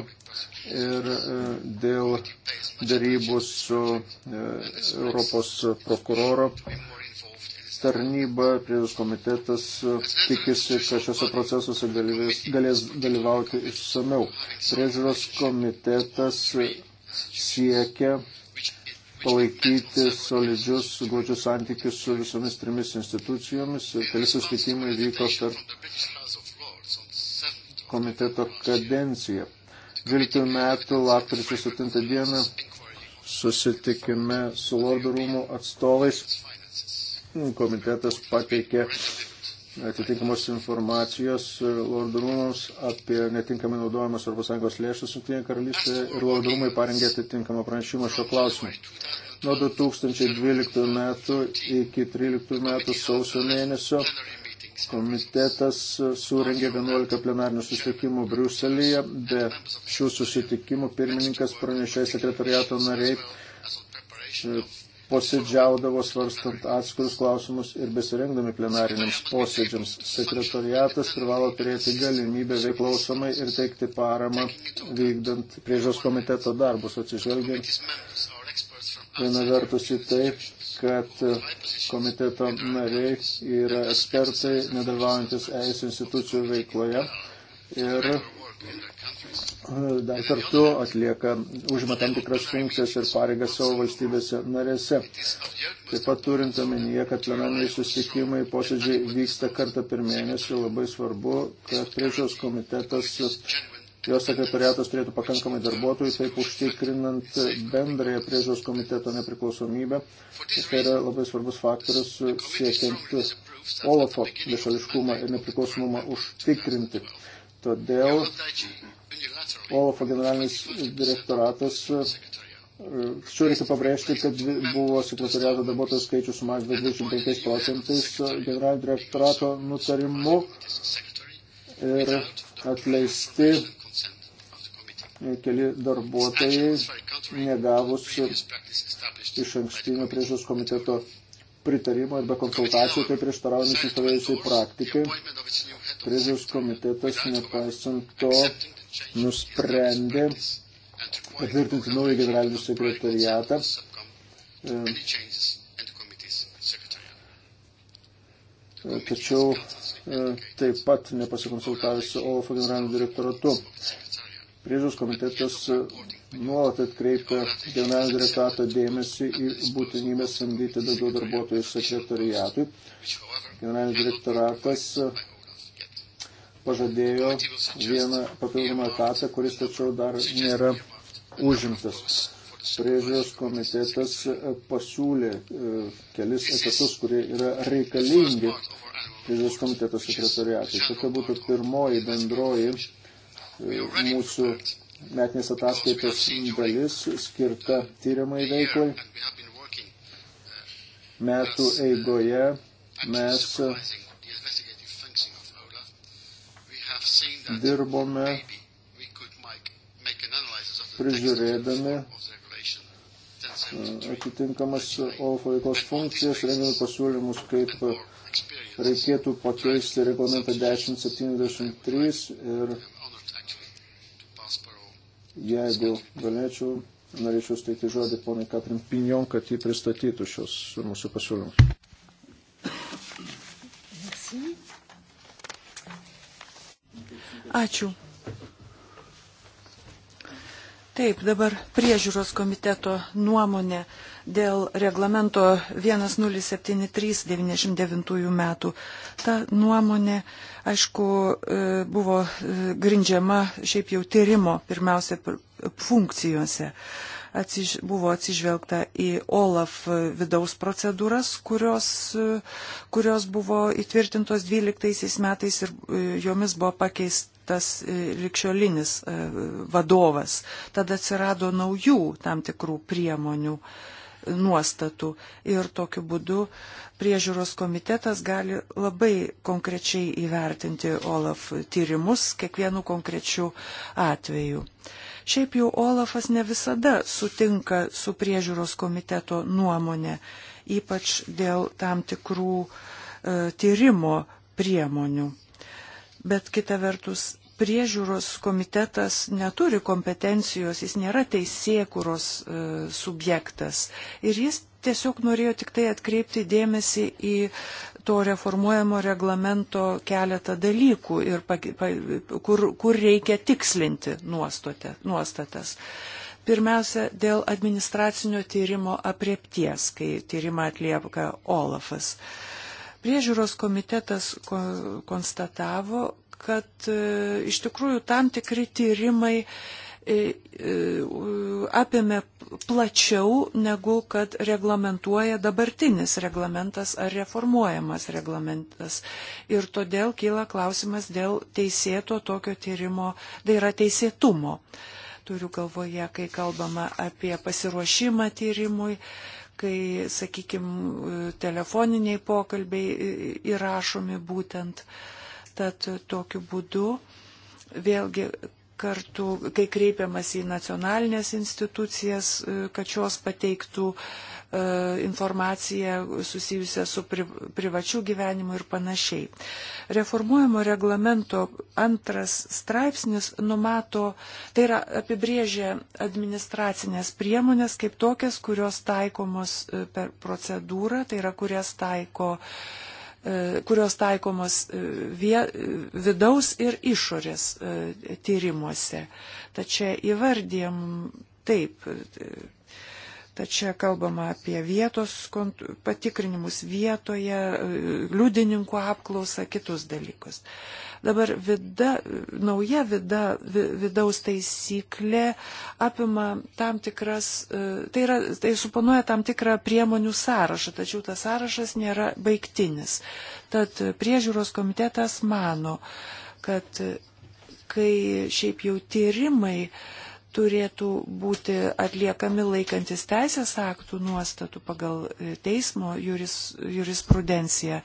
ir e, dėl darybų su Europos prokuroro tarnyba, priežas komitetas e, tikisi, kad šiuose procesuose galės, galės dalyvauti išsameu. Priežiūros komitetas e, siekia palaikyti solidžius, glaudžius santykius su visomis trimis institucijomis. Keli susitikimai vyko per komiteto kadenciją. 12 metų lapkričio 7 dieną susitikime su Lordų rūmų atstovais komitetas pateikė atitinkamos informacijos lordrumams apie netinkamai naudojamas ES lėšas Junktinėje karalystėje ir lordrumai parengė atitinkamą pranešimą šio klausimu. Nuo 2012 metų iki 2013 metų sausio mėnesio komitetas surengė 11 plenarnių susitikimų Briuselėje. Be šių susitikimų pirmininkas pranešė sekretariato nariai posėdžiaudavo svarstant atskirus klausimus ir besirengdami plenariniams posėdžiams. Sekretariatas privalo turėti galimybę veiklausomai ir teikti paramą vykdant priežos komiteto darbus, atsižvelgiant viena vertus į tai, kad komiteto nariai yra ekspertai, nedalyvaujantis ES institucijų veikloje ir dar kartu atlieka, užima tam tikras funkcijas ir pareigas savo valstybėse narėse. Taip pat turint omenyje, kad plenariniai susitikimai posėdžiai vyksta kartą per mėnesį, labai svarbu, kad priežiūros komitetas, jos sekretariatas turėtų pakankamai darbuotojų, taip užtikrinant bendrąją priežiūros komiteto nepriklausomybę. Tai yra labai svarbus faktorius siekiant Olafo viešališkumą ir nepriklausomumą užtikrinti. Todėl Olafo generalinis direktoratas. Čia e, reikia pabrėžti, kad buvo sekretariato darbuotojų skaičius sumažintas 25 procentais e, generalinio direktorato nutarimu ir atleisti e, keli darbuotojai negavus iš ankstinio priežos komiteto pritarimo arba konsultacijų, tai prieštarauja nusistovėjusiai praktikai. Priežos komitetas, nepaisant to, nusprendė patvirtinti naują generalinį sekretariatą. E, tačiau e, taip pat nepasikonsultavęs su OLAF generaliniu direktoratu. Priežiūros komitetas e, nuolat atkreipia generalinio direktorato dėmesį į būtinybę samdyti daugiau darbuotojų sekretariatui. Generalinis direktoratas pažadėjo vieną papildomą etatą, kuris tačiau dar nėra užimtas. Priežiūros komitetas e, pasiūlė e, kelis etatus, kurie yra reikalingi priežiūros komiteto sekretoriatui. Tokia būtų pirmoji bendroji e, mūsų metinės ataskaitos dalis skirta tyriamai veiklai. Metų eigoje mes dirbome prižiūrėdami mm, atitinkamas OLAF veiklos funkcijas, rengėme pasiūlymus, kaip reikėtų pakeisti reglamentą 1073 ir jeigu galėčiau, norėčiau steikti žodį ponai Katrin Pinjon, kad jį pristatytų šios mūsų pasiūlymus. Merci. Ačiū. Taip, dabar priežiūros komiteto nuomonė dėl reglamento 1073-99 metų. Ta nuomonė, aišku, e, buvo e, grindžiama šiaip jau tyrimo, pirmiausia, funkcijose. Atsiž, buvo atsižvelgta į OLAF vidaus procedūras, kurios, e, kurios buvo įtvirtintos 12 metais ir jomis buvo pakeista tas likščiolinis e, e, vadovas. Tada atsirado naujų tam tikrų priemonių e, nuostatų ir tokiu būdu priežiūros komitetas gali labai konkrečiai įvertinti OLAF tyrimus kiekvienu konkrečiu atveju. Šiaip jau Olafas ne visada sutinka su priežiūros komiteto nuomonė, ypač dėl tam tikrų e, tyrimo priemonių bet kita vertus priežiūros komitetas neturi kompetencijos, jis nėra teisėkuros e, subjektas. Ir jis tiesiog norėjo tik tai atkreipti dėmesį į to reformuojamo reglamento keletą dalykų, ir, pa, pa, kur, kur reikia tikslinti nuostotė, nuostatas. Pirmiausia, dėl administracinio tyrimo apriepties, kai tyrimą atlieka Olafas. E, Priežiūros komitetas konstatavo, kad e, iš tikrųjų tam tikri tyrimai e, e, apėmė plačiau negu kad reglamentuoja dabartinis reglamentas ar reformuojamas reglamentas. Ir todėl kyla klausimas dėl teisėto tokio tyrimo, tai yra teisėtumo. Turiu galvoje, kai kalbama apie pasiruošimą tyrimui, kai, sakykime, telefoniniai pokalbiai įrašomi būtent. Tad tokiu būdu vėlgi kartu, kai kreipiamas į nacionalinės institucijas, e, kad šios pateiktų uh, E, informaciją susijusią su privačiu gyvenimu ir panašiai. Reformuojamo reglamento antras straipsnis numato, tai yra apibrėžia administracinės priemonės kaip tokias, kurios taikomos e, per procedūrą, tai yra kurias taiko e, kurios taikomos vie, vidaus ir išorės tyrimuose. Tačiau įvardėm taip, Tad čia kalbama apie vietos patikrinimus vietoje, liudininkų apklausą, kitus dalykus. Dabar vida, nauja vida, vidaus taisyklė apima tam tikras, e, tai, yra, tai suponuoja tam tikrą priemonių sąrašą, tačiau tas sąrašas nėra baigtinis. Tad priežiūros komitetas mano, kad kai šiaip jau tyrimai, uh, turėtų būti atliekami laikantis teisės aktų nuostatų pagal e, teismo juris, jurisprudenciją.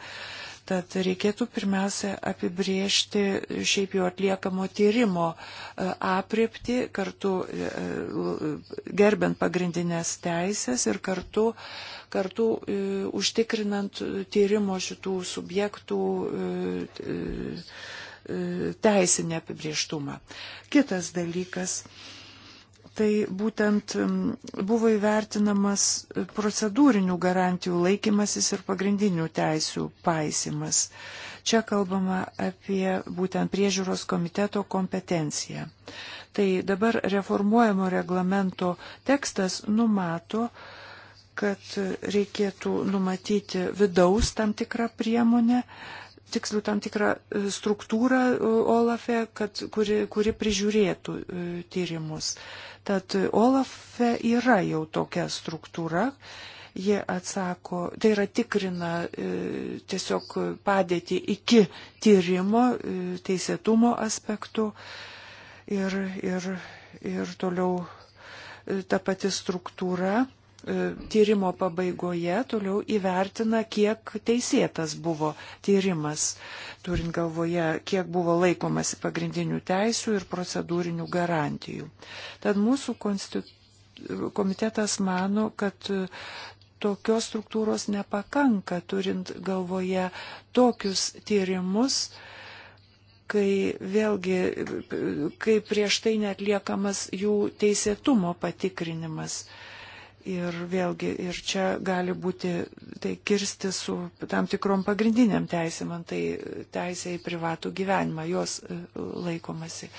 Tad reikėtų pirmiausia apibriežti šiaip jau atliekamo tyrimo e, apriepti, kartu e, gerbent pagrindinės teisės ir kartu, kartu užtikrinant tyrimo šitų subjektų teisinę apibrieštumą. Kitas dalykas tai būtent buvo įvertinamas procedūrinių garantijų laikymasis ir pagrindinių teisių paisimas. Čia kalbama apie būtent priežiūros komiteto kompetenciją. Tai dabar reformuojamo reglamento tekstas numato, kad reikėtų numatyti vidaus tam tikrą priemonę, tiksliau tam tikrą e, struktūrą e, Olafe, kad, kuri, kuri prižiūrėtų e, tyrimus. Tad Olafe yra jau tokia struktūra, jie atsako, tai yra tikrina tiesiog padėti iki tyrimo teisėtumo aspektų ir, ir, ir toliau ta pati struktūra E, tyrimo pabaigoje toliau įvertina, kiek teisėtas buvo tyrimas, turint galvoje, kiek buvo laikomasi pagrindinių teisių ir procedūrinių garantijų. Tad mūsų konstitu... komitetas mano, kad e, tokios struktūros nepakanka, turint galvoje tokius tyrimus, kai vėlgi, kai prieš tai netliekamas jų teisėtumo patikrinimas. Ir vėlgi, ir čia gali būti tai kirsti su tam tikrom pagrindiniam teisėm, tai teisė į privatų gyvenimą, jos e, laikomasi.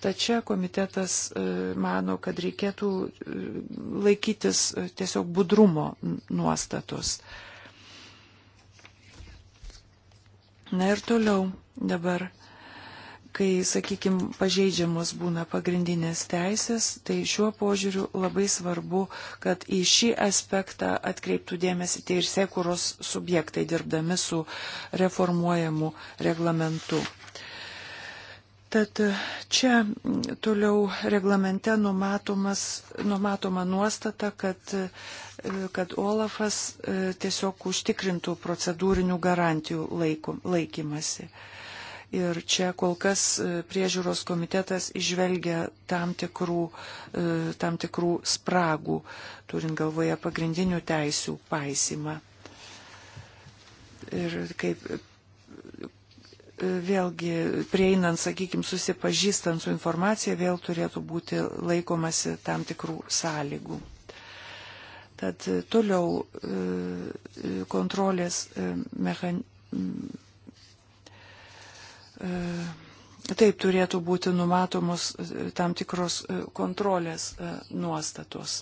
Tačiau komitetas e, mano, kad reikėtų e, laikytis tiesiog budrumo nuostatos. Na ir toliau dabar kai, sakykime, pažeidžiamos būna pagrindinės teisės, tai šiuo požiūriu labai svarbu, kad į šį aspektą atkreiptų dėmesį tie ir sekuros subjektai dirbdami su reformuojamu reglamentu. Tad čia toliau reglamente numatoma nuostata, kad, kad Olafas e, tiesiog užtikrintų procedūrinių garantijų laiku, laikymasi. Ir čia kol kas e, priežiūros komitetas išvelgia tam tikrų, e, tam tikrų spragų, turint galvoje pagrindinių teisių paisimą. Ir kaip e, vėlgi prieinant, sakykime, susipažįstant su informacija, vėl turėtų būti laikomasi tam tikrų sąlygų. Tad toliau kontrolės mechanizmas E, taip turėtų būti numatomos e, tam tikros e, kontrolės nuostatos.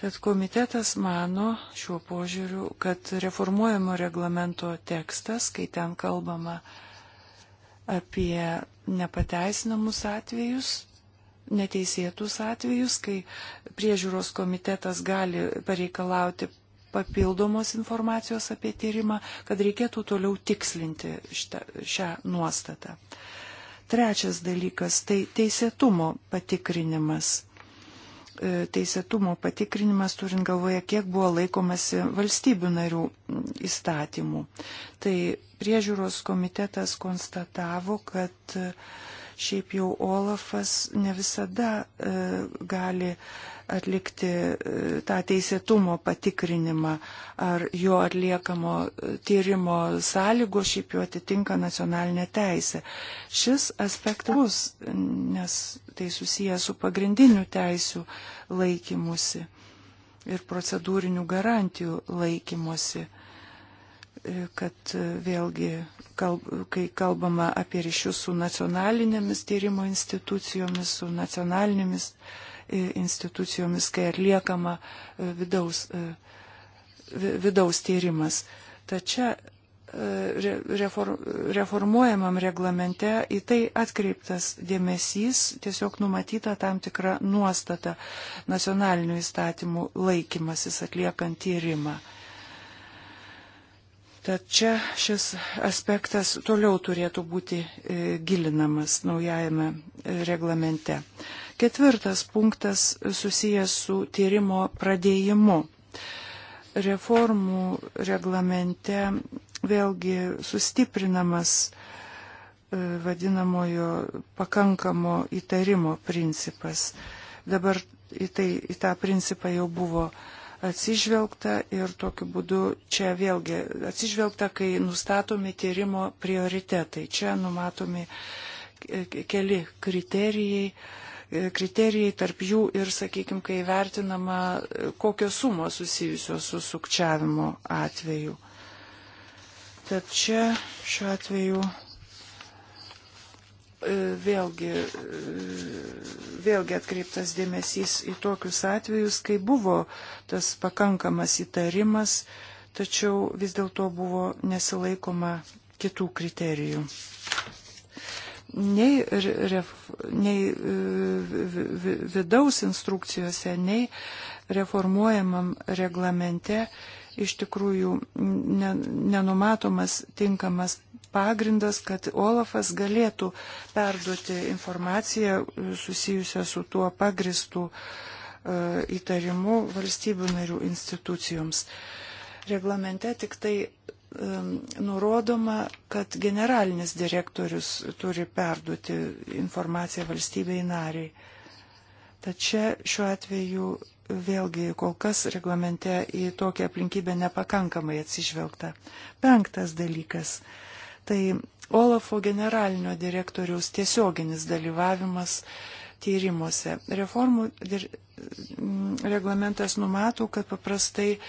Tad komitetas mano šiuo požiūriu, kad reformuojamo reglamento tekstas, kai ten kalbama apie nepateisinamus atvejus, neteisėtus atvejus, kai priežiūros komitetas gali pareikalauti papildomos informacijos apie tyrimą, kad reikėtų toliau tikslinti šitą, šią nuostatą. Trečias dalykas - tai teisėtumo patikrinimas. E, teisėtumo patikrinimas turint galvoje, kiek buvo laikomasi valstybių narių įstatymų. Tai priežiūros komitetas konstatavo, kad e, šiaip jau Olafas ne visada e, gali atlikti e, tą teisėtumo patikrinimą, ar jo atliekamo e, tyrimo sąlygo šiaip jau atitinka nacionalinė teisė. Šis aspektus, nes tai susijęs su pagrindiniu teisų laikymusi ir procedūrinių garantijų laikymusi e, kad vėlgi, kalb, kai kalbama apie ryšius su nacionalinėmis tyrimo institucijomis, su nacionalinėmis uh, E, institucijomis, kai atliekama e, vidaus, e, vidaus tyrimas. Tačiau reformuojamam reglamente į tai atkreiptas dėmesys, tiesiog numatyta tam tikra nuostata nacionalinių įstatymų laikymasis atliekant tyrimą. Tad čia šis aspektas toliau turėtų būti gilinamas naujajame reglamente. Ketvirtas punktas susijęs su tyrimo pradėjimu. Reformų reglamente vėlgi sustiprinamas e, vadinamojo pakankamo įtarimo principas. Dabar į, tai, į tą principą jau buvo atsižvelgta ir tokiu būdu čia vėlgi atsižvelgta, kai nustatomi tyrimo prioritetai. Čia numatomi keli kriterijai, kriterijai, tarp jų ir, sakykime, kai vertinama, kokios sumos susijusios su sukčiavimo atveju. Tad čia šiuo atveju e, vėlgi, e, vėlgi atkreiptas dėmesys į tokius atvejus, kai buvo tas pakankamas įtarimas, tačiau vis dėlto buvo nesilaikoma kitų kriterijų nei, ref, nei e, vidaus instrukcijose, nei reformuojamam reglamente iš tikrųjų nenumatomas tinkamas pagrindas, kad Olafas galėtų perduoti informaciją susijusią su tuo pagristų e, įtarimu valstybių narių institucijoms. Reglamente tik tai nurodoma, kad generalinis direktorius turi perduoti informaciją valstybei nariai. Tačiau šiuo atveju vėlgi kol kas reglamente į tokią aplinkybę nepakankamai atsižvelgta. Penktas dalykas - tai Olafo generalinio direktoriaus tiesioginis dalyvavimas tyrimuose. Reformų dir... reglamentas numato, kad paprastai uh,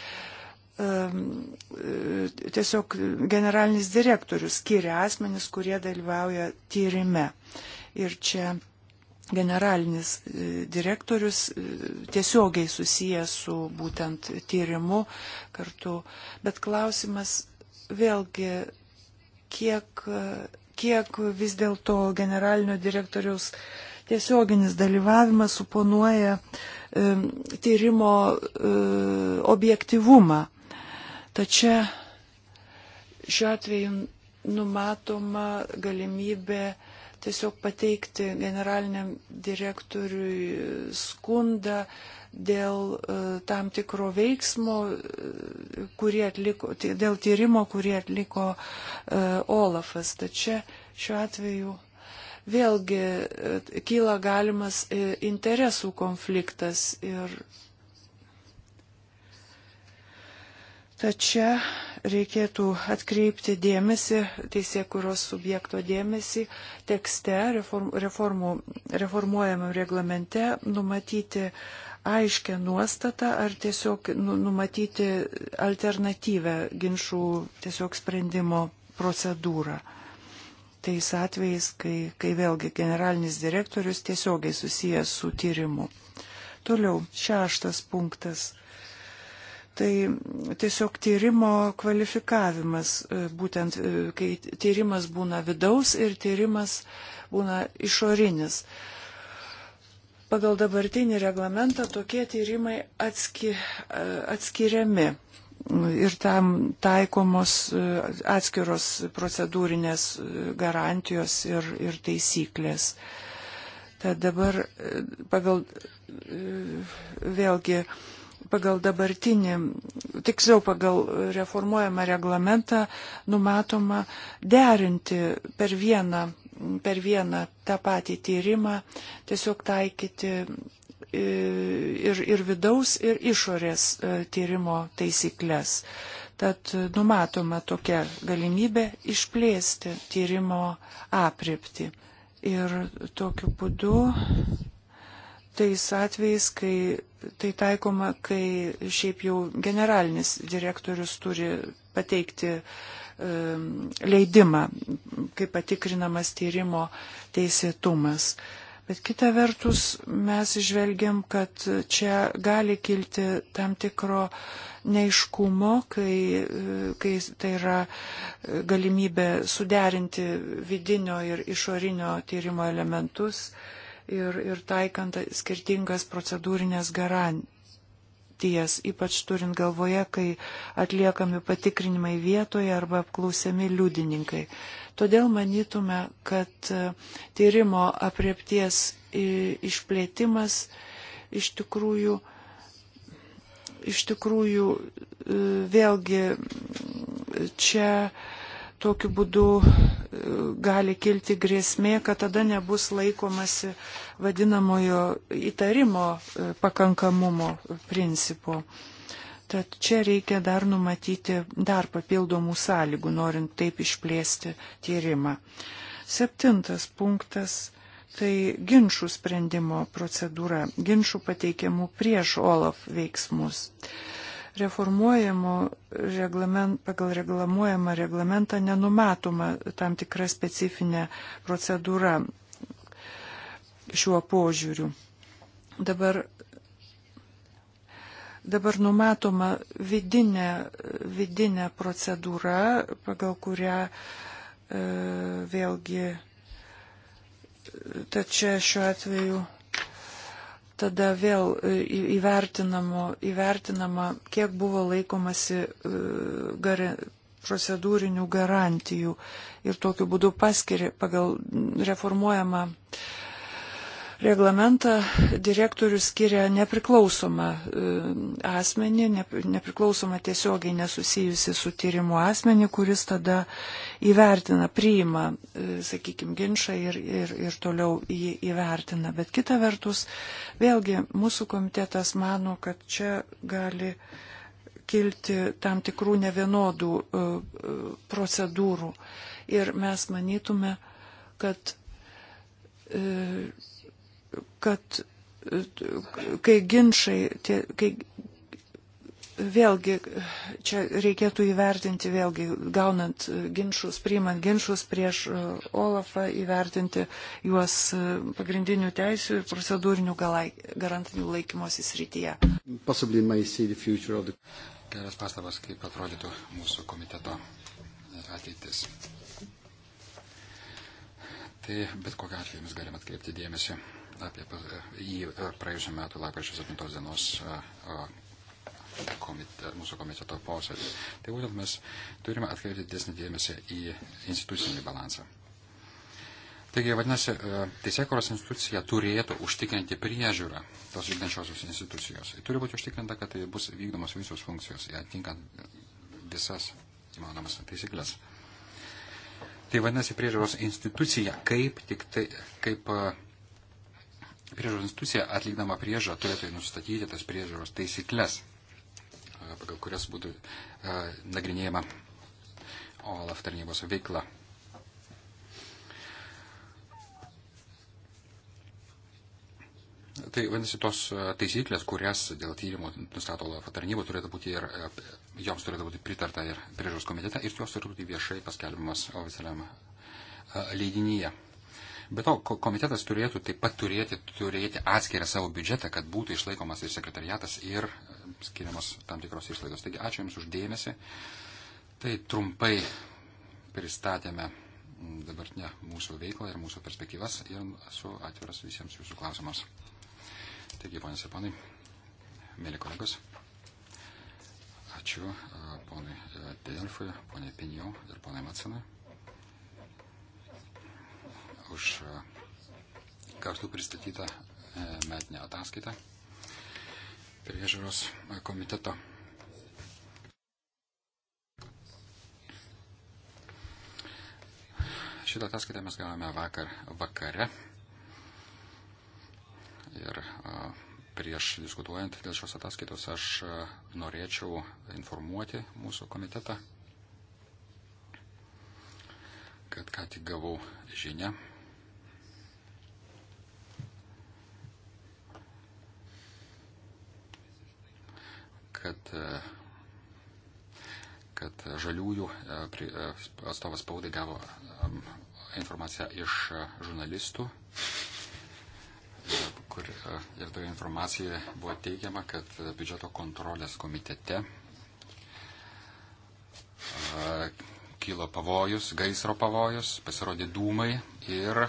E, tiesiog generalinis direktorius skiria asmenis, kurie dalyvauja tyrime. Ir čia generalinis e, direktorius e, tiesiogiai susijęs su būtent tyrimu kartu. Bet klausimas vėlgi, kiek, kiek vis dėlto generalinio direktoriaus tiesioginis dalyvavimas suponuoja e, tyrimo e, objektivumą. Tačiau šiuo atveju numatoma galimybė tiesiog pateikti generaliniam direktoriui skundą dėl e, tam tikro veiksmo, e, kurį atliko, dėl tyrimo, kurį atliko e, Olafas. Tačiau šiuo atveju vėlgi kyla galimas interesų konfliktas ir Tačiau reikėtų atkreipti dėmesį, teisėkuros subjekto dėmesį, tekste reformų, reformuojamam reglamente numatyti aiškę nuostatą ar tiesiog nu, numatyti alternatyvę ginčių tiesiog sprendimo procedūrą. Tais atvejais, kai, kai vėlgi generalinis direktorius tiesiogiai susijęs su tyrimu. Toliau, šeštas punktas Tai tiesiog tyrimo kvalifikavimas, e, būtent e, kai tyrimas būna vidaus ir tyrimas būna išorinis. Pagal dabartinį reglamentą tokie tyrimai atski, e, atskiriami ir tam taikomos atskiros procedūrinės garantijos ir, ir taisyklės. Tad dabar pagal vėlgi pagal dabartinį, tiksliau pagal reformuojamą reglamentą numatoma derinti per vieną, per vieną tą patį tyrimą, tiesiog taikyti e, ir, ir vidaus, ir išorės e, tyrimo taisyklės. Tad numatoma tokia galimybė išplėsti tyrimo apripti. Ir tokiu būdu tais atvejais, kai tai taikoma, kai šiaip jau generalinis direktorius turi pateikti leidimą, kaip patikrinamas tyrimo teisėtumas. Bet kita vertus, mes išvelgiam, kad čia gali kilti tam tikro neiškumo, kai, kai tai yra galimybė suderinti vidinio ir išorinio tyrimo elementus. Uh, ir, ir taikant skirtingas procedūrinės garantijas, ypač turint galvoje, kai atliekami patikrinimai vietoje arba apklausiami liudininkai. Todėl manytume, kad e, tyrimo apriepties išplėtimas iš tikrųjų iš tikrųjų e, vėlgi čia tokiu būdu gali kilti grėsmė, kad tada nebus laikomasi vadinamojo įtarimo e, pakankamumo principo. Tad čia reikia dar numatyti dar papildomų sąlygų, norint taip išplėsti tyrimą. Septintas punktas tai ginčių sprendimo procedūra, ginčių pateikiamų prieš OLAF veiksmus. Uh, reformuojamo reglament, pagal reglamuojamą reglamentą nenumatoma tam tikra specifinė procedūra šiuo požiūriu. Dabar, dabar numatoma vidinė, vidinė procedūra, pagal kurią e, vėlgi, e, tačiau šiuo atveju tada vėl e, įvertinama, kiek buvo laikomasi e, gare, procedūrinių garantijų ir tokiu būdu paskiri pagal reformuojamą uh, reglamentą direktorius skiria nepriklausomą e, asmenį, nepriklausomą tiesiogiai nesusijusi su tyrimu asmenį, kuris tada įvertina, priima, e, sakykime, ginčą ir, ir, ir toliau jį įvertina. Bet kita vertus, vėlgi mūsų komitetas mano, kad čia gali kilti tam tikrų nevienodų e, procedūrų. Ir mes manytume, kad kad kai ginčiai, tie, kai vėlgi čia reikėtų įvertinti, vėlgi gaunant ginčius, priimant ginčius prieš e, Olafą, įvertinti juos e, pagrindinių teisių ir procedūrinių garantinių laikymosi srityje. The... Geras pastabas, kaip atrodytų mūsų komiteto ateitis. Tai bet kokią atveju mes galime atkreipti dėmesį apie jį e, praėjusią metų lapkričio 7 dienos e, e, komite, mūsų komiteto posėdį. Tai būtent mes turime atkreipti didesnį dėmesį į institucinį balansą. Taigi, vadinasi, teisėkuros institucija turėtų užtikrinti priežiūrą tos vykdančiosios institucijos. Turi būti užtikrinta, kad tai bus vykdomos visos funkcijos, atinkant visas įmanomas taisyklės. Tai vadinasi, priežiūros institucija kaip tik tai, kaip priežiūros institucija atlikdama priežą turėtų nustatyti tas priežiūros taisyklės, e, pagal kurias būtų e, nagrinėjama OLAF tarnybos veikla. Tai vadinasi, tos e, taisyklės, kurias dėl tyrimo nustato OLAF tarnybų, turėtų būti ir joms turėtų būti pritarta ir priežiūros komitete ir jos turėtų būti viešai paskelbimas oficialiam leidinyje. Be to, komitetas turėtų taip pat turėti, turėti atskirą savo biudžetą, kad būtų išlaikomas ir sekretariatas, ir e, skiriamos tam tikros išlaidos. Taigi ačiū Jums uždėmesi. Tai trumpai pristatėme dabartinę mūsų veiklą ir mūsų perspektyvas ir esu atviras visiems Jūsų klausimams. Taigi, ponės ir ponai, mėly kolegos. Ačiū e, ponui e, Delfui, poniai Pinjau ir ponai Matsenui už e, kartu pristatytą e, metinę ataskaitą priežiūros e, komiteto. Šitą ataskaitą mes gavome vakar vakare ir prieš diskutuojant dėl šios ataskaitos aš norėčiau informuoti mūsų komitetą, kad ką tik gavau žinią kad, e, kad žaliųjų e, e, atstovas spaudai gavo informaciją iš žurnalistų. Kur, ir toje informacijoje buvo teigiama, kad biudžeto kontrolės komitete kilo pavojus, gaisro pavojus, pasirodė dūmai ir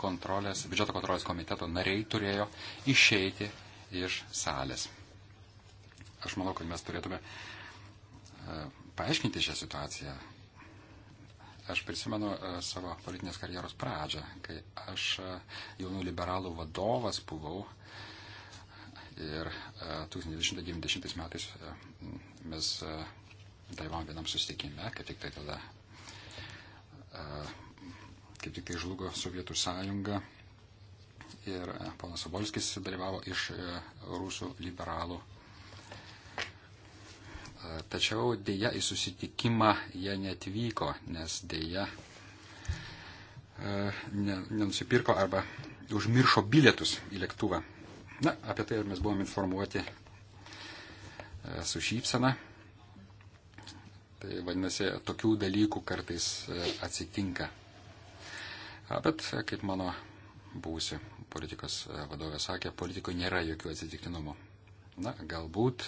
kontrolės, biudžeto kontrolės komiteto nariai turėjo išeiti iš salės aš manau, kad mes turėtume e, paaiškinti šią situaciją. Aš prisimenu e, savo politinės karjeros pradžią, kai aš e, jaunų liberalų vadovas buvau ir 1990 metais mes dalyvavom vienam susitikime, kad tik tai tada kaip tik tai žlugo Sovietų sąjunga ir ponas Sobolskis dalyvavo iš rusų liberalų Tačiau dėja į susitikimą jie netvyko, nes dėja e, nenusipirko arba užmiršo bilietus į lėktuvą. Na, apie tai ir mes buvom informuoti e, su šypsena. Tai vadinasi, tokių dalykų kartais e, atsitinka. Bet, kaip mano būsi politikos vadovė sakė, politikoje nėra jokių atsitiktinumų. Na, galbūt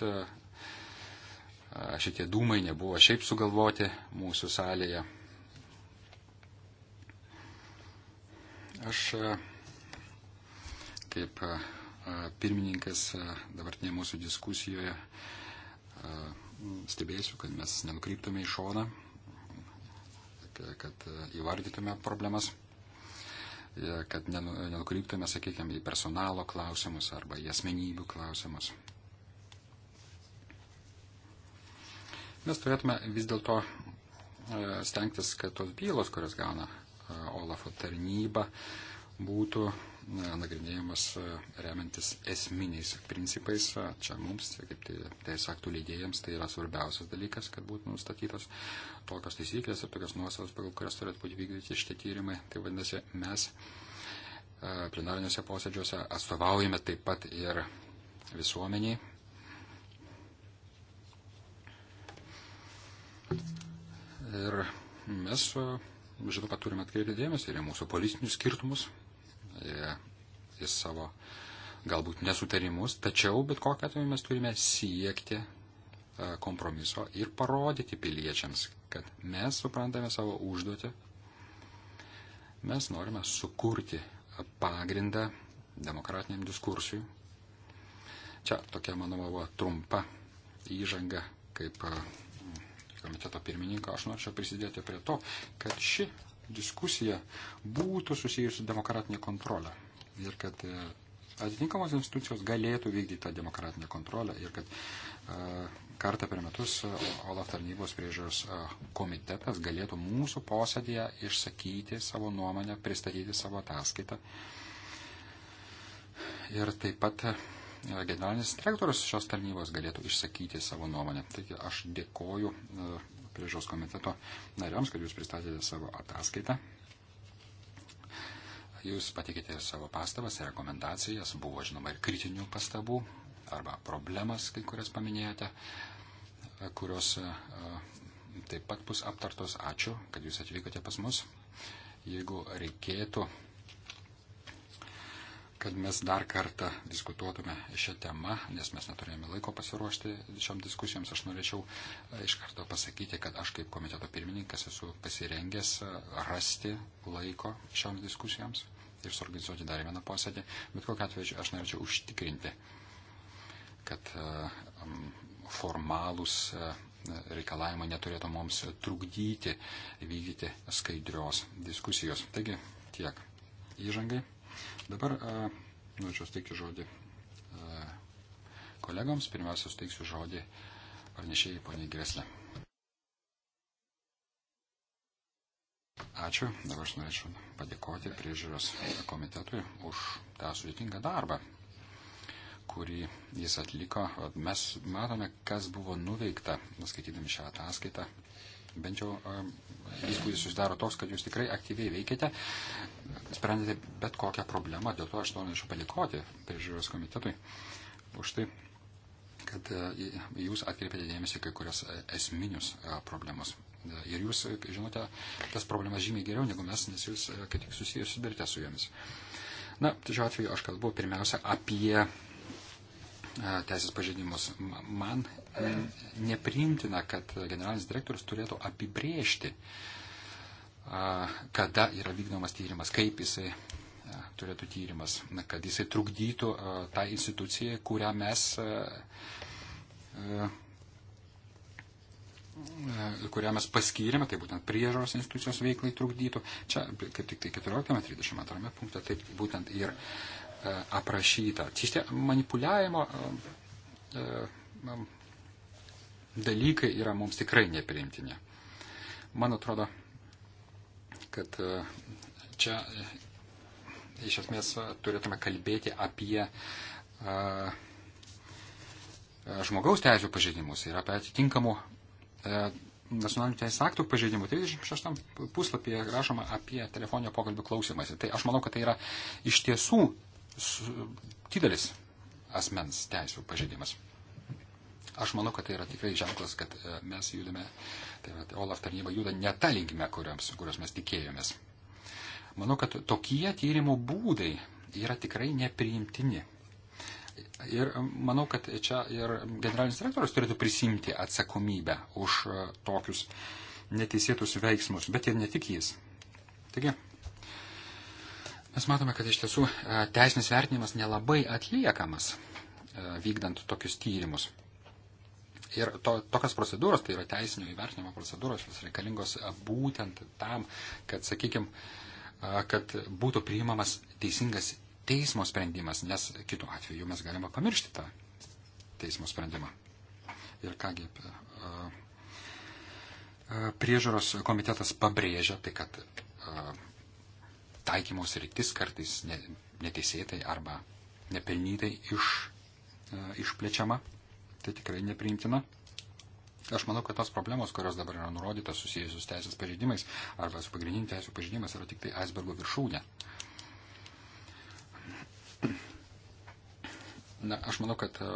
šitie dūmai nebuvo šiaip sugalvoti mūsų salėje. Aš kaip pirmininkas dabartinėje mūsų diskusijoje stebėsiu, kad mes nenukryptume į šoną, kad įvardytume problemas, kad nenukryptume, sakykime, į personalo klausimus arba į asmenybių klausimus. Mes turėtume vis dėlto e, stengtis, kad tos bylos, kurias gauna e, Olafo tarnyba, būtų e, nagrinėjimas remiantis esminiais principais. Čia mums, kaip teisės aktų leidėjams, tai yra svarbiausias dalykas, kad būtų nustatytos tokios taisyklės ir tokios nuostatos, pagal kurias turėtų būti vykdyti šitie tyrimai. Tai vadinasi, mes plenariniuose posėdžiuose atstovaujame taip pat ir visuomeniai Ir mes, žinau, e, kad turime atkreipti dėmesį ir į mūsų politinius skirtumus, į savo galbūt nesutarimus, tačiau bet kokią atveju mes turime siekti e, kompromiso ir parodyti piliečiams, kad mes suprantame savo užduotį, mes norime sukurti pagrindą demokratiniam diskursui. Čia tokia, manoma, buvo trumpa įžanga, kaip e, komiteto pirmininką, aš norėčiau prisidėti prie to, kad ši diskusija būtų susijusi su demokratinė kontrolė. Ir kad e, atitinkamos institucijos galėtų vykdyti tą demokratinę kontrolę ir kad e, kartą per metus e, OLAF tarnybos priežiūros komitetas galėtų mūsų posėdėje išsakyti savo nuomonę, pristatyti savo ataskaitą. Ir taip pat generalinis direktorius šios tarnybos galėtų išsakyti savo nuomonę. Taigi aš dėkoju e, priežos komiteto nariams, kad jūs pristatėte savo ataskaitą. Jūs patikite ir savo pastabas, ir rekomendacijas, buvo žinoma ir kritinių pastabų arba problemas, kai kurias paminėjote, e, kurios e, taip pat bus aptartos. Ačiū, kad jūs atvykote pas mus. Jeigu reikėtų kad mes dar kartą diskutuotume šią temą, nes mes neturėjome laiko pasiruošti šiom diskusijoms. Aš norėčiau e, iš karto pasakyti, kad aš kaip komiteto pirmininkas esu pasirengęs e, rasti laiko šioms diskusijoms ir suorganizuoti dar vieną posėdį. Bet kokiu atveju aš norėčiau užtikrinti, kad e, formalūs reikalavimai neturėtų mums trukdyti vykdyti skaidrios diskusijos. Taigi tiek įžangai. Dabar norėčiau steikti žodį kolegoms. Pirmiausia, steiksiu žodį pranešėjai poniai Greslė. Ačiū. Dabar aš norėčiau padėkoti priežiūros komitetui už tą sudėtingą darbą, kurį jis atliko. Mes matome, kas buvo nuveikta, skaitydami šią ataskaitą bent jau įspūdis susidaro toks, kad jūs tikrai aktyviai veikiate, sprendėte bet kokią problemą, dėl to aš to norėčiau padėkoti priežiūros komitetui už tai, kad jūs atkreipėte dėmesį kai kurias esminius problemus. Ir jūs žinote tas problemas žymiai geriau negu mes, nes jūs kaip tik susijęs sudarite su jomis. Na, šiuo atveju aš kalbu pirmiausia apie teisės pažeidimus. Man e, nepriimtina, kad generalinis direktorius turėtų apibriežti, kada yra vykdomas tyrimas, kaip jisai turėtų tyrimas, kad jisai trukdytų tą instituciją, kurią mes kurią mes paskyrėme, tai būtent priežaros institucijos veiklai trukdytų. Čia kaip tik tai 14.32 punkte taip būtent ir uh, E, aprašyta. Šitie manipuliavimo e, e, dalykai yra mums tikrai nepriimtini. Man atrodo, kad čia iš esmės turėtume kalbėti apie žmogaus teisų pažeidimus ir apie atitinkamų nacionalinių teisės aktų pažeidimų. 36 tai puslapyje rašoma apie telefoninio pokalbio klausimąsi. Tai aš manau, kad tai yra iš tiesų didelis asmens teisų pažeidimas. Aš manau, kad tai yra tikrai ženklas, kad e, mes judame, tai yra tai OLAF tarnyba juda ne tą linkmę, kurios mes tikėjomės. Manau, kad tokie tyrimo būdai yra tikrai nepriimtini. Ir manau, kad čia ir generalinis direktorius turėtų prisimti atsakomybę už e, tokius neteisėtus veiksmus, bet ir ne tik jis. Taigi, Mes matome, kad iš tiesų e, teisinis vertinimas nelabai atliekamas e, vykdant tokius tyrimus. Ir to, tokios procedūros, tai yra teisinio įvertinimo procedūros, jos reikalingos e, būtent tam, kad, sakykime, kad būtų priimamas teisingas teismo sprendimas, nes kitu atveju mes galime pamiršti tą teismo sprendimą. Ir kągi, priežaros komitetas pabrėžia tai, kad taikymos rytis kartais neteisėtai arba nepelnytai iš, e, išplečiama. Tai tikrai nepriimtina. Aš manau, kad tos problemos, kurios dabar yra nurodytos susijusios teisės pažeidimais arba su pagrindiniu teisų pažeidimas, yra tik tai aisbergo viršūnė. Na, aš manau, kad e,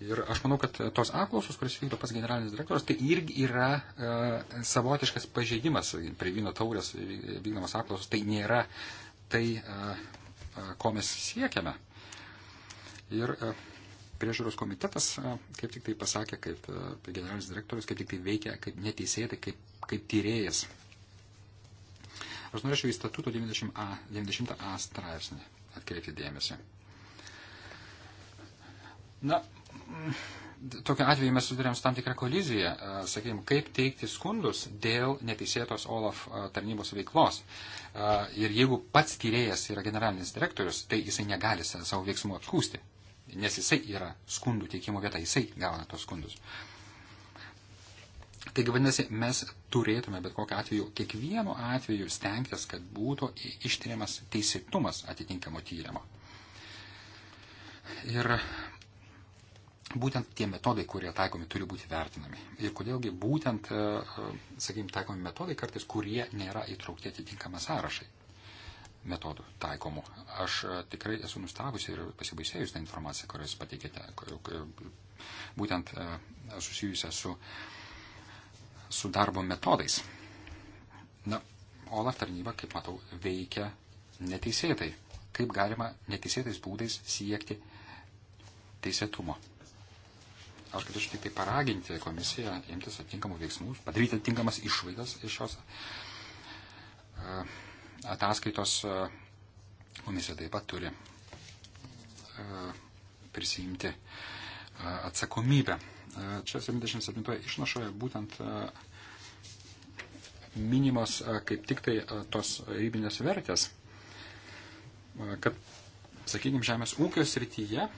Ir aš manau, kad tos apklausos, kuris vykdo pats generalinis direktoras, tai irgi yra e, savotiškas pažeidimas prie vyno taurės vykdomas apklausos. Tai nėra tai, e, e, ko mes siekiame. Ir e, priežiūros komitetas e, kaip tik tai pasakė, kaip e, tai generalinis direktorius, kaip tik tai veikia, kaip neteisėtai, kaip, kaip tyrėjas. Aš norėčiau į statuto 90a, 90a straipsnį atkreipti dėmesį. Na, tokiu atveju mes sudarėm su tam tikrą koliziją, sakykime, kaip teikti skundus dėl neteisėtos OLAF tarnybos veiklos. Ir jeigu pats tyrėjas yra generalinis direktorius, tai jisai negali savo veiksmų apskūsti, nes jisai yra skundų teikimo vieta, jisai gauna tos skundus. Taigi, vadinasi, mes turėtume bet kokiu atveju, kiekvienu atveju stengtis, kad būtų ištiriamas teisėtumas atitinkamo tyrimo. Ir būtent tie metodai, kurie taikomi, turi būti vertinami. Ir kodėlgi būtent, e, e, sakykime, taikomi metodai kartais, kurie nėra įtraukti atitinkamą sąrašai metodų taikomų. Aš e, tikrai esu nustabusi ir pasibaisėjus tą informaciją, kurią jūs pateikėte, būtent susijusią su, su darbo metodais. Na, OLAF tarnyba, kaip matau, veikia neteisėtai. Kaip galima neteisėtais būdais siekti teisėtumo aš galėčiau tik tai paraginti komisiją imtis atitinkamų veiksmų, padaryti atitinkamas išvaidas iš šios e, ataskaitos. E, komisija taip pat turi e, prisijimti atsakomybę. Čia 77 išnašoje būtent minimos kaip tik tai tos rybinės vertės, kad, sakykime, žemės ūkio srityje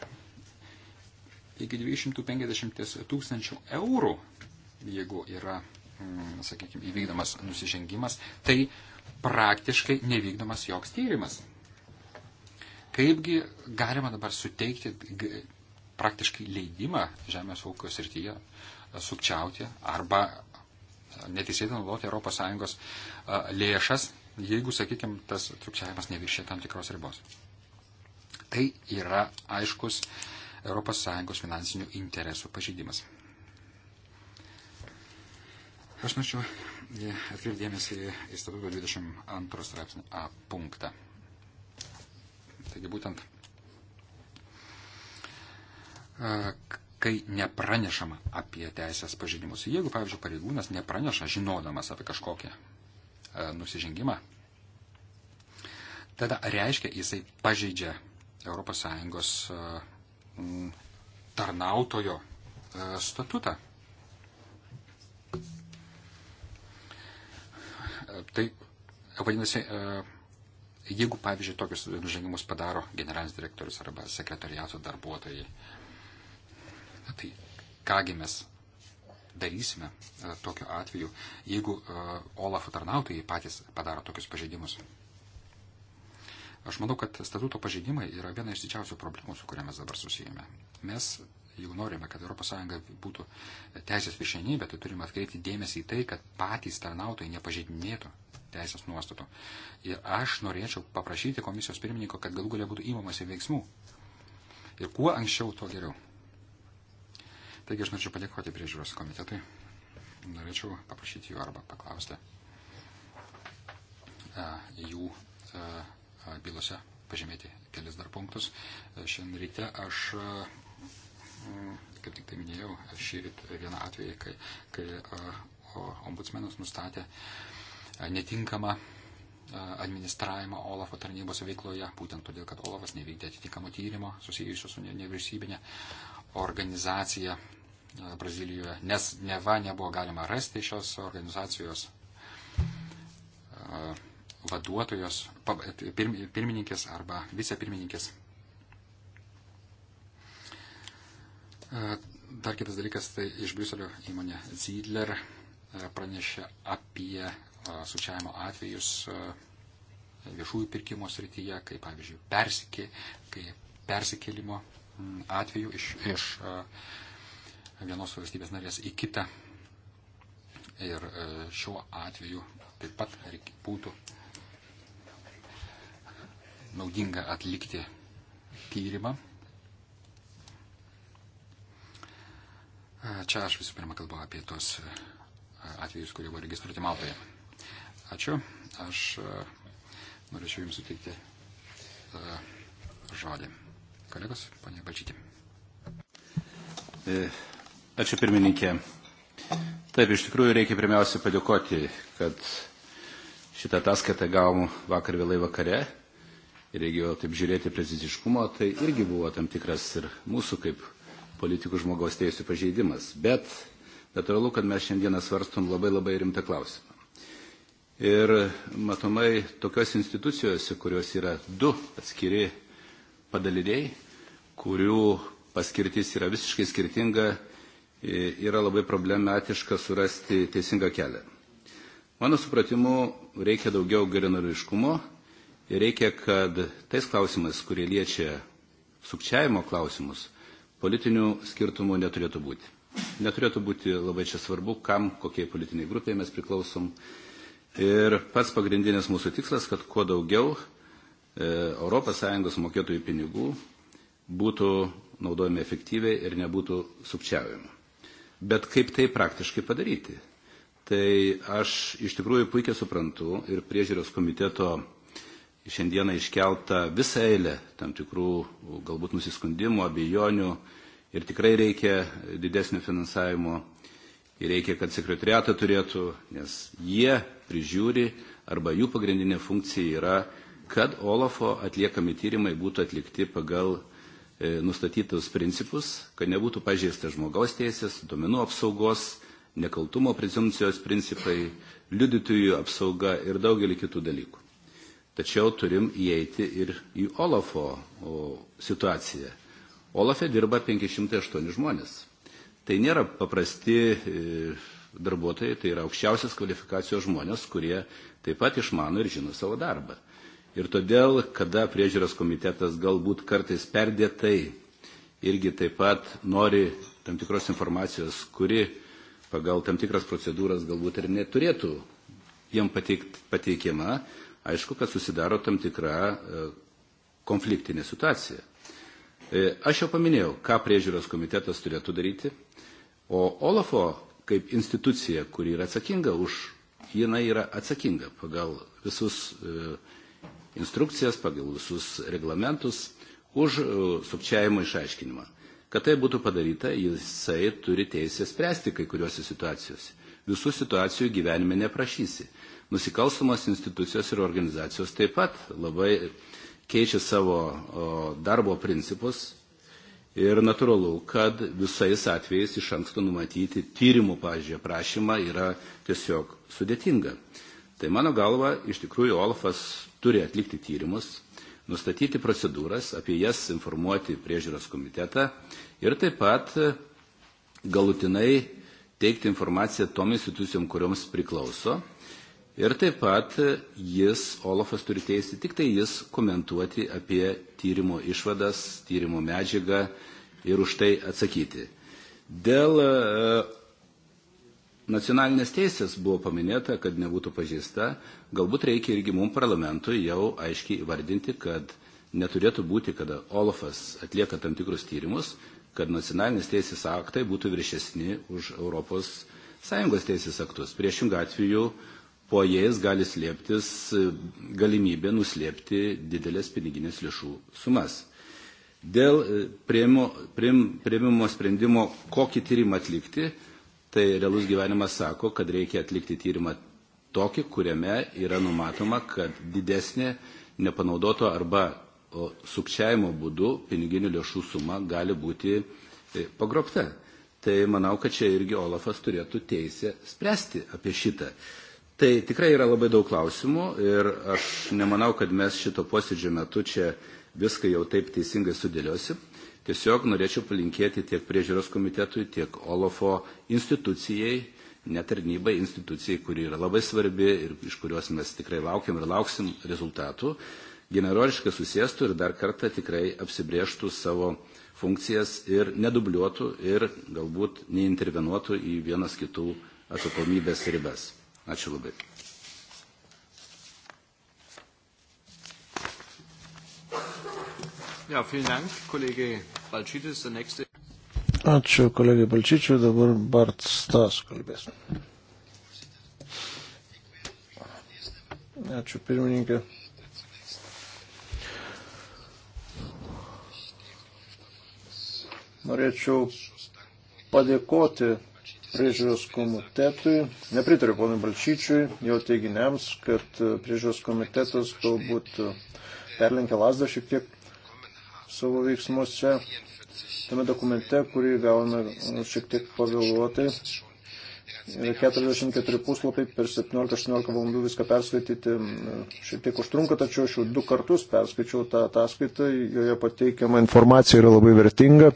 iki 250 tūkstančių eurų, jeigu yra, mm, sakykime, įvykdomas nusižengimas, tai praktiškai nevykdomas joks tyrimas. Kaipgi galima dabar suteikti praktiškai leidimą žemės ūkio srityje sukčiauti arba neteisėtai naudoti ES lėšas, jeigu, sakykime, tas sukčiavimas neviršė tam tikros ribos. Tai yra aiškus uh, ES finansinių interesų pažydimas. Aš norėčiau e, atkreipdėmėsi į statuto 22 straipsnį A punktą. Taigi būtent, e, kai nepranešama apie teisės pažeidimus. Jeigu, pavyzdžiui, pareigūnas nepraneša žinodamas apie kažkokį e, nusižengimą, tada reiškia, jisai pažeidžia ES tarnautojo e, statutą. E, tai vadinasi, e, jeigu, pavyzdžiui, tokius nužengimus padaro generalinis direktorius arba sekretariato darbuotojai, tai kągi mes darysime tokiu atveju, jeigu Olafo tarnautojai patys padaro tokius pažeidimus. Aš manau, kad statuto pažeidimai yra viena iš didžiausių problemų, su kuria mes dabar susijame. Mes jeigu norime, kad ES būtų teisės viršenybė, tai turime atkreipti dėmesį į tai, kad patys tarnautojai nepažeidinėtų teisės nuostatų. Ir aš norėčiau paprašyti komisijos pirmininko, kad galų galia būtų įmamasi veiksmų. Ir kuo anksčiau, tuo geriau. Taigi aš norėčiau padėkoti priežiūros komitetui. Norėčiau paprašyti jų arba paklausti a, jų a, bylose pažymėti kelis dar punktus. E, šiandien ryte aš, e, kaip tik tai minėjau, šį rytą vieną atvejį, kai, kai e, ombudsmenas nustatė netinkamą administravimą Olafo tarnybos veikloje, būtent todėl, kad Olafas nevykdė atitinkamo tyrimo susijusio su nevyriausybinė organizacija Brazilijoje, nes neva nebuvo galima rasti šios organizacijos vaduotojos, pirmininkės arba vicepirmininkės. E, dar kitas dalykas, tai iš Briuselio įmonė Zidler e, pranešė apie e, sučiavimo atvejus viešųjų pirkimo srityje, kaip pavyzdžiui persikė, kaip persikėlimo atveju iš, iš vienos valstybės narės į kitą. Ir šiuo atveju taip pat būtų naudinga atlikti tyrimą. Čia aš visų pirma kalbu apie tos e, atvejus, kurie buvo registruoti Maltoje. Ačiū. Aš e, norėčiau Jums suteikti e, žodį. Kolegos, ponė Balčytė. Ačiū pirmininkė. Taip, iš tikrųjų reikia pirmiausia padėkoti, kad šitą ataskaitą gavom vakar vėlai vakare ir reikėjo taip žiūrėti preciziškumo, tai irgi buvo tam tikras ir mūsų kaip politikų žmogaus teisų pažeidimas. Bet natūralu, kad mes šiandieną svarstom labai labai rimtą klausimą. Ir matomai tokios institucijose, kurios yra du atskiri padaliniai, kurių paskirtis yra visiškai skirtinga, yra labai problematiška surasti teisingą kelią. Mano supratimu, reikia daugiau gerinoriškumo Ir reikia, kad tais klausimais, kurie liečia sukčiavimo klausimus, politinių skirtumų neturėtų būti. Neturėtų būti labai čia svarbu, kam, kokiai politiniai grupiai mes priklausom. Ir pats pagrindinis mūsų tikslas, kad kuo daugiau ES mokėtojų pinigų būtų naudojami efektyviai ir nebūtų sukčiavimo. Bet kaip tai praktiškai padaryti? Tai aš iš tikrųjų puikiai suprantu ir priežiūros komiteto šiandieną iškelta visą eilę tam tikrų galbūt nusiskundimų, abejonių ir tikrai reikia didesnio finansavimo ir reikia, kad sekretariatą turėtų, nes jie prižiūri arba jų pagrindinė funkcija yra, kad Olafo atliekami tyrimai būtų atlikti pagal e, nustatytus principus, kad nebūtų pažeista žmogaus teisės, domenų apsaugos, nekaltumo prezumcijos principai, liudytojų apsauga ir daugelį kitų dalykų. Tačiau turim įeiti ir į Olafo situaciją. Olafe dirba 508 žmonės. Tai nėra paprasti e, darbuotojai, tai yra aukščiausias kvalifikacijos žmonės, kurie taip pat išmano ir žino savo darbą. Ir todėl, kada priežiūros komitetas galbūt kartais perdėtai irgi taip pat nori tam tikros informacijos, kuri pagal tam tikras procedūras galbūt ir neturėtų jiem pateikt, pateikiama, aišku, kad susidaro tam tikra e, konfliktinė situacija. E, aš jau paminėjau, ką priežiūros komitetas turėtų daryti, o Olafo kaip institucija, kuri yra atsakinga už, jinai yra atsakinga pagal visus e, instrukcijas, pagal visus reglamentus už sukčiavimo išaiškinimą. Kad tai būtų padaryta, jisai turi teisę spręsti kai kuriuose situacijose. Visų situacijų gyvenime neprašysi. Nusikalstamos institucijos ir organizacijos taip pat labai keičia savo darbo principus ir natūralu, kad visais atvejais iš anksto numatyti tyrimų, pažiūrėjau, prašymą yra tiesiog sudėtinga. Tai mano galva, iš tikrųjų, Olafas turi atlikti tyrimus, nustatyti procedūras, apie jas informuoti priežiūros komitetą ir taip pat galutinai teikti informaciją tom institucijom, kurioms priklauso Ir taip pat jis, Olafas turi teisę tik tai jis komentuoti apie tyrimo išvadas, tyrimo medžiagą ir už tai atsakyti. Dėl e, nacionalinės teisės buvo paminėta, kad nebūtų pažįsta, galbūt reikia irgi mums parlamentui jau aiškiai vardinti, kad neturėtų būti, kada Olafas atlieka tam tikrus tyrimus, kad nacionalinės teisės aktai būtų viršesni už Europos Sąjungos teisės aktus. Priešingų atveju uh, po jais gali slėptis galimybė nuslėpti didelės piniginės lėšų sumas. Dėl e, prieimimo, prieim, prieimimo sprendimo, kokį tyrimą atlikti, tai realus gyvenimas sako, kad reikia atlikti tyrimą tokį, kuriame yra numatoma, kad didesnė nepanaudoto arba sukčiavimo būdu piniginių lėšų suma gali būti e, pagrobta. Tai manau, kad čia irgi Olafas turėtų teisę spręsti apie šitą. Tai tikrai yra labai daug klausimų ir aš nemanau, kad mes šito posėdžio metu čia viską jau taip teisingai sudėliosim. Tiesiog norėčiau palinkėti tiek priežiūros komitetui, tiek OLAFO institucijai, netarnybai, institucijai, kuri yra labai svarbi ir iš kurios mes tikrai laukiam ir lauksim rezultatų, generoriškai susėstų ir dar kartą tikrai apsibrieštų savo funkcijas ir nedubliuotų ir galbūt neintervenuotų į vienas kitų atsakomybės ribas. Ačiū labai. Ja, vielen Dank, Kollege Balčytis. Der nächste. Ačiū kolegai Balčyčiui, dabar Bart Stas kalbės. Ačiū pirmininkė. Norėčiau padėkoti priežiūros komitetui, nepritariu ponui Balčyčiui, jo teiginiams, kad priežiūros komitetas galbūt perlenkia lasdą šiek tiek savo veiksmuose. Tame dokumente, kurį gavome šiek tiek pavėluotai, yra 44 puslapiai, per 17-18 valandų viską perskaityti šiek tiek užtrunka, tačiau aš jau du kartus perskaičiau tą ataskaitą, joje pateikiama informacija yra labai vertinga.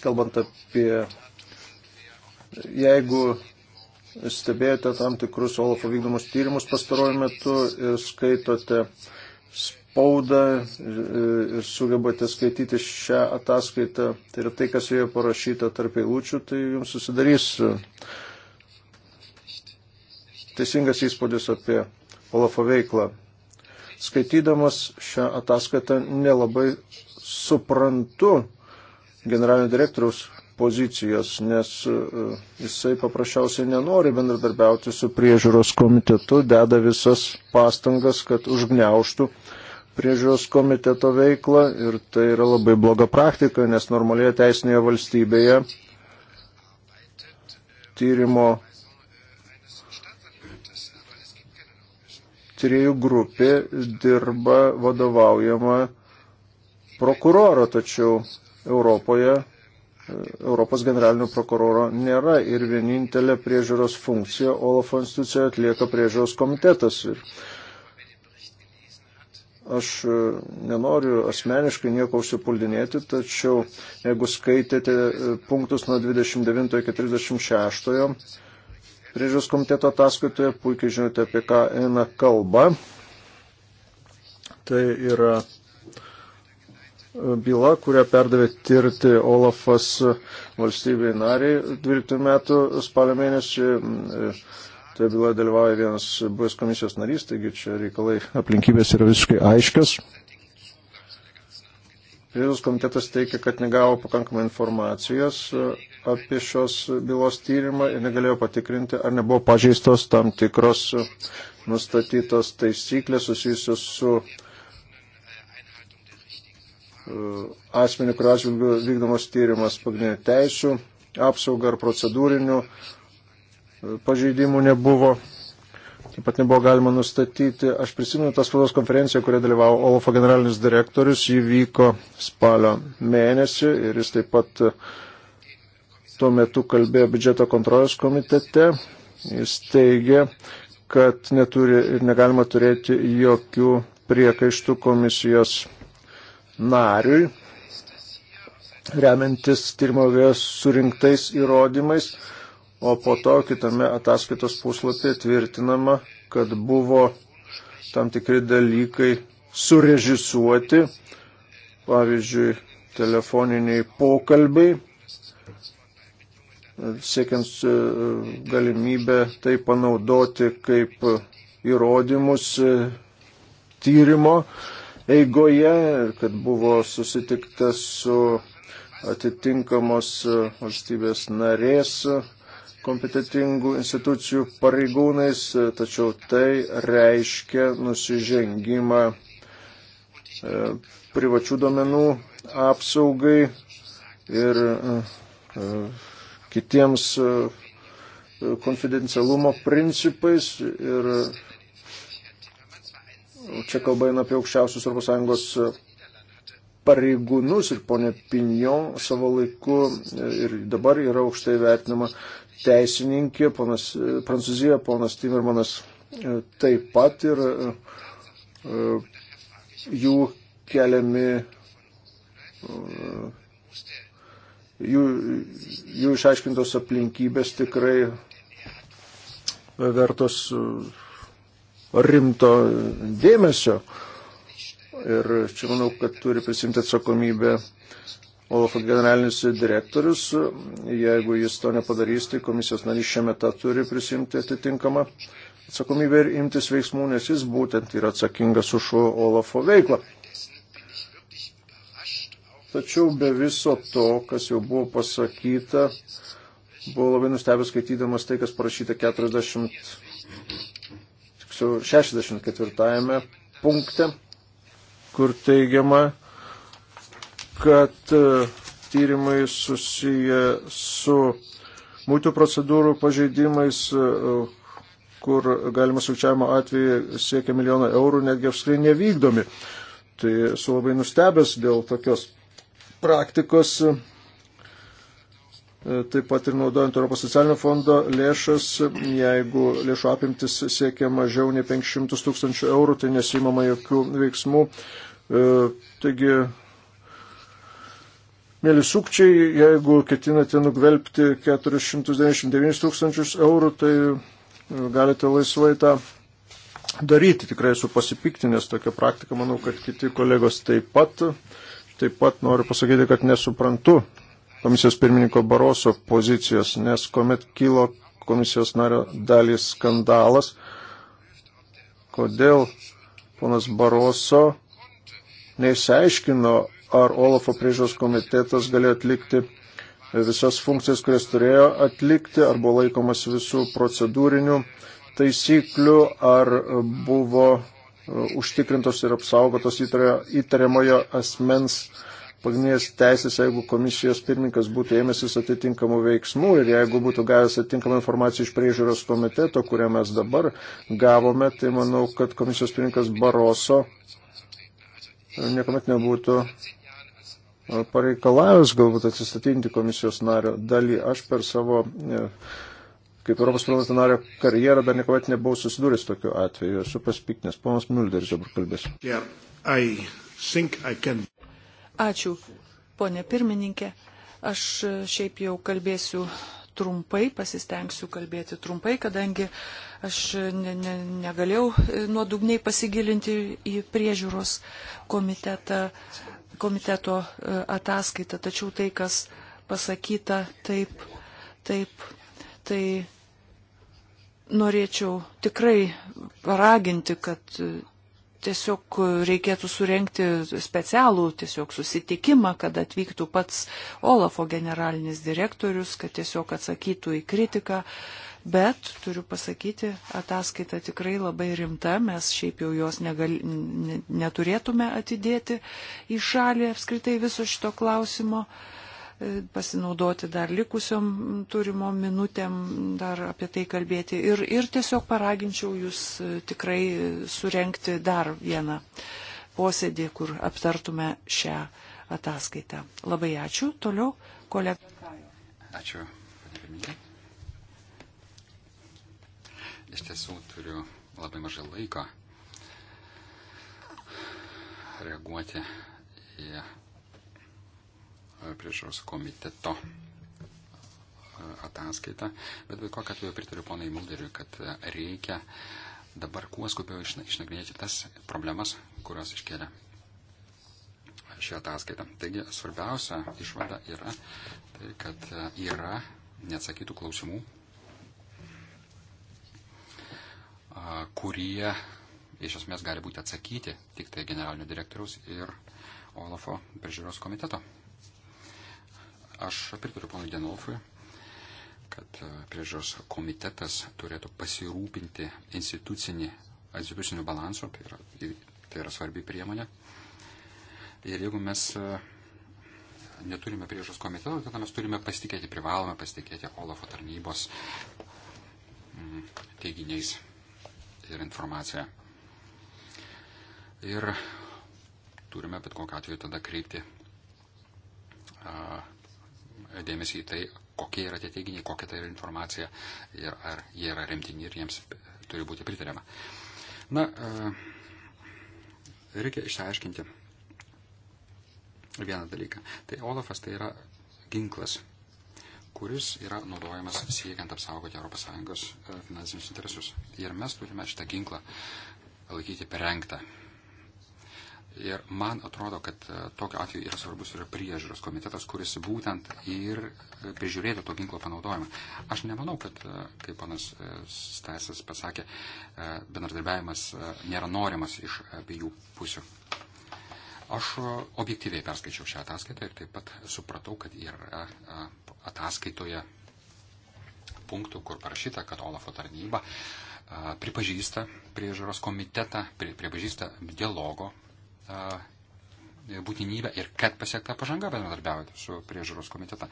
kalbant apie, jeigu stebėjote tam tikrus Olafo vykdomus tyrimus pastaruoju metu ir skaitote spaudą ir sugebate skaityti šią ataskaitą, tai yra tai, kas joje parašyta tarp eilučių, tai jums susidarys e, teisingas įspūdis apie Olafo veiklą. Skaitydamas šią ataskaitą nelabai suprantu, generalinio direktoriaus pozicijos, nes e, jisai paprasčiausiai nenori bendradarbiauti su priežiūros komitetu, deda visas pastangas, kad užgneuštų priežiūros komiteto veiklą ir tai yra labai bloga praktika, nes normalioje teisinėje valstybėje tyrimo tyriejų grupė dirba vadovaujama prokuroro, tačiau Europoje e, Europos generalinio prokuroro nėra ir vienintelė priežiūros funkcija Olafo institucijoje atlieka priežiūros komitetas. Ir aš e, nenoriu asmeniškai nieko užsipuldinėti, tačiau jeigu skaitėte e, punktus nuo 29 iki 36, priežiūros komiteto ataskaitoje puikiai žinote, apie ką eina kalba. Tai yra byla, kurią perdavė tirti Olafas valstybei nariai 12 metų spalio mėnesį. Tai byla dalyvauja vienas buvęs komisijos narys, taigi čia reikalai aplinkybės yra visiškai aiškios. Priežas komitetas teikia, kad negavo pakankamai informacijos apie šios bylos tyrimą ir negalėjo patikrinti, ar nebuvo pažeistos tam tikros nustatytos taisyklės susijusios su asmenį, kurio atžvilgiu vykdomas tyrimas pagrindinių teisų, apsaugą ar procedūrinių e, pažeidimų nebuvo. Taip pat nebuvo galima nustatyti. Aš prisimenu tą spaudos konferenciją, kurioje dalyvavo Olafo generalinis direktorius. Ji vyko spalio mėnesį ir jis taip pat e, tuo metu kalbėjo biudžeto kontrolės komitete. Jis teigė, kad neturi ir negalima turėti jokių priekaištų komisijos nariui, remiantis tyrimo vėjas surinktais įrodymais, o po to kitame ataskaitos puslapyje tvirtinama, kad buvo tam tikri dalykai surežisuoti, pavyzdžiui, telefoniniai pokalbiai, siekiant e, galimybę tai panaudoti kaip įrodymus e, tyrimo eigoje ir kad buvo susitikta su atitinkamos valstybės narės kompetitingų institucijų pareigūnais, tačiau tai reiškia nusižengimą e, privačių domenų apsaugai ir e, kitiems e, konfidencialumo principais ir čia kalba eina apie aukščiausius ES e, pareigūnus ir ponė Pinjon savo laiku e, ir dabar yra aukštai vertinama teisininkė, ponas, e, Prancūzija, ponas Timermanas taip pat ir jų keliami, jų, jų išaiškintos aplinkybės tikrai vertos rimto dėmesio. Ir čia manau, kad turi prisimti atsakomybę OLAF generalinis direktorius. Jeigu jis to nepadarys, tai komisijos narys šiame tą turi prisimti atitinkamą atsakomybę ir imtis veiksmų, nes jis būtent yra atsakingas už OLAFo veiklą. Tačiau be viso to, kas jau buvo pasakyta, buvau labai nustebęs skaitydamas tai, kas parašyta 40 64 punkte, kur teigiama, kad e, tyrimai susiję su mūtų procedūrų pažeidimais, e, kur galima sukčiavimo atveju siekia milijoną eurų, netgi apskritai nevykdomi. Tai esu labai nustebęs dėl tokios praktikos E, taip pat ir naudojant Europos socialinio fondo lėšas, jeigu lėšų apimtis siekia mažiau nei 500 tūkstančių eurų, tai nesimama jokių veiksmų. E, taigi, mėly sukčiai, jeigu ketinate nugvelbti 499 tūkstančius eurų, tai e, galite laisvai tą daryti. Tikrai esu pasipiktinęs tokią praktiką, manau, kad kiti kolegos taip pat. Taip pat noriu pasakyti, kad nesuprantu komisijos pirmininko Baroso pozicijos, nes kuomet kilo komisijos nario dalys skandalas, kodėl ponas Baroso neišsiaiškino, ar Olafo priežiūros komitetas galėjo atlikti visas funkcijas, kurias turėjo atlikti, ar buvo laikomas visų procedūrinių taisyklių, ar buvo e, užtikrintos ir apsaugotos įtariamojo asmens uh, pagrindinės teisės, jeigu komisijos pirmininkas būtų ėmėsis atitinkamų veiksmų ir jeigu būtų gavęs atitinkamą informaciją iš priežiūros komiteto, kurią mes dabar gavome, tai manau, kad komisijos pirmininkas Baroso niekuomet nebūtų e, pareikalavęs galbūt atsistatydinti komisijos nario dalį. Aš per savo, e, kaip Europos parlamento nario karjerą, dar niekuomet nebuvau susidūręs tokiu atveju. Esu paspiknęs. Ponas Mulderis dabar kalbės. Yeah, I... I can... Ačiū, ponė pirmininkė. Aš šiaip jau kalbėsiu trumpai, pasistengsiu kalbėti trumpai, kadangi aš ne, ne, negalėjau nuodugniai pasigilinti į priežiūros komitetą, komiteto e, ataskaitą, tačiau tai, kas pasakyta, taip, taip, tai norėčiau tikrai paraginti, kad tiesiog reikėtų surenkti specialų tiesiog susitikimą, kad atvyktų pats Olafo generalinis direktorius, kad tiesiog atsakytų į kritiką. Bet turiu pasakyti, ataskaita tikrai labai rimta, mes šiaip jau jos negal, neturėtume atidėti į šalį apskritai viso šito klausimo. Uh, pasinaudoti dar likusiom turimom minutėm, dar apie tai kalbėti. Ir, ir tiesiog paraginčiau jūs e, tikrai surenkti dar vieną posėdį, kur aptartume šią ataskaitą. Labai ačiū. Toliau kolega. Ačiū. Iš tiesų turiu labai mažai laiko reaguoti į priežiūros komiteto e, ataskaitą, bet bet kokią atveju pritariu ponai Mulderiui, kad reikia dabar kuo skubiau išnagrinėti tas problemas, kurios iškėlė šią ataskaitą. Taigi svarbiausia išvada yra tai, kad yra neatsakytų klausimų, kurie iš esmės gali būti atsakyti tik tai generalinio direktoriaus ir Olafo priežiūros komiteto Aš pritariu ponui Denolfui, kad e, priežiūros komitetas turėtų pasirūpinti institucinį, institucinių balanso, tai yra, tai yra svarbi priemonė. Ir jeigu mes e, neturime priežos komiteto, tai tada mes turime pasitikėti, privalome pasitikėti Olafo tarnybos mm, teiginiais ir informacija. Ir turime bet kokiu atveju tada kreipti dėmesį į tai, kokie yra tie teiginiai, kokia tai yra informacija ir ar jie yra remtini ir jiems turi būti pritariama. Na, e, reikia išsiaiškinti vieną dalyką. Tai Olafas tai yra ginklas, kuris yra naudojamas siekiant apsaugoti ES e, finansinius interesus. Ir mes turime šitą ginklą laikyti perengtą Ir man atrodo, kad e, tokiu atveju yra svarbus yra priežiūros komitetas, kuris būtent ir e, prižiūrėtų to ginklo panaudojimą. Aš nemanau, kad, e, kaip panas Stasas pasakė, bendradarbiavimas nėra norimas iš abiejų pusių. Aš objektyviai perskaičiau šią ataskaitą ir taip pat supratau, kad yra ataskaitoje punktų, kur parašyta, kad Olafo tarnyba pripažįsta priežiūros komitetą, pripažįsta dialogo E, būtinybę ir kad pasiekta pažanga bendradarbiaujant su priežiūros komiteta.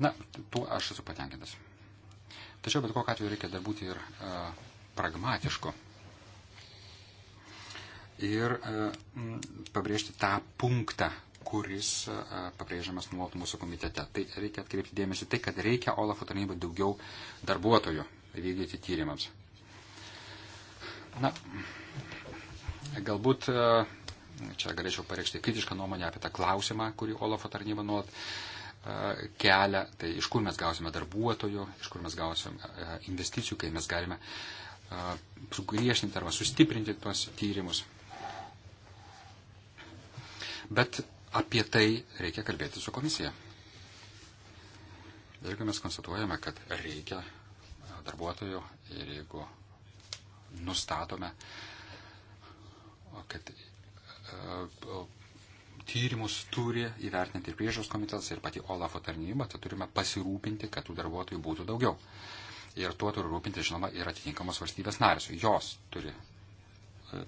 Na, tuo aš esu patenkintas. Tačiau bet kokiu atveju reikia dar būti ir a, e, pragmatišku. Ir a, e, m, pabrėžti tą punktą, kuris a, pabrėžiamas nuolat mūsų komitete. Tai reikia atkreipti dėmesį tai, kad reikia Olafo tarnybai daugiau darbuotojų vykdyti tyrimams. Na, galbūt a, Čia galėčiau pareikšti kritišką nuomonę apie tą klausimą, kurį Olafo tarnyba nuolat e, kelia, tai iš kur mes gausime darbuotojų, iš kur mes gausime e, investicijų, kai mes galime e, sugriešinti arba sustiprinti tuos tyrimus. Bet apie tai reikia kalbėti su komisija. Jeigu mes konstatuojame, kad reikia darbuotojų ir jeigu nustatome, kad tyrimus turi įvertinti ir priežiūros komitetas, ir pati Olafo tarnyba, tai turime pasirūpinti, kad tų darbuotojų būtų daugiau. Ir tuo turi rūpinti, žinoma, ir atitinkamos valstybės narės. Jos turi e,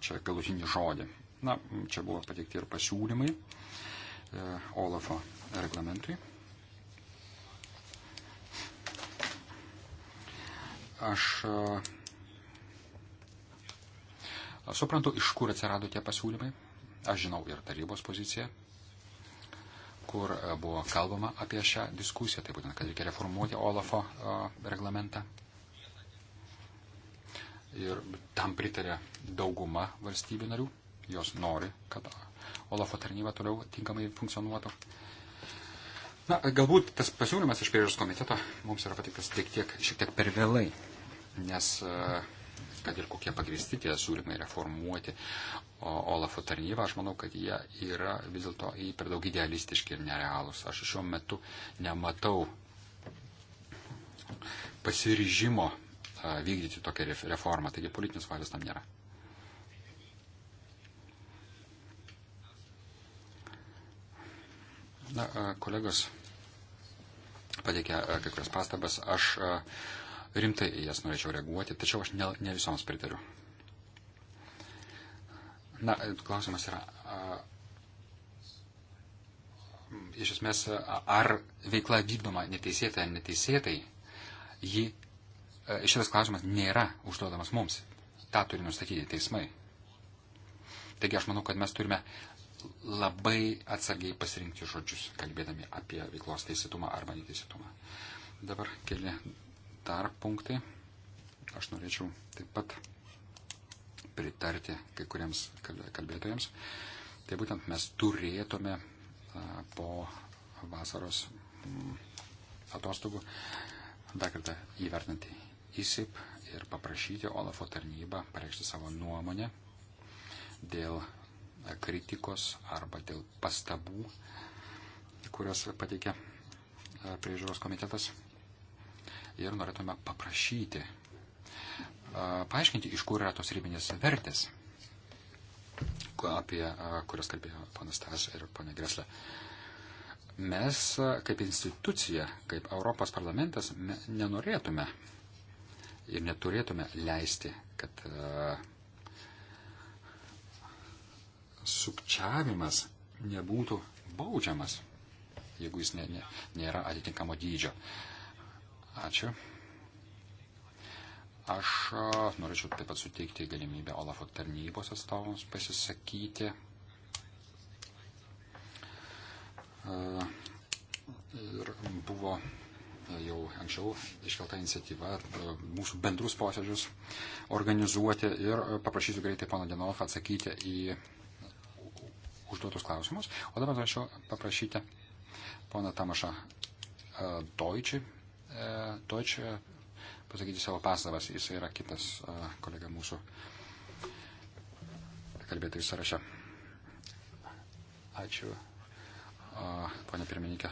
čia galutinį žodį. Na, čia buvo pateikti ir pasiūlymai e, Olafo reglamentui. Aš e, suprantu, iš kur atsirado tie pasiūlymai. Aš žinau ir tarybos poziciją, kur e, buvo kalbama apie šią diskusiją, tai būtent, kad reikia reformuoti Olafo e, reglamentą. Ir tam pritarė dauguma valstybių narių, jos nori, kad Olafo tarnyba toliau tinkamai funkcionuotų. Na, galbūt tas pasiūlymas iš priežas komiteto mums yra patiktas tiek, tiek šiek tiek per vėlai, nes uh, kad ir kokie pagristi tie siūlymai reformuoti Olafo tarnybą, aš manau, kad jie yra vis dėlto per daug idealistiški ir nerealūs. Aš šiuo metu nematau pasiryžimo vykdyti tokią reformą, taigi politinis valios tam nėra. Na, kolegos pateikė kai kurias pastabas. Aš rimtai į jas norėčiau reaguoti, tačiau aš ne, ne visoms pritariu. Na, klausimas yra, a, iš esmės, ar veikla vykdoma neteisėtai ar neteisėtai, ji, a, šitas klausimas nėra užduodamas mums. Ta turi nustatyti teismai. Taigi aš manau, kad mes turime labai atsargiai pasirinkti žodžius, kalbėdami apie veiklos teisėtumą arba neteisėtumą. Dabar keli dar punktai. Aš norėčiau taip pat pritarti kai kuriems kalbėtojams. Tai būtent mes turėtume po vasaros atostogų dar kartą įvertinti įsip ir paprašyti Olafo tarnybą pareikšti savo nuomonę dėl kritikos arba dėl pastabų, kurios pateikia priežiūros komitetas ir norėtume paprašyti, paaiškinti, iš kur yra tos ribinės vertės, apie kurias kalbėjo panas Taž ir pana Greslė. Mes kaip institucija, kaip Europos parlamentas nenorėtume ir neturėtume leisti, kad sukčiavimas nebūtų baudžiamas, jeigu jis ne, ne, nėra atitinkamo dydžio. Uh, Ačiū. Aš norėčiau taip pat suteikti galimybę Olafo tarnybos atstovams pasisakyti. Ir buvo jau anksčiau iškelta iniciatyva mūsų bendrus posėdžius organizuoti ir paprašysiu greitai pana Dienolfą atsakyti į užduotus klausimus. O dabar norėčiau paprašyti pana Tamašą Deutsche Deutsche pasakyti savo pastabas. Jis yra kitas e, kolega mūsų kalbėtojų sąraše. Ačiū, ponia pirmininkė.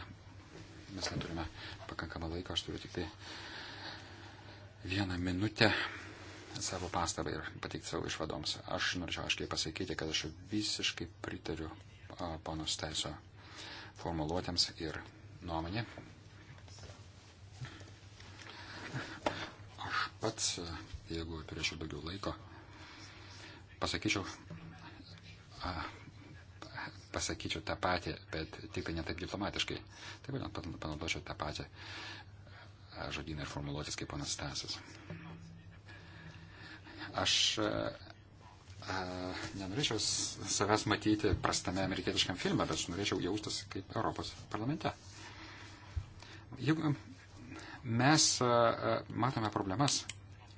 Mes neturime pakankamą laiką, aš turiu tik tai vieną minutę savo pastabą ir pateikti savo išvadoms. Aš norėčiau aiškiai pasakyti, kad aš visiškai pritariu ponos Teiso formuluotėms ir nuomonė. Aš pats, jeigu turėčiau daugiau laiko, pasakyčiau, pasakyčiau tą patį, bet tik tai netaip diplomatiškai. Tai būtent panaudočiau tą patį žodyną ir formuluotis kaip panas Stasas. Aš nenorėčiau savęs matyti prastame amerikietiškam filme, bet aš norėčiau jaustis kaip Europos parlamente. Juk mes matome problemas,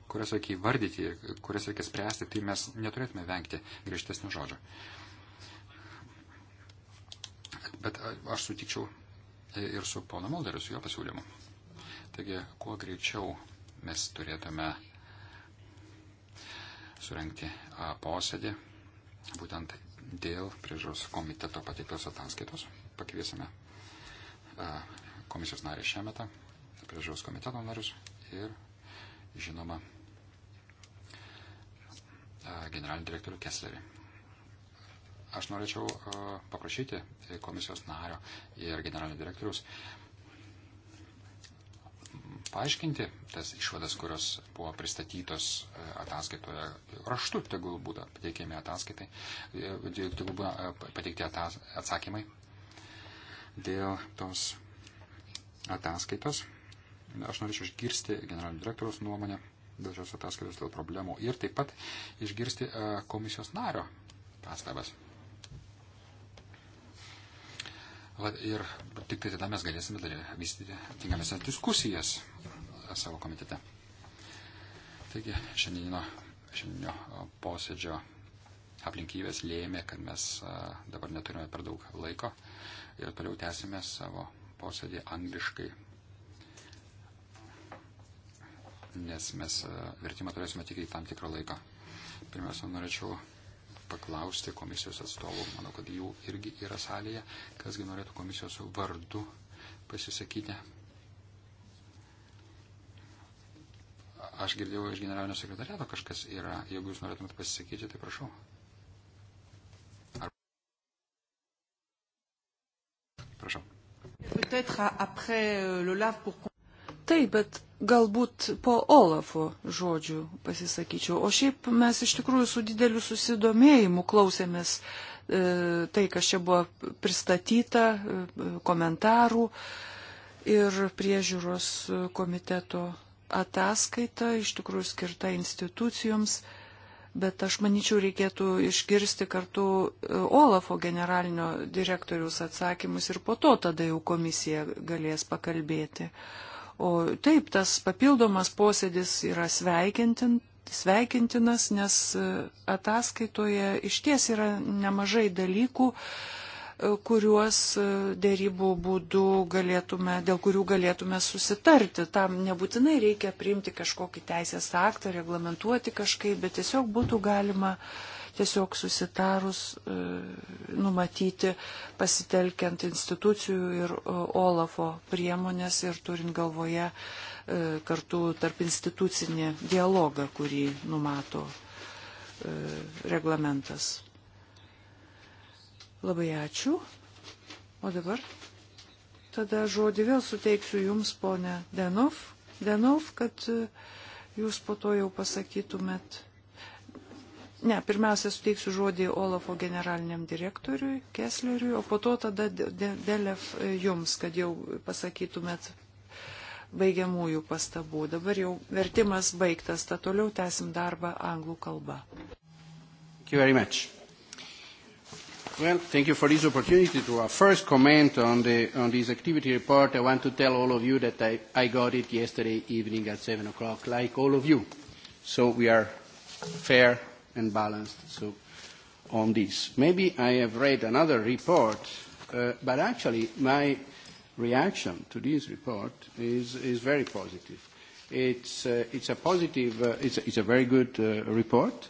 kurias reikia įvardyti, kurias reikia spręsti, tai mes neturėtume vengti griežtesnių žodžių. Bet aš sutikčiau ir su pono Mulderiu, su jo pasiūlymu. Taigi, kuo greičiau mes turėtume surenkti posėdį būtent dėl priežos komiteto pateiktos ataskaitos. Pakviesime komisijos narį šią metą priežiūros komiteto narius ir, žinoma, generalinį direktorių Kesslerį. Aš norėčiau paprašyti komisijos nario ir generalinio direktorius paaiškinti tas išvadas, kurios buvo pristatytos ataskaitoje raštu, tegul būtų pateikiami ataskaitai, e, tegul būtų pateikti atas, atsakymai dėl tos ataskaitos Aš norėčiau išgirsti generalinio direktoriaus nuomonę dėl šios ataskaitos, dėl problemų ir taip pat išgirsti e, komisijos nario pastabas. Ir tik tai tada mes galėsime vystyti tinkamesnės diskusijas savo komitete. Taigi šiandienio, šiandienio posėdžio aplinkybės lėmė, kad mes e, dabar neturime per daug laiko ir toliau tęsime savo posėdį angliškai. nes mes e, vertimą turėsime tik į tam tikrą laiką. Pirmiausia, norėčiau paklausti komisijos atstovų, manau, kad jų irgi yra salėje, kasgi norėtų komisijos vardu pasisakyti. Aš girdėjau iš generalinio sekretariato kažkas yra. Jeigu jūs norėtumėt pasisakyti, tai prašau. Ar... Prašau. Peut-être après euh, le LAV pour Taip, bet galbūt po Olafo žodžių pasisakyčiau. O šiaip mes iš tikrųjų su dideliu susidomėjimu klausėmės e, tai, kas čia buvo pristatyta, e, komentarų ir priežiūros komiteto ataskaita iš tikrųjų skirta institucijoms. Bet aš manyčiau, reikėtų išgirsti kartu e, Olafo generalinio direktoriaus atsakymus ir po to tada jau komisija galės pakalbėti. Uh, O taip, tas papildomas posėdis yra sveikintin, sveikintinas, nes e, ataskaitoje iš ties yra nemažai dalykų, e, kuriuos e, dėrybų būdu galėtume, dėl kurių galėtume susitarti. Tam nebūtinai reikia priimti kažkokį teisės aktą, reglamentuoti kažkaip, bet tiesiog būtų galima uh, tiesiog susitarus e, numatyti pasitelkiant institucijų ir e, OLAFO priemonės ir turint galvoje e, kartu tarp institucinį dialogą, kurį numato reglamentas. Labai ačiū. O dabar tada žodį vėl suteiksiu Jums, ponė Denov, Denov, kad Jūs po to jau pasakytumėt Ne, pirmiausia, suteiksiu žodį Olafo generaliniam direktoriui, Kesleriui, o po to tada Delef e, jums, kad jau pasakytumėt baigiamųjų pastabų. Dabar jau vertimas baigtas, tad toliau tęsim darbą anglų kalba. Well, thank you for this opportunity to uh, first comment on, the, on this activity report. I want to tell all of you that I, I got it yesterday evening at 7 o'clock, like all of you. So we are fair and balanced so on this. Maybe I have read another report, uh, but actually my reaction to this report is, is very positive. It's, uh, it's a positive, uh, it's, it's a very good uh, report.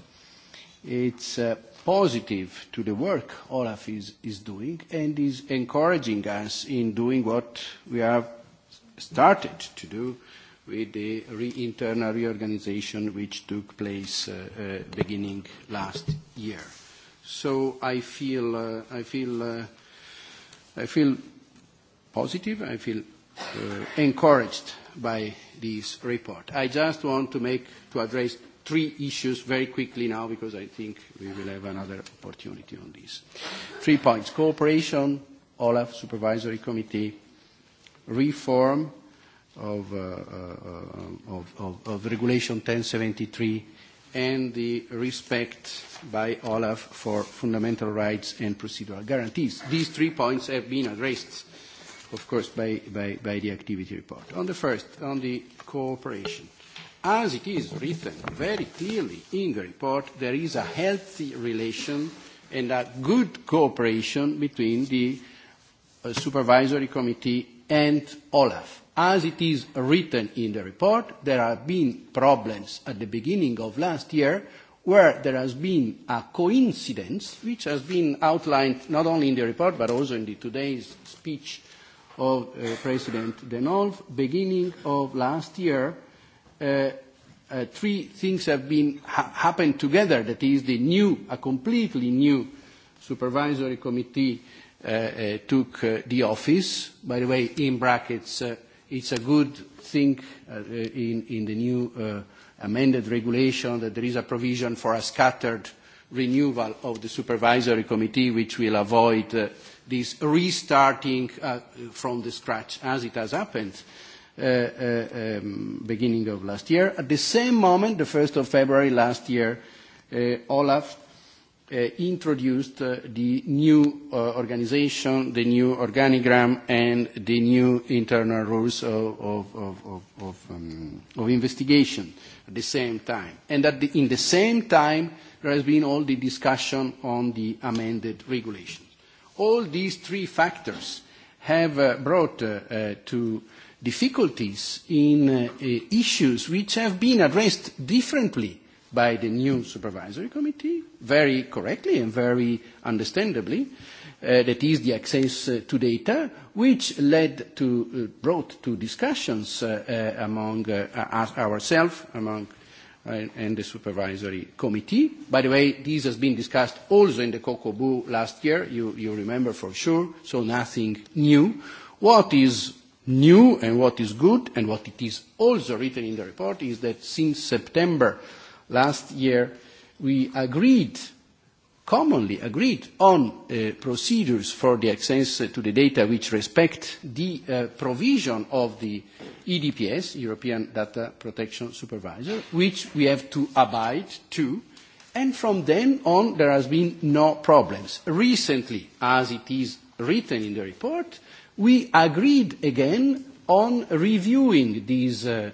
It's uh, positive to the work Olaf is, is doing and is encouraging us in doing what we have started to do uh, with the re internal reorganization which took place uh, uh, beginning last year. So I feel, uh, I feel, uh, I feel positive. I feel uh, encouraged by this report. I just want to make to address three issues very quickly now because I think we will have another opportunity on this. Three points: cooperation, OLAF supervisory committee, reform, of, uh, uh, of, of, of Regulation 1073 and the respect by Olaf for fundamental rights and procedural guarantees. These three points have been addressed, of course, by, by, by the activity report. On the first, on the cooperation. As it is written very clearly in the report, there is a healthy relation and a good cooperation between the uh, supervisory committee and Olaf. As it is written in the report, there have been problems at the beginning of last year where there has been a coincidence, which has been outlined not only in the report but also in the today's speech of uh, President Denolf, beginning of last year, uh, uh, three things have been ha- happened together. That is, the new, a completely new supervisory committee uh, uh, took uh, the office. By the way, in brackets, uh, It's a good thing uh, in, in the new uh, amended regulation that there is a provision for a scattered renewal of the supervisory committee, which will avoid uh, this restarting uh, from the scratch, as it has happened uh, uh, um, beginning of last year. At the same moment, the 1st of February last year, uh, Olaf uh, introduced uh, the new uh, organization, the new organigram, and the new internal rules of, of, of, of, um, of investigation at the same time. And at the, in the same time, there has been all the discussion on the amended regulations. All these three factors have uh, brought uh, uh, to difficulties in uh, uh, issues which have been addressed differently by the new supervisory committee, very correctly and very understandably, uh, that is the access uh, to data, which led to, uh, brought to discussions uh, uh, among uh, us, ourselves, among uh, and the supervisory committee. By the way, this has been discussed also in the Kokobu last year, you, you remember for sure, so nothing new. What is new and what is good and what it is also written in the report is that since September last year, we agreed, commonly agreed, on uh, procedures for the access to the data which respect the uh, provision of the EDPS, European Data Protection Supervisor, which we have to abide to. And from then on, there has been no problems. Recently, as it is written in the report, we agreed again on reviewing these uh,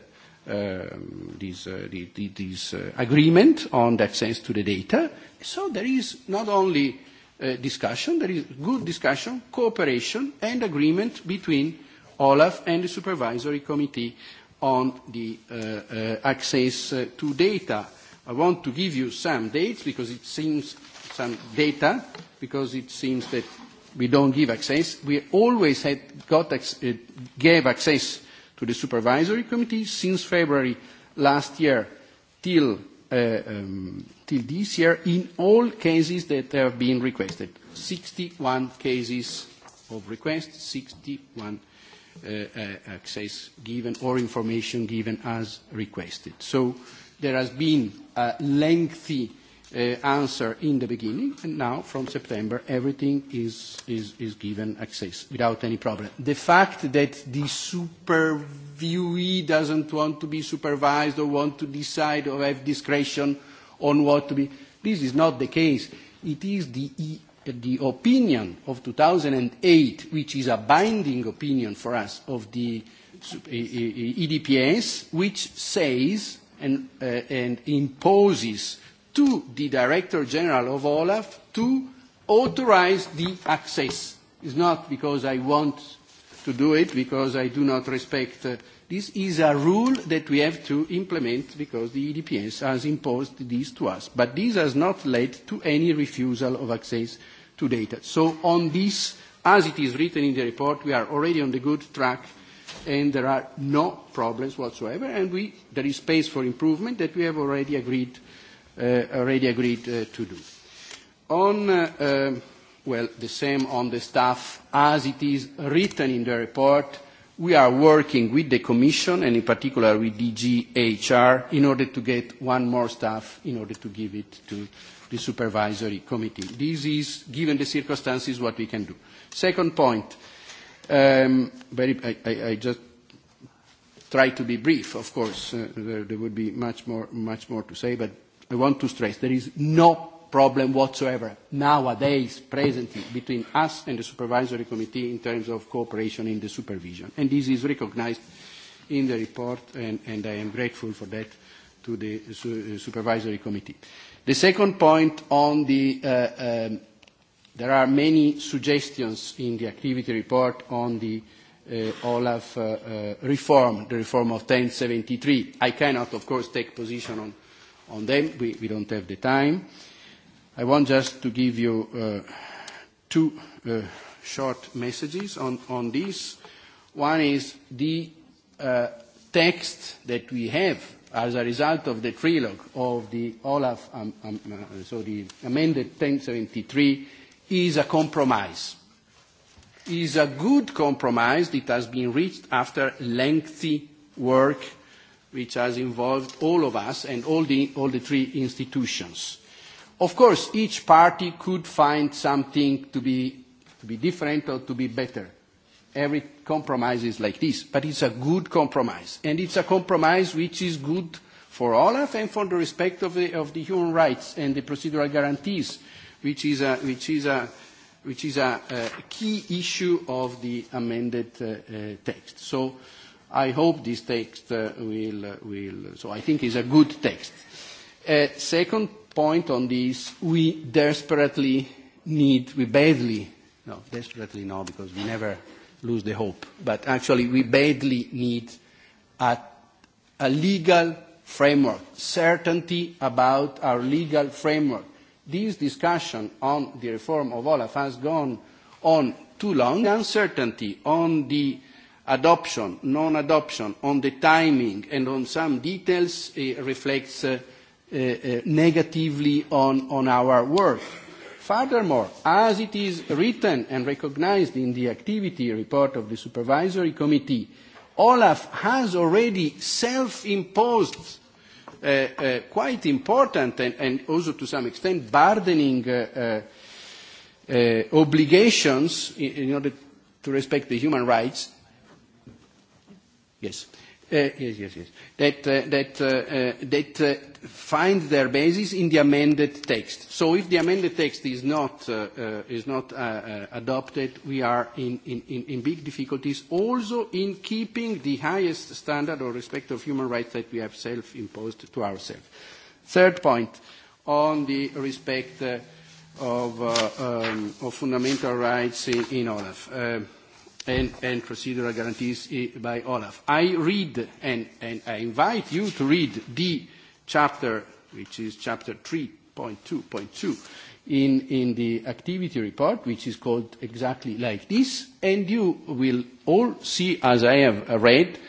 um, this, uh, the, the, this uh, agreement on that sense to the data. So there is not only uh, discussion, there is good discussion, cooperation, and agreement between Olaf and the Supervisory Committee on the uh, uh, access uh, to data. I want to give you some dates because it seems some data because it seems that we don't give access. We always had got, uh, gave access to the Supervisory Committee since February last year till, uh, um, till this year in all cases that have been requested. 61 cases of requests, 61 uh, uh, access given or information given as requested. So there has been a lengthy uh, uh, answer in the beginning, and now from September, everything is, is, is given access without any problem. The fact that the superviewee doesn't want to be supervised or want to decide or have discretion on what to be, this is not the case. It is the, e, the opinion of 2008, which is a binding opinion for us of the EDPS, e, e, e which says and, uh, and imposes to the Director General of Olaf to authorize the access. It's not because I want to do it, because I do not respect. Uh, this is a rule that we have to implement because the EDPS has imposed this to us. But this has not led to any refusal of access to data. So on this, as it is written in the report, we are already on the good track and there are no problems whatsoever and we, there is space for improvement that we have already agreed uh, already agreed uh, to do. On, uh, uh, well, the same on the staff, as it is written in the report, we are working with the Commission and in particular with DG HR in order to get one more staff in order to give it to the supervisory committee. This is, given the circumstances, what we can do. Second point, um, very, I, I, I just try to be brief, of course. Uh, there, there would be much more, much more to say, but I want to stress there is no problem whatsoever nowadays, presently, between us and the supervisory committee in terms of cooperation in the supervision. And this is recognized in the report, and, and I am grateful for that to the su uh, supervisory committee. The second point on the, uh, um, there are many suggestions in the activity report on the uh, Olaf uh, uh, reform, the reform of 1073. I cannot, of course, take position on on them. We, we don't have the time. I want just to give you uh, two uh, short messages on, on this. One is the uh, text that we have as a result of the trilogue of the Olaf, um, um, uh, so the amended 1073, is a compromise. Is a good compromise that has been reached after lengthy work which has involved all of us and all the, all the three institutions. Of course, each party could find something to be, to be different or to be better. Every compromise is like this, but it's a good compromise. And it's a compromise which is good for Olaf and for the respect of the, of the human rights and the procedural guarantees, which is a, which is a, which is a, a key issue of the amended uh, uh, text. So I hope this text uh, will, uh, will, uh, so I think it's a good text. Uh, second point on this, we desperately need, we badly, no, desperately no, because we never lose the hope, but actually we badly need a, a legal framework, certainty about our legal framework. This discussion on the reform of Olaf has gone on too long, uncertainty on the uh, adoption, non-adoption, on the timing, and on some details reflects uh, uh, uh, negatively on, on our work. Furthermore, as it is written and recognized in the activity report of the Supervisory Committee, Olaf has already self-imposed uh, uh, quite important and, and also to some extent burdening uh, uh, uh, obligations in, in order to respect the human rights Yes. Uh, yes, yes, yes. That, uh, that, uh, uh, that uh, find their basis in the amended text. So if the amended text is not, uh, uh, is not uh, uh, adopted, we are in, in, in big difficulties, also in keeping the highest standard or respect of human rights that we have self-imposed to ourselves. Third point, on the respect uh, of, uh, um, of fundamental rights in, in OLAF. Uh, and, and procedural guarantees eh, by Olaf. I read and, and I invite you to read the chapter, which is chapter 3.2.2 in, in the activity report, which is called exactly like this, and you will all see, as I have read,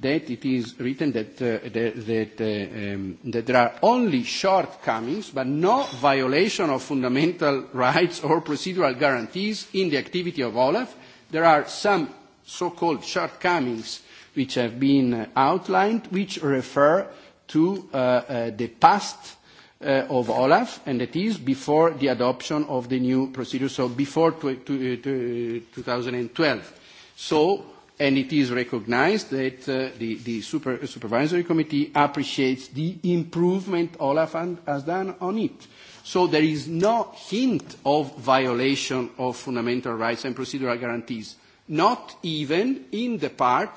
that it is written that, uh, that, that, uh, um, that there are only shortcomings but no violation of fundamental rights or procedural guarantees in the activity of Olaf, There are some so-called shortcomings which have been uh, outlined, which refer to uh, uh, the past uh, of Olaf, and that is before the adoption of the new procedure, so before to, to, to 2012. So, and it is recognized that uh, the, the super, supervisory committee appreciates the improvement Olaf and, has done on it. So there is no hint of violation of fundamental rights and procedural guarantees, not even in the part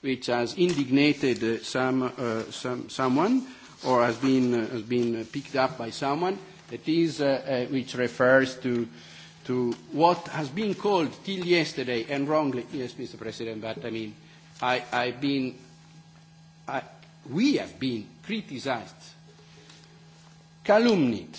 which has indignated uh, some, uh, some, someone or has been, uh, has been picked up by someone, that is, uh, uh, which refers to, to what has been called till yesterday, and wrongly, yes, Mr. President, but I mean, I, I've been, I, we have been criticized, calumniated,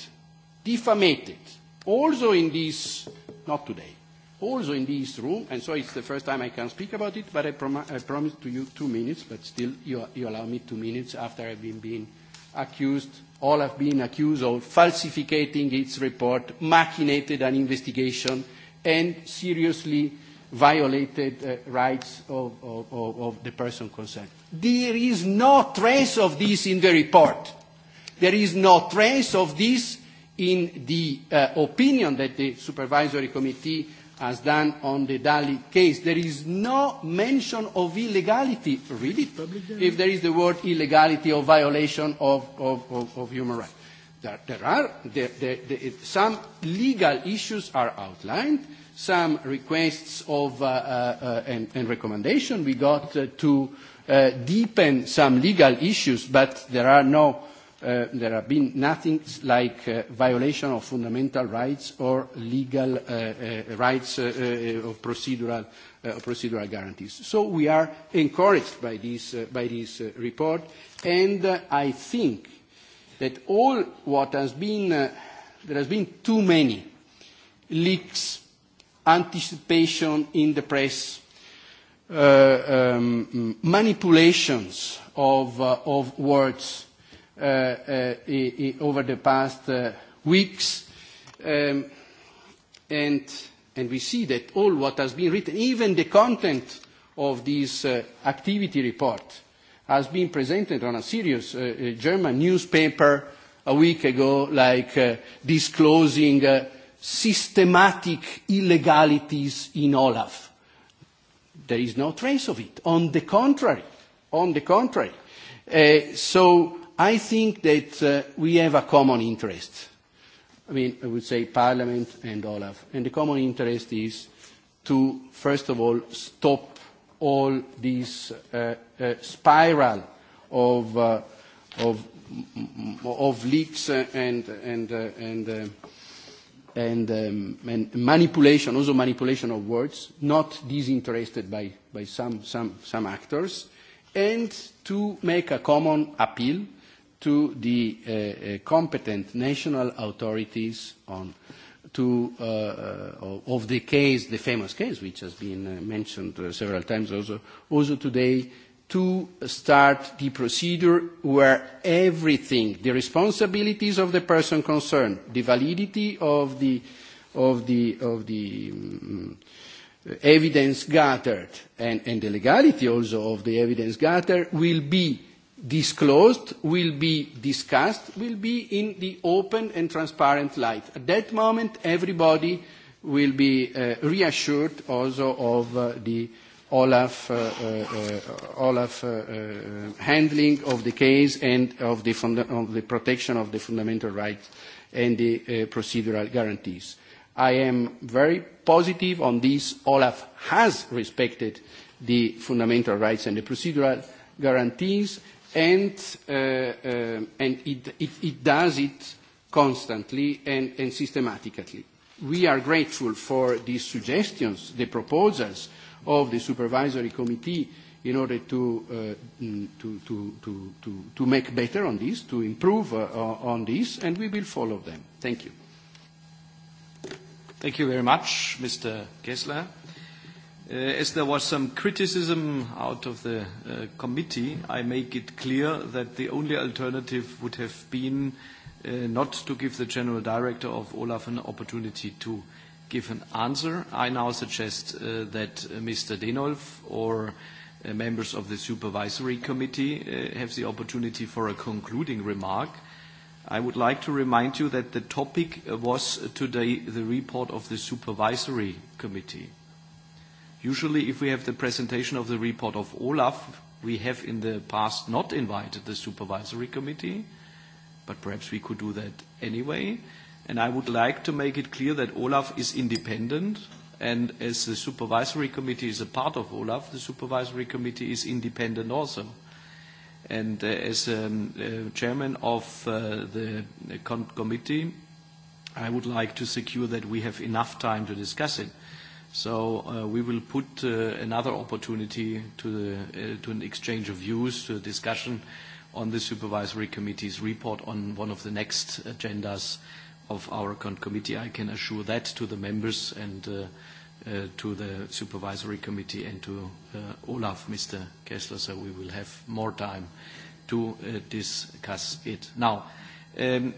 defamated, also in this, not today, also in this room, and so it's the first time I can speak about it, but I, prom- I promised to you two minutes, but still you, you allow me two minutes after I've been being accused, all have been accused of falsificating its report, machinated an investigation, and seriously violated uh, rights of, of, of, of the person concerned. There is no trace of this in the report. There is no trace of this in the uh, opinion that the supervisory committee has done on the Dali case. There is no mention of illegality. Read it. If there is the word illegality or violation of, of, of, of human rights. There, there are there, there, there, some legal issues are outlined, some requests of uh, uh, uh, and, and recommendation we got uh, to uh, deepen some legal issues, but there are no uh, uh, there have been nothing like uh, violation of fundamental rights or legal uh, uh, rights uh, uh, of procedural, uh, procedural guarantees. So we are encouraged by this, uh, by this uh, report, and uh, I think that all what has been, uh, there has been too many leaks, anticipation in the press, uh, um, manipulations of, uh, of words, Uh, uh, over the past uh, weeks. Um, and, and we see that all what has been written, even the content of this activity report, has been presented on a serious German newspaper a week ago, like disclosing systematic illegalities in Olaf. There is no trace of it. On the contrary, on the contrary. Uh, so I think that uh, we have a common interest. I mean, I would say Parliament and Olaf. And the common interest is to, first of all, stop all this uh, uh, spiral of, uh, of, of leaks uh, and, and, uh, and, uh, and, um, and manipulation, also manipulation of words, not disinterested by, by some, some, some actors, and to make a common appeal to the uh, uh, competent national authorities on to, uh, uh, of the case, the famous case, which has been uh, mentioned uh, several times also, also today, to start the procedure where everything, the responsibilities of the person concerned, the validity of the, of the, of the um, evidence gathered, and, and the legality also of the evidence gathered will be uh, disclosed, will be discussed, will be in the open and transparent light. At that moment, everybody will be uh, reassured also of uh, the Olaf, uh, uh, uh, Olaf uh, uh, handling of the case and of the, funda- of the protection of the fundamental rights and the uh, procedural guarantees. I am very positive on this. Olaf has respected the fundamental rights and the procedural guarantees and, uh, uh, and it, it, it does it constantly and, and systematically. We are grateful for these suggestions, the proposals of the supervisory committee in order to, uh, mm, to, to, to, to, to make better on this, to improve uh, on this, and we will follow them. Thank you. Thank you very much, Mr. Kessler. Uh, as there was some criticism out of the uh, committee, I make it clear that the only alternative would have been uh, not to give the General Director of Olaf an opportunity to give an answer. I now suggest uh, that uh, Mr. Denolf or uh, members of the Supervisory Committee uh, have the opportunity for a concluding remark. I would like to remind you that the topic was today the report of the Supervisory Committee. Usually, if we have the presentation of the report of Olaf, we have in the past not invited the supervisory committee, but perhaps we could do that anyway. And I would like to make it clear that Olaf is independent, and as the supervisory committee is a part of Olaf, the supervisory committee is independent also. And uh, as um, uh, chairman of uh, the con committee, I would like to secure that we have enough time to discuss it. Uh, So uh, we will put uh, another opportunity to, the, uh, to an exchange of views, to a discussion on the Supervisory Committee's report on one of the next agendas of our committee. I can assure that to the members and uh, uh, to the Supervisory Committee and to uh, Olaf, Mr. Kessler, so we will have more time to uh, discuss it. Now, um,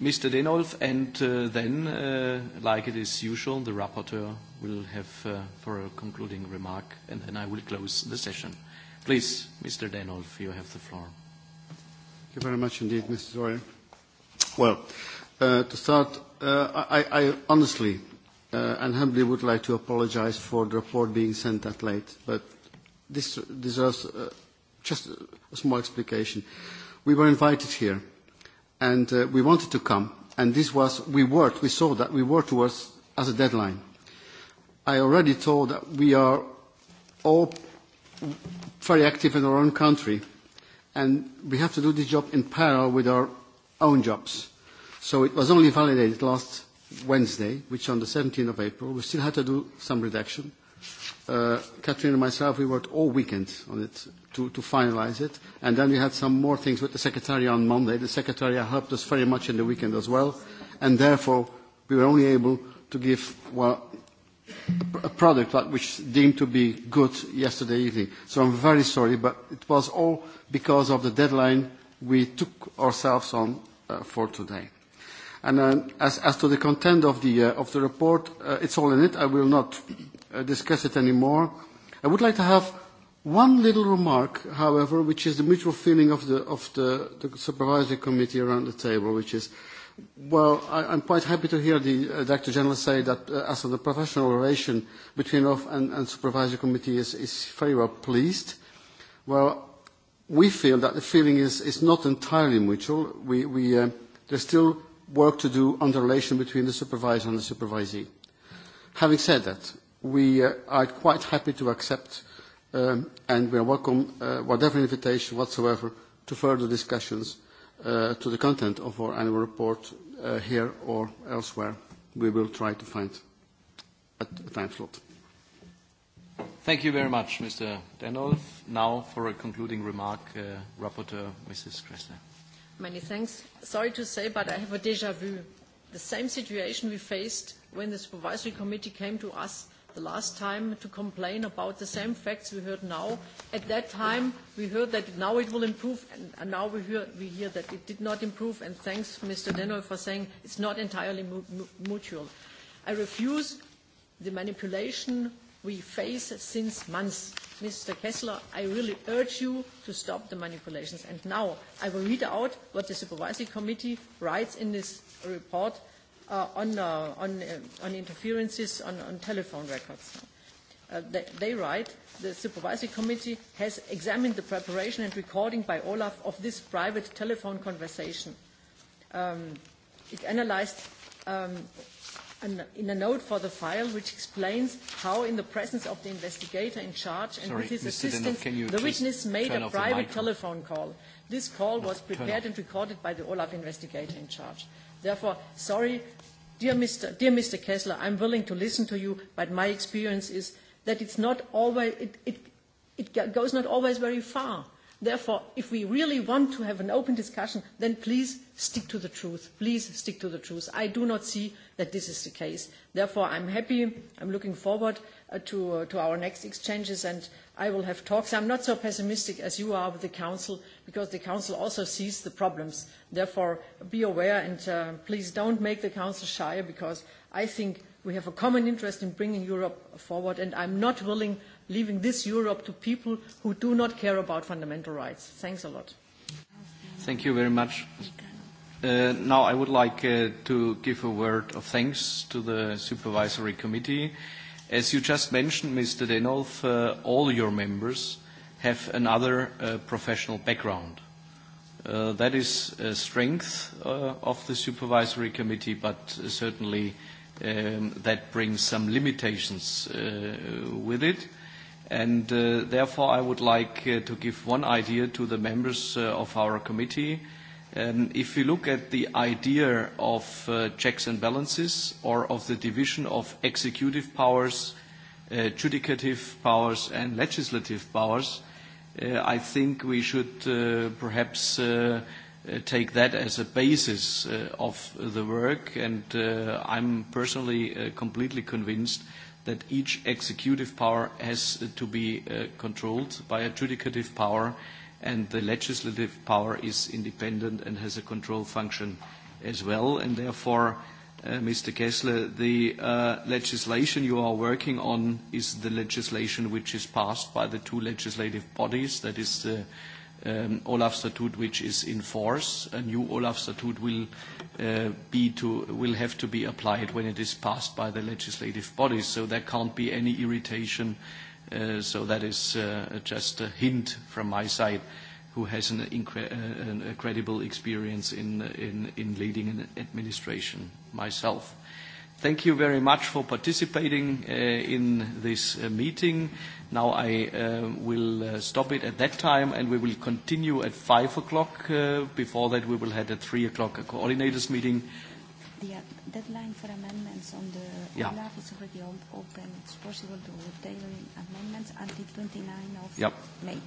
Mr. Denolf, and uh, then, uh, like it is usual, the rapporteur will have uh, for a concluding remark, and then I will close the session. Please, Mr. Denolf, you have the floor. Thank you very much indeed, Mr. Zoyer. Well, uh, to start, uh, I, I honestly uh, and humbly would like to apologize for the report being sent that late, but this deserves uh, just a small explication. We were invited here, and uh, we wanted to come, and this was, we worked, we saw that, we worked towards as a deadline I already told that we are all very active in our own country, and we have to do this job in parallel with our own jobs. So it was only validated last Wednesday, which on the 17th of April, we still had to do some redaction. Uh, Catherine and myself, we worked all weekend on it to, to finalize it. And then we had some more things with the secretary on Monday. The secretary helped us very much in the weekend as well. And therefore, we were only able to give well, a product that which deemed to be good yesterday evening. So I'm very sorry, but it was all because of the deadline we took ourselves on uh, for today. And uh, as, as to the content of the, uh, of the report, uh, it's all in it. I will not uh, discuss it anymore. I would like to have one little remark, however, which is the mutual feeling of the, of the, the supervisory committee around the table, which is uh, Well, I, I'm quite happy to hear the uh, Director General say that uh, as the professional relation between OFF and, and Supervisory Committee is, is very well pleased. Well, we feel that the feeling is, is not entirely mutual. We, we, uh, there's still work to do on the relation between the supervisor and the supervisee. Having said that, we uh, are quite happy to accept um, and we welcome uh, whatever invitation whatsoever to further discussions uh, uh, to the content of our annual report uh, here or elsewhere. We will try to find a, a time slot. Thank you very much, Mr. Denolf. Now for a concluding remark, uh, Rapporteur Mrs. Kressler. Many thanks. Sorry to say, but I have a déjà vu. The same situation we faced when the Supervisory Committee came to us the last time to complain about the same facts we heard now. At that time, we heard that now it will improve, and, and now we hear, we hear that it did not improve, and thanks, Mr. Denoy, for saying it's not entirely mu mu mutual. I refuse the manipulation we face since months. Mr. Kessler, I really urge you to stop the manipulations. And now I will read out what the Supervisory Committee writes in this report uh, on, uh, on, uh, on interferences on, on telephone records. Uh, they, they write, the supervisory committee has examined the preparation and recording by Olaf of this private telephone conversation. Um, it analyzed um, an, in a note for the file which explains how in the presence of the investigator in charge and Sorry, with his Mr. assistance Denov, the witness made a private telephone call. This call no, was prepared and recorded by the Olaf investigator in charge. Therefore, sorry, dear Mr. Dear Mr. Kessler, I'm willing to listen to you, but my experience is that it's not always, it, it, it goes not always very far. Therefore, if we really want to have an open discussion, then please stick to the truth. Please stick to the truth. I do not see that this is the case. Therefore, I'm happy, I'm looking forward uh, to, uh, to our next exchanges, and I will have talks. I'm not so pessimistic as you are with the Council, because the Council also sees the problems. Therefore, be aware and uh, please don't make the Council shy, because I think we have a common interest in bringing Europe forward, and I'm not willing leaving this Europe to people who do not care about fundamental rights. Thanks a lot. Thank you very much. Uh, now I would like uh, to give a word of thanks to the Supervisory Committee. Uh, As you just mentioned, Mr. Denolf, uh, all your members have another uh, professional background. Uh, that is a strength uh, of the Supervisory Committee, but certainly um, that brings some limitations uh, with it. And uh, therefore, I would like uh, to give one idea to the members uh, of our committee uh, Um, if you look at the idea of uh, checks and balances or of the division of executive powers, uh, judicative powers and legislative powers, uh, I think we should uh, perhaps uh, uh take that as a basis uh, of the work and uh, I'm personally uh, completely convinced that each executive power has to be uh, controlled by a judicative power uh, and the legislative power is independent and has a control function as well. And therefore, uh, Mr. Kessler, the uh, legislation you are working on is the legislation which is passed by the two legislative bodies, that is the um, Olaf Statute which is in force. A new Olaf Statute will, uh, be to, will have to be applied when it is passed by the legislative bodies, so there can't be any irritation uh, Uh, so that is uh, just a hint from my side, who has an incre- uh, an incredible experience in, in, in leading an administration myself. Thank you very much for participating uh, in this uh, meeting. Now I uh, will uh, stop it at that time, and we will continue at 5 o'clock. Uh, before that, we will have at 3 o'clock a coordinators meeting The uh, deadline for amendments on the yeah. draft is already open. It's possible to tailor amendments until 29th of yep. May.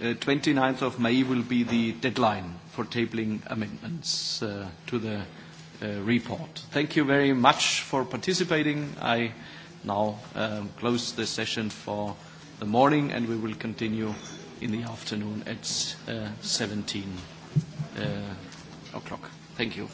Uh, 29th of May will be the deadline for tabling amendments uh, to the uh, report. Thank you very much for participating. I now um, close the session for the morning and we will continue in the afternoon at uh, 17 uh, o'clock. Thank you.